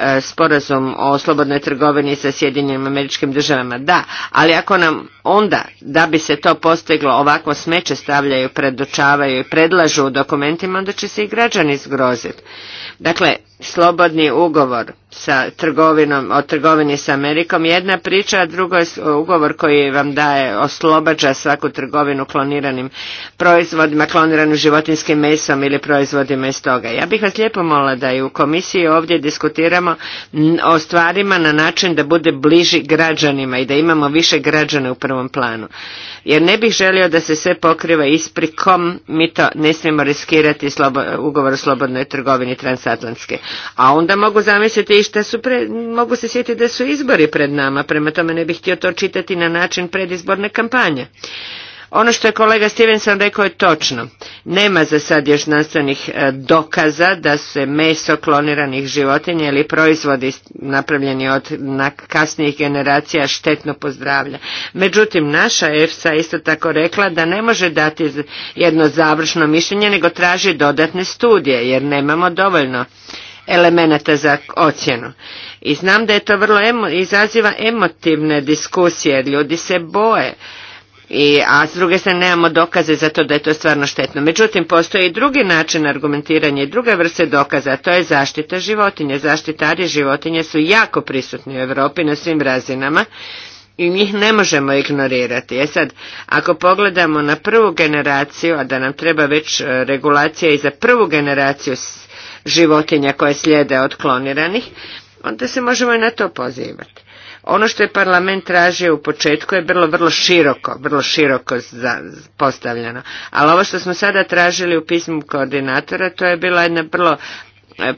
E, sporazum o slobodnoj trgovini sa Sjedinjenim američkim državama, da, ali ako nam onda, da bi se to postiglo, ovako smeće stavljaju, predočavaju i predlažu u dokumentima, onda će se i građani zgroziti. Dakle, slobodni ugovor sa trgovinom, o trgovini s Amerikom jedna priča, a drugo je ugovor koji vam daje, oslobađa svaku trgovinu kloniranim proizvodima, kloniranim životinskim mesom ili proizvodima iz toga. Ja bih vas lijepo molila da i u komisiji ovdje diskutiramo o stvarima na način da bude bliži građanima i da imamo više građana u prvom planu. Jer ne bih želio da se sve pokriva isprikom, mi to ne smijemo riskirati ugovor o slobodnoj trgovini transatlantske. A onda mogu zamisliti i šta su, pre, mogu se sjetiti da su izbori pred nama, prema tome ne bih htio to čitati na način predizborne kampanje. Ono što je kolega Stevenson rekao je točno. Nema za sad još znanstvenih e, dokaza da se meso kloniranih životinja ili proizvodi napravljeni od kasnijih generacija štetno pozdravlja. Međutim, naša EFSA isto tako rekla da ne može dati jedno završno mišljenje, nego traži dodatne studije, jer nemamo dovoljno elemenata za ocjenu. I znam da je to vrlo emo, izaziva emotivne diskusije, ljudi se boje. I, a s druge strane nemamo dokaze za to da je to stvarno štetno. Međutim, postoji i drugi način argumentiranja i druge vrste dokaza, a to je zaštita životinje. Zaštitari životinje su jako prisutni u Europi na svim razinama i njih ne možemo ignorirati. E sad, ako pogledamo na prvu generaciju, a da nam treba već e, regulacija i za prvu generaciju životinja koje slijede od kloniranih, onda se možemo i na to pozivati. Ono što je parlament tražio u početku je bilo vrlo široko, vrlo široko postavljeno. Ali ovo što smo sada tražili u pismu koordinatora, to je bila jedna vrlo e,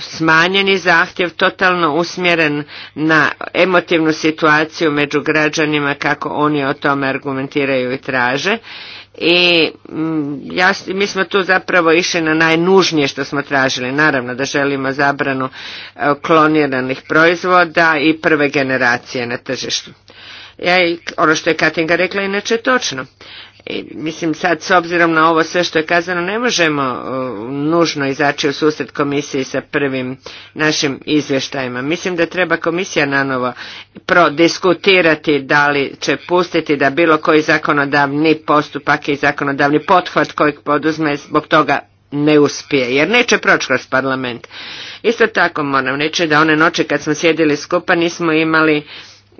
smanjeni zahtjev, totalno usmjeren na emotivnu situaciju među građanima kako oni o tome argumentiraju i traže i mm, mi smo tu zapravo išli na najnužnije što smo tražili. Naravno da želimo zabranu e, kloniranih proizvoda i prve generacije na tržištu. Ja ono što je Katinga rekla inače je točno. I, mislim sad s obzirom na ovo sve što je kazano ne možemo nužno izaći u susret komisiji sa prvim našim izvještajima. Mislim da treba komisija nanovo prodiskutirati da li će pustiti da bilo koji zakonodavni postupak i zakonodavni pothvat kojeg poduzme zbog toga ne uspije, jer neće proći kroz parlament. Isto tako moram reći da one noći kad smo sjedili skupa nismo imali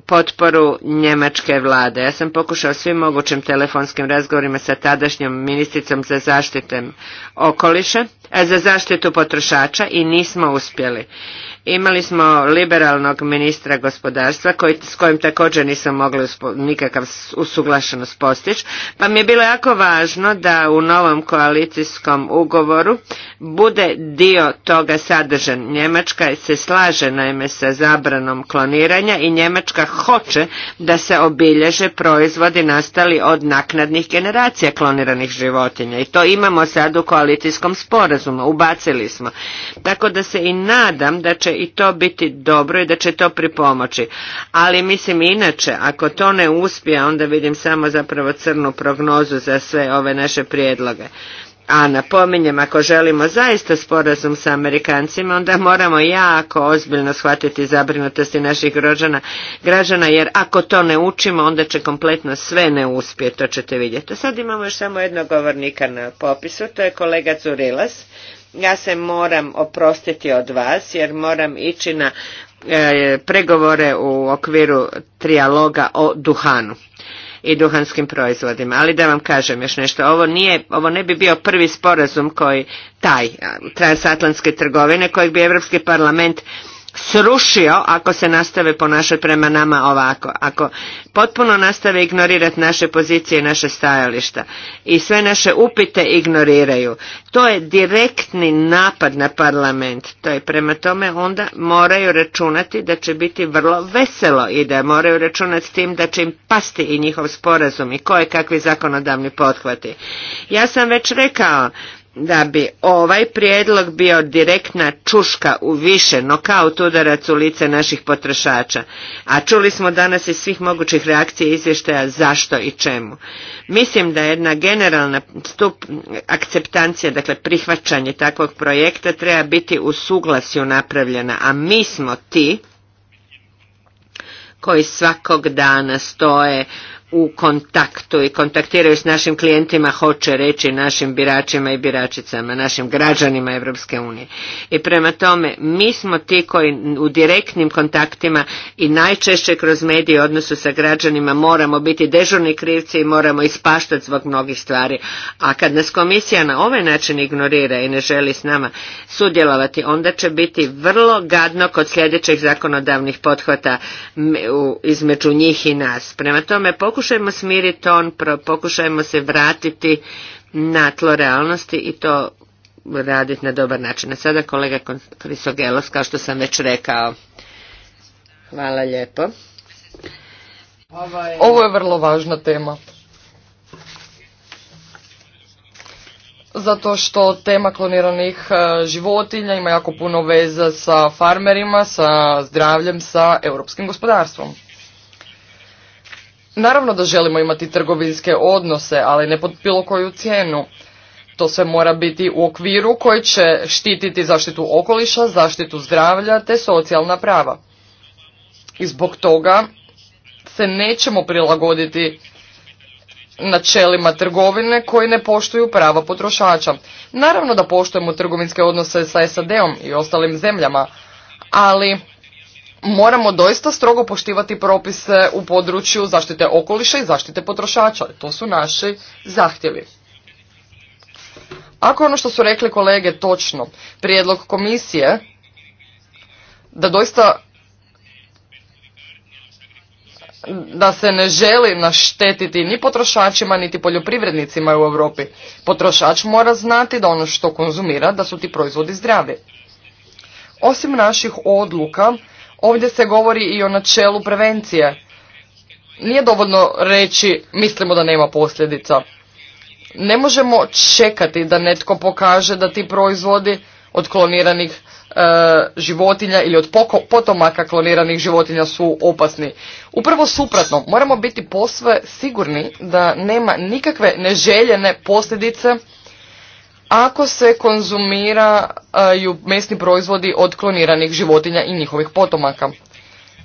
potporu njemačke vlade. Ja sam pokušao svim mogućim telefonskim razgovorima sa tadašnjom ministricom za zaštitu okoliša, e, za zaštitu potrošača i nismo uspjeli. Imali smo liberalnog ministra gospodarstva koji, s kojim također nisam mogla nikakav usuglašenost postići, pa mi je bilo jako važno da u novom koalicijskom ugovoru bude dio toga sadržan. Njemačka se slaže naime sa zabranom kloniranja i Njemačka hoće da se obilježe proizvodi nastali od naknadnih generacija kloniranih životinja i to imamo sad u koalicijskom sporazumu, ubacili smo. Tako da se i nadam da će i to biti dobro i da će to pripomoći. Ali mislim inače, ako to ne uspije, onda vidim samo zapravo crnu prognozu za sve ove naše prijedloge. A napominjem, ako želimo zaista sporazum sa Amerikancima, onda moramo jako ozbiljno shvatiti zabrinutosti naših građana, građana, jer ako to ne učimo, onda će kompletno sve ne uspije, to ćete vidjeti. Sad imamo još samo jednog govornika na popisu, to je kolega Zurilas ja se moram oprostiti od vas jer moram ići na e, pregovore u okviru trijaloga o duhanu i duhanskim proizvodima. Ali da vam kažem još nešto, ovo, nije, ovo ne bi bio prvi sporazum koji taj e, transatlantske trgovine kojeg bi Europski parlament srušio ako se nastave ponašati prema nama ovako, ako potpuno nastave ignorirati naše pozicije i naše stajališta i sve naše upite ignoriraju. To je direktni napad na parlament, to je prema tome onda moraju računati da će biti vrlo veselo i da moraju računati s tim da će im pasti i njihov sporazum i koje kakvi zakonodavni pothvati. Ja sam već rekao da bi ovaj prijedlog bio direktna čuška u više nokaut udarac u lice naših potrošača, a čuli smo danas iz svih mogućih reakcija i izvještaja zašto i čemu. Mislim da jedna generalna stup akceptancija, dakle prihvaćanje takvog projekta treba biti u suglasju napravljena, a mi smo ti koji svakog dana stoje u kontaktu i kontaktiraju s našim klijentima, hoće reći našim biračima i biračicama, našim građanima Evropske unije. I prema tome, mi smo ti koji u direktnim kontaktima i najčešće kroz medije odnosu sa građanima moramo biti dežurni krivci i moramo ispaštati zbog mnogih stvari. A kad nas komisija na ovaj način ignorira i ne želi s nama sudjelovati, onda će biti vrlo gadno kod sljedećeg zakonodavnih pothvata između njih i nas. Prema tome, pokušajte pokušajmo smiriti ton, pokušajmo se vratiti na tlo realnosti i to raditi na dobar način. A sada kolega Krisogelos, kao što sam već rekao. Hvala lijepo. Ovo je vrlo važna tema. Zato što tema kloniranih e, životinja ima jako puno veza sa farmerima, sa zdravljem, sa europskim gospodarstvom. Naravno da želimo imati trgovinske odnose, ali ne pod bilo koju cijenu. To sve mora biti u okviru koji će štititi zaštitu okoliša, zaštitu zdravlja te socijalna prava. I zbog toga se nećemo prilagoditi načelima trgovine koji ne poštuju prava potrošača. Naravno da poštujemo trgovinske odnose sa SAD-om i ostalim zemljama, ali moramo doista strogo poštivati propise u području zaštite okoliša i zaštite potrošača. To su naši zahtjevi. Ako ono što su rekli kolege točno, prijedlog komisije da doista da se ne želi naštetiti ni potrošačima niti poljoprivrednicima u Europi. Potrošač mora znati da ono što konzumira da su ti proizvodi zdravi. Osim naših odluka Ovdje se govori i o načelu prevencije. Nije dovoljno reći mislimo da nema posljedica. Ne možemo čekati da netko pokaže da ti proizvodi od kloniranih e, životinja ili od potomaka kloniranih životinja su opasni. Upravo suprotno, moramo biti posve sigurni da nema nikakve neželjene posljedice ako se konzumira E, ju mesni proizvodi od kloniranih životinja i njihovih potomaka.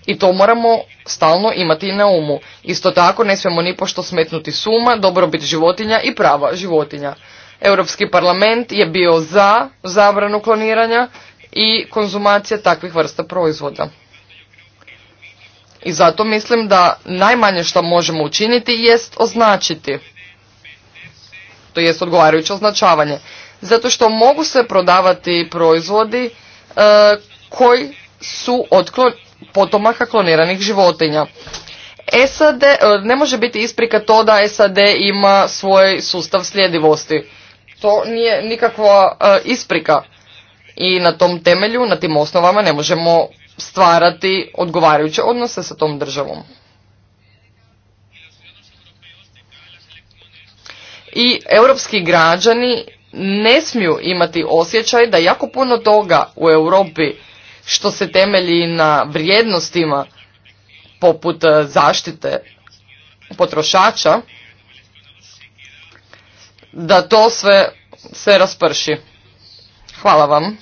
I to moramo stalno imati na umu. Isto tako ne smijemo nipošto smetnuti suma, dobrobit životinja i prava životinja. Europski parlament je bio za zabranu kloniranja i konzumacije takvih vrsta proizvoda. I zato mislim da najmanje što možemo učiniti jest označiti, to jest odgovarajuće označavanje zato što mogu se prodavati proizvodi e, koji su od potomaka kloniranih životinja. SAD e, ne može biti isprika to da SAD ima svoj sustav sljedivosti. To nije nikakva e, isprika. I na tom temelju, na tim osnovama ne možemo stvarati odgovarajuće odnose sa tom državom. I europski građani ne smiju imati osjećaj da jako puno toga u Europi što se temelji na vrijednostima poput e, zaštite potrošača, da to sve se rasprši. Hvala vam.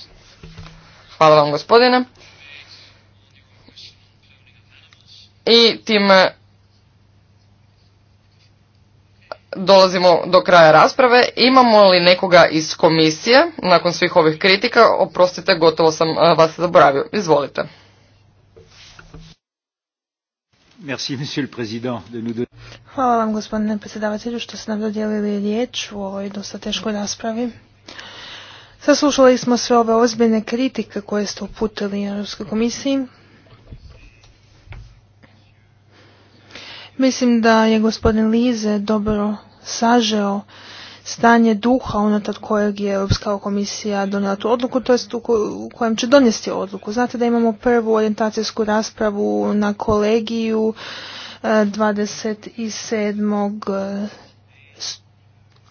Hvala vam gospodine. I time dolazimo do kraja rasprave. Imamo li nekoga iz komisije nakon svih ovih kritika? Oprostite, gotovo sam e, vas zaboravio. Izvolite. Hvala vam gospodine predsjedavatelju što ste nam dodijelili riječ u ovoj dosta teškoj raspravi. Saslušali smo sve ove ozbiljne kritike koje ste uputili Europskoj komisiji Mislim da je gospodin Lize dobro sažeo stanje duha unutar kojeg je Europska komisija donijela tu odluku, to jest u kojem će donijesti odluku. Znate da imamo prvu orijentacijsku raspravu na kolegiju 27. E, e,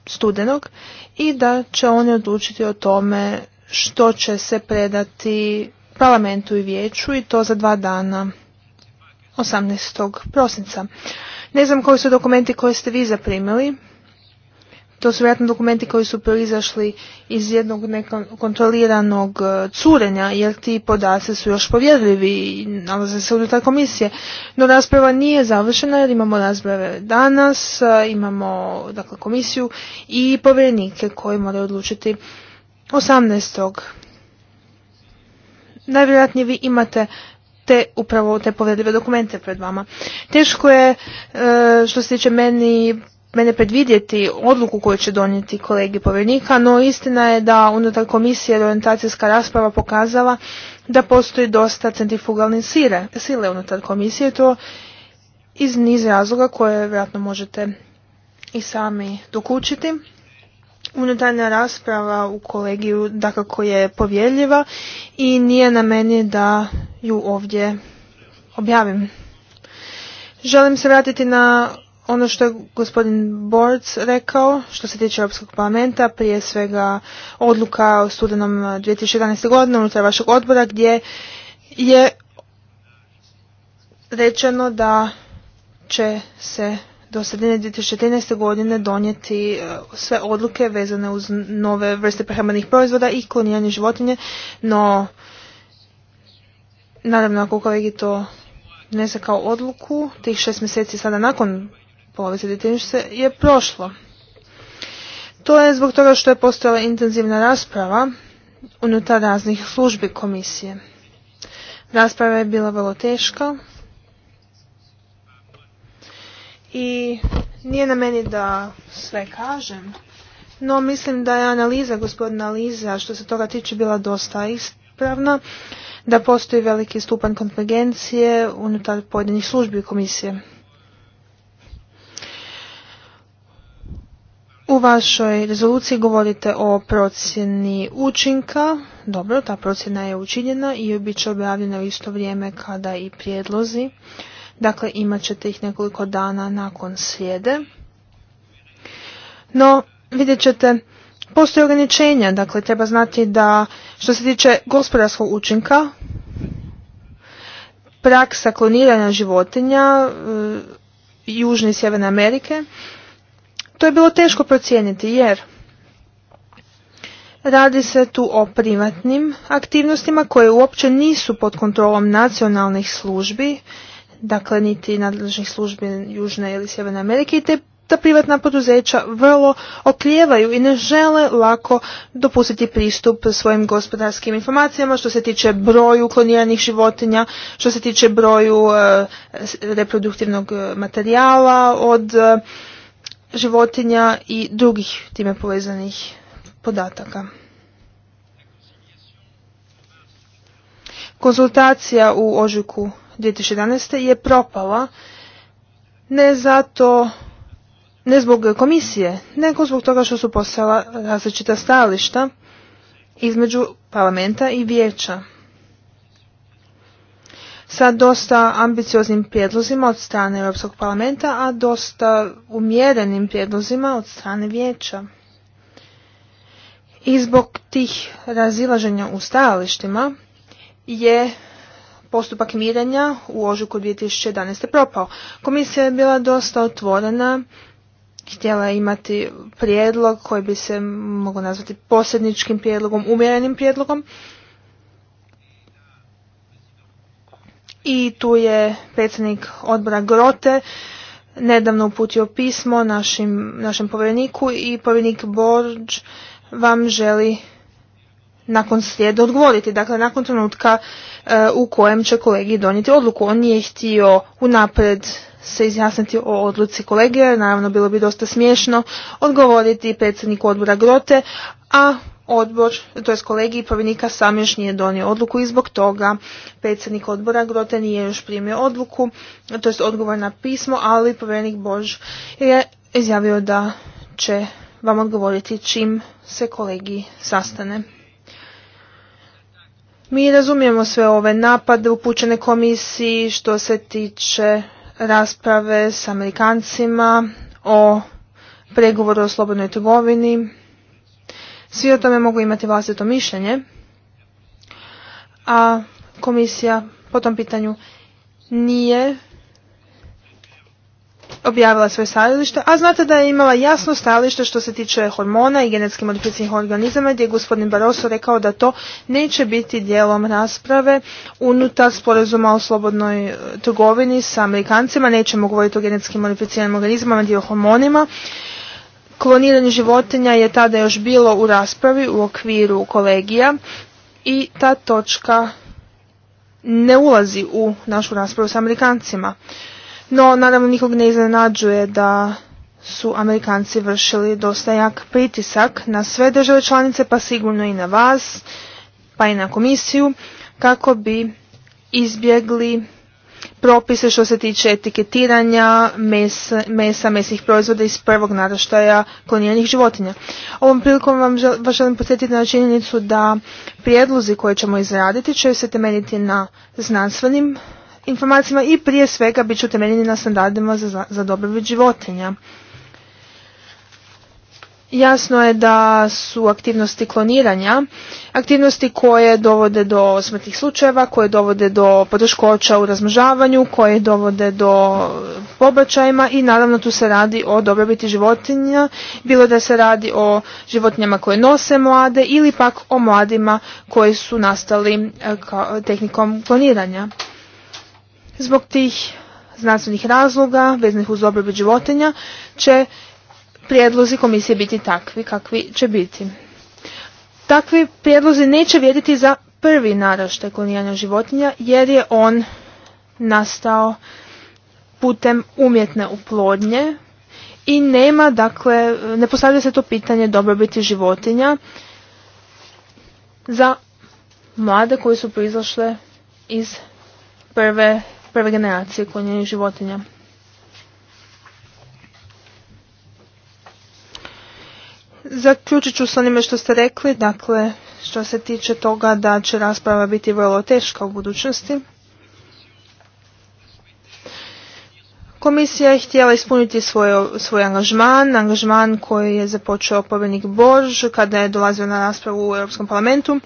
studenog i da će oni odlučiti o tome što će se predati parlamentu i vijeću i to za dva dana. 18. prosinca. Ne znam koji su dokumenti koje ste vi zaprimili. To su vjerojatno dokumenti koji su proizašli iz jednog nekontroliranog e, curenja, jer ti podaci su još povjerljivi i nalaze se unutar komisije. No rasprava nije završena jer imamo rasprave danas, e, imamo dakle, komisiju i povjerenike koji moraju odlučiti 18. Najvjerojatnije vi imate te upravo te povjedljive dokumente pred vama. Teško je e, što se tiče meni mene predvidjeti odluku koju će donijeti kolegi povjerenika, no istina je da unutar komisije orientacijska rasprava pokazala da postoji dosta centrifugalne sile, sile unutar komisije, to iz niz razloga koje vjerojatno možete i sami dokučiti. Unutarnja rasprava u kolegiju dakako je povjeljiva i nije na meni da ju ovdje objavim. Želim se vratiti na ono što je gospodin Borc rekao što se tiče Europskog parlamenta, prije svega odluka o studenom 2011. godine unutar vašeg odbora gdje je rečeno da će se do sredine 2013. godine donijeti e, sve odluke vezane uz nove vrste prehrambenih proizvoda i kloniranje životinje, no naravno ako kolegi to ne kao odluku, tih šest mjeseci sada nakon polovice detinjstva je prošlo. To je zbog toga što je postojala intenzivna rasprava unutar raznih službi komisije. Rasprava je bila vrlo teška i nije na meni da sve kažem, no mislim da je analiza gospodina Liza što se toga tiče bila dosta ispravna, da postoji veliki stupanj konvergencije unutar pojedinih službi komisije. U vašoj rezoluciji govorite o procjeni učinka. Dobro, ta procjena je učinjena i bit će objavljena u isto vrijeme kada i prijedlozi Dakle, imat ćete ih nekoliko dana nakon slijede. No, vidjet ćete, postoje ograničenja. Dakle, treba znati da što se tiče gospodarskog učinka, praksa kloniranja životinja e, Južne i Sjeverne Amerike, to je bilo teško procijeniti jer radi se tu o privatnim aktivnostima koje uopće nisu pod kontrolom nacionalnih službi dakle niti nadležnih službi Južne ili Sjeverne Amerike i te ta privatna poduzeća vrlo oklijevaju i ne žele lako dopustiti pristup svojim gospodarskim informacijama što se tiče broju kloniranih životinja, što se tiče broju e, reproduktivnog e, materijala od e, životinja i drugih time povezanih podataka. Konsultacija u ožujku 2011. je propala ne zato, ne zbog komisije, nego zbog toga što su postala različita stajališta između parlamenta i vijeća. Sa dosta ambicioznim prijedlozima od strane Europskog parlamenta, a dosta umjerenim prijedlozima od strane vijeća. I zbog tih razilaženja u stajalištima je postupak mirenja u ožuku 2011. propao. Komisija je bila dosta otvorena, htjela imati prijedlog koji bi se mogu nazvati posredničkim prijedlogom, umjerenim prijedlogom. I tu je predsjednik odbora Grote nedavno uputio pismo našim, našem povjereniku i povjerenik Borđ vam želi nakon slijeda odgovoriti. Dakle, nakon trenutka u kojem će kolegi donijeti odluku. On nije htio unapred se izjasniti o odluci kolege, naravno bilo bi dosta smiješno odgovoriti predsjedniku odbora Grote, a odbor, to je kolegi povjenika sam još nije donio odluku i zbog toga predsjednik odbora Grote nije još primio odluku, to jest odgovor na pismo, ali povjerenik Bož je izjavio da će vam odgovoriti čim se kolegi sastane. Mi razumijemo sve ove napade upućene komisiji što se tiče rasprave s Amerikancima o pregovoru o slobodnoj trgovini. Svi o tome mogu imati vlastito mišljenje, a komisija po tom pitanju nije objavila svoje stajalište, a znate da je imala jasno stajalište što se tiče hormona i genetskih modificiranih organizama gdje je gospodin Barroso rekao da to neće biti dijelom rasprave unutar sporazuma o slobodnoj e, trgovini sa Amerikancima, nećemo govoriti o genetski modificiranim organizmama gdje o hormonima. Kloniranje životinja je tada još bilo u raspravi u okviru kolegija i ta točka ne ulazi u našu raspravu sa Amerikancima. No, naravno, nikog ne iznenađuje da su Amerikanci vršili dosta jak pritisak na sve države članice, pa sigurno i na vas, pa i na komisiju, kako bi izbjegli propise što se tiče etiketiranja mesa, mesa mesnih proizvoda iz prvog naraštaja kloniranih životinja. Ovom prilikom vam želim podsjetiti na činjenicu da prijedlozi koje ćemo izraditi će se temeljiti na znanstvenim informacijama i prije svega bit će utemeljeni na standardima za, za dobrobit životinja. Jasno je da su aktivnosti kloniranja, aktivnosti koje dovode do smrtnih slučajeva, koje dovode do podrškoća u razmnožavanju, koje dovode do pobačajima i naravno tu se radi o dobrobiti životinja, bilo da se radi o životinjama koje nose mlade ili pak o mladima koji su nastali e, tehnikom kloniranja zbog tih znanstvenih razloga veznih uz dobrobit životinja će prijedlozi komisije biti takvi kakvi će biti. Takvi prijedlozi neće vrijediti za prvi naraštaj kloniranja životinja jer je on nastao putem umjetne uplodnje i nema, dakle, ne postavlja se to pitanje dobrobiti životinja za mlade koji su proizašle iz prve prve generacije klonjenih životinja. Zaključit ću s onime što ste rekli, dakle, što se tiče toga da će rasprava biti vrlo teška u budućnosti. Komisija je htjela ispuniti svoj, svoj angažman, angažman koji je započeo povjerenik Borž kada je dolazio na raspravu u Europskom parlamentu,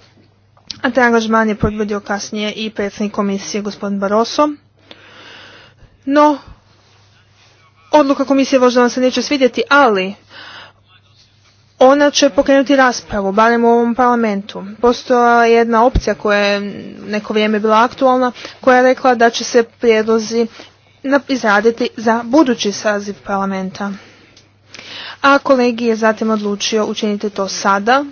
a taj angažman je podvodio kasnije i predsjednik komisije gospodin Barroso. No, odluka komisije možda vam se neće svidjeti, ali ona će pokrenuti raspravu, barem u ovom parlamentu. Postoja jedna opcija koja je neko vrijeme bila aktualna, koja je rekla da će se prijedlozi izraditi za budući saziv parlamenta. A kolegi je zatim odlučio učiniti to sada,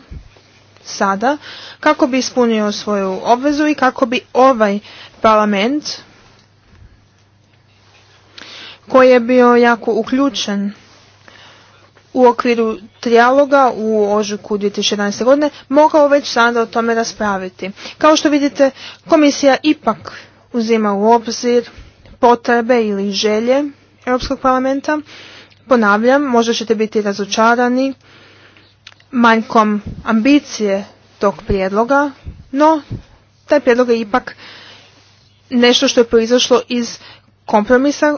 sada, kako bi ispunio svoju obvezu i kako bi ovaj parlament koji je bio jako uključen u okviru trijaloga u ožujku 2011. godine mogao već sada o tome raspraviti. Kao što vidite, komisija ipak uzima u obzir potrebe ili želje Europskog parlamenta. Ponavljam, možda ćete biti razočarani manjkom ambicije tog prijedloga, no taj prijedlog je ipak nešto što je proizašlo iz kompromisa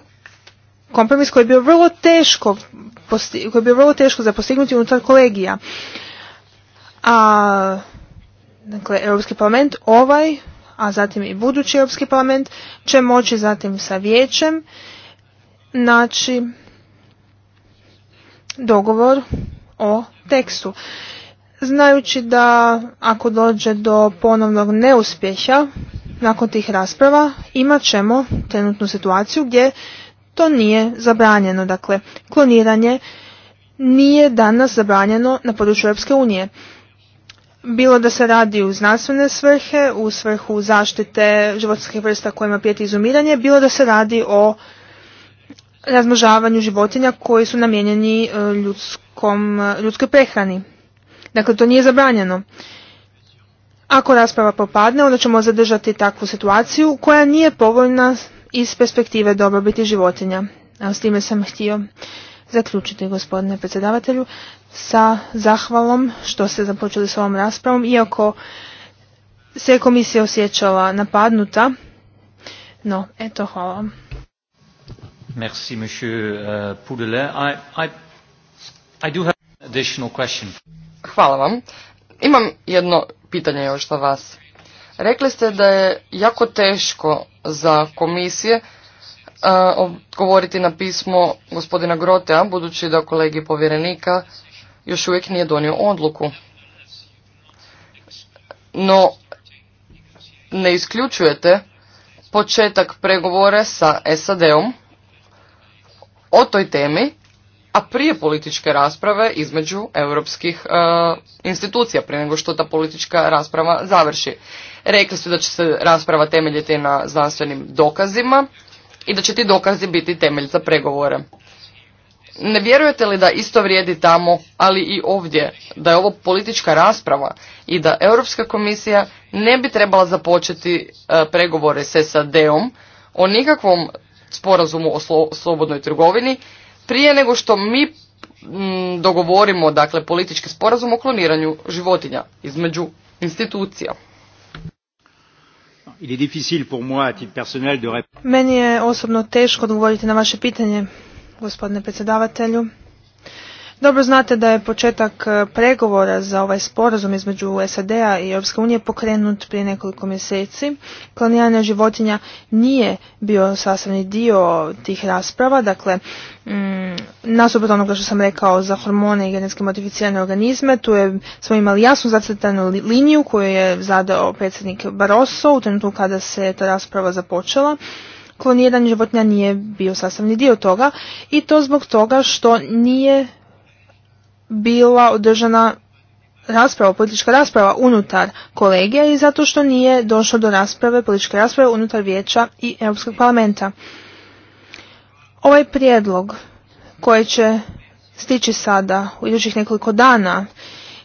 kompromis koji je bio vrlo teško, koji je vrlo teško za postignuti unutar kolegija. A, dakle, Europski parlament ovaj, a zatim i budući Europski parlament će moći zatim sa vijećem naći dogovor o tekstu. Znajući da ako dođe do ponovnog neuspjeha nakon tih rasprava imat ćemo trenutnu situaciju gdje to nije zabranjeno. Dakle, kloniranje nije danas zabranjeno na području Europske unije. Bilo da se radi u znanstvene svrhe, u svrhu zaštite životinskih vrsta kojima prijeti izumiranje, bilo da se radi o razmnožavanju životinja koji su namijenjeni e, ljudskom, e, ljudskoj prehrani. Dakle, to nije zabranjeno. Ako rasprava popadne, onda ćemo zadržati takvu situaciju koja nije povoljna iz perspektive dobrobiti životinja. a s time sam htio zaključiti gospodine predsjedavatelju sa zahvalom što ste započeli s ovom raspravom. Iako se komisija osjećala napadnuta, no, eto, hvala vam. Merci, monsieur uh, Poudelet. I, I, I do have additional question. Hvala vam. Imam jedno pitanje još za vas. Rekli ste da je jako teško za komisije e, odgovoriti na pismo gospodina Grotea, budući da kolegi povjerenika još uvijek nije donio odluku. No, ne isključujete početak pregovore sa SAD-om o toj temi, a prije političke rasprave između europskih e, institucija, prije nego što ta politička rasprava završi. Rekli su da će se rasprava temeljiti na znanstvenim dokazima i da će ti dokazi biti temelj za pregovore. Ne vjerujete li da isto vrijedi tamo, ali i ovdje, da je ovo politička rasprava i da Europska komisija ne bi trebala započeti e, pregovore s SAD-om o nikakvom sporazumu o slobodnoj trgovini prije nego što mi dogovorimo dakle politički sporazum o kloniranju životinja između institucija. Meni je osobno teško odgovoriti na vaše pitanje, gospodine predsjedavatelju. Dobro znate da je početak e, pregovora za ovaj sporazum između SAD-a i EU unije pokrenut prije nekoliko mjeseci. Kloniranje životinja nije bio sastavni dio tih rasprava, dakle mm, onoga što sam rekao za hormone i genetske modificirane organizme, tu je, smo imali jasnu zacrtanu liniju koju je zadao predsjednik Barroso u trenutku kada se ta rasprava započela kloniranje životinja nije bio sastavni dio toga i to zbog toga što nije bila održana rasprava, politička rasprava unutar kolegija i zato što nije došlo do rasprave, političke rasprave unutar vijeća i Europskog parlamenta. Ovaj prijedlog koji će stići sada u idućih nekoliko dana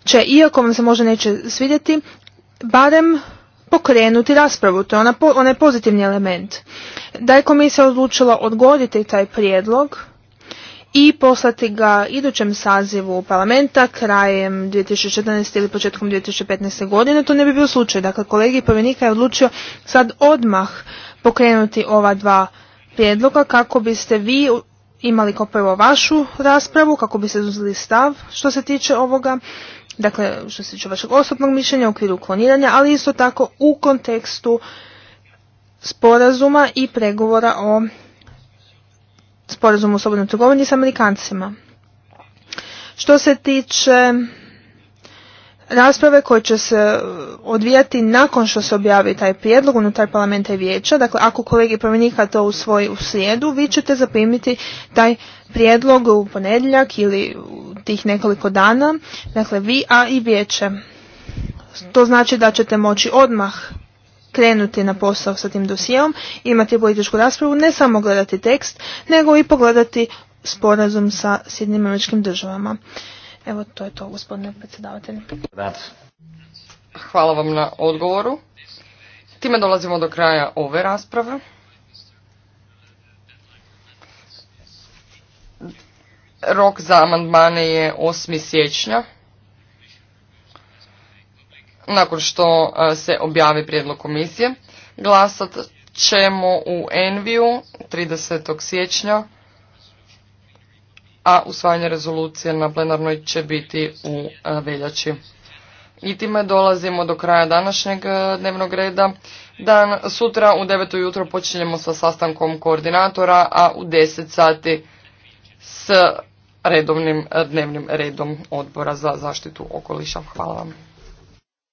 će, iako vam se možda neće svidjeti, barem pokrenuti raspravu. To je onaj pozitivni element. Da je komisija odlučila odgoditi taj prijedlog, i poslati ga idućem sazivu parlamenta krajem 2014. ili početkom 2015. godine. To ne bi bio slučaj. Dakle, kolegi povjenika je odlučio sad odmah pokrenuti ova dva prijedloga kako biste vi imali kao prvo vašu raspravu, kako biste uzeli stav što se tiče ovoga, dakle što se tiče vašeg osobnog mišljenja u okviru kloniranja, ali isto tako u kontekstu sporazuma i pregovora o sporazum o slobodnoj trgovini s Amerikancima. Što se tiče rasprave koje će se uh, odvijati nakon što se objavi taj prijedlog unutar parlamenta i vijeća. Dakle, ako kolegi promjenika to usvoji u slijedu, vi ćete zaprimiti taj prijedlog u ponedjeljak ili tih nekoliko dana. Dakle, vi, a i vijeće. To znači da ćete moći odmah krenuti na posao sa tim dosijevom, imati političku raspravu, ne samo gledati tekst, nego i pogledati sporazum sa Sjedinim američkim državama. Evo, to je to, gospodine predsjedavatelju. Hvala vam na odgovoru. Time dolazimo do kraja ove rasprave. Rok za amandmane je 8. siječnja nakon što e, se objavi prijedlog komisije. Glasat ćemo u Enviju 30. siječnja, a usvajanje rezolucije na plenarnoj će biti u e, veljači. I time dolazimo do kraja današnjeg e, dnevnog reda. Dan sutra u 9. jutro počinjemo sa sastankom koordinatora, a u 10 sati s redovnim dnevnim redom odbora za zaštitu okoliša. Hvala vam.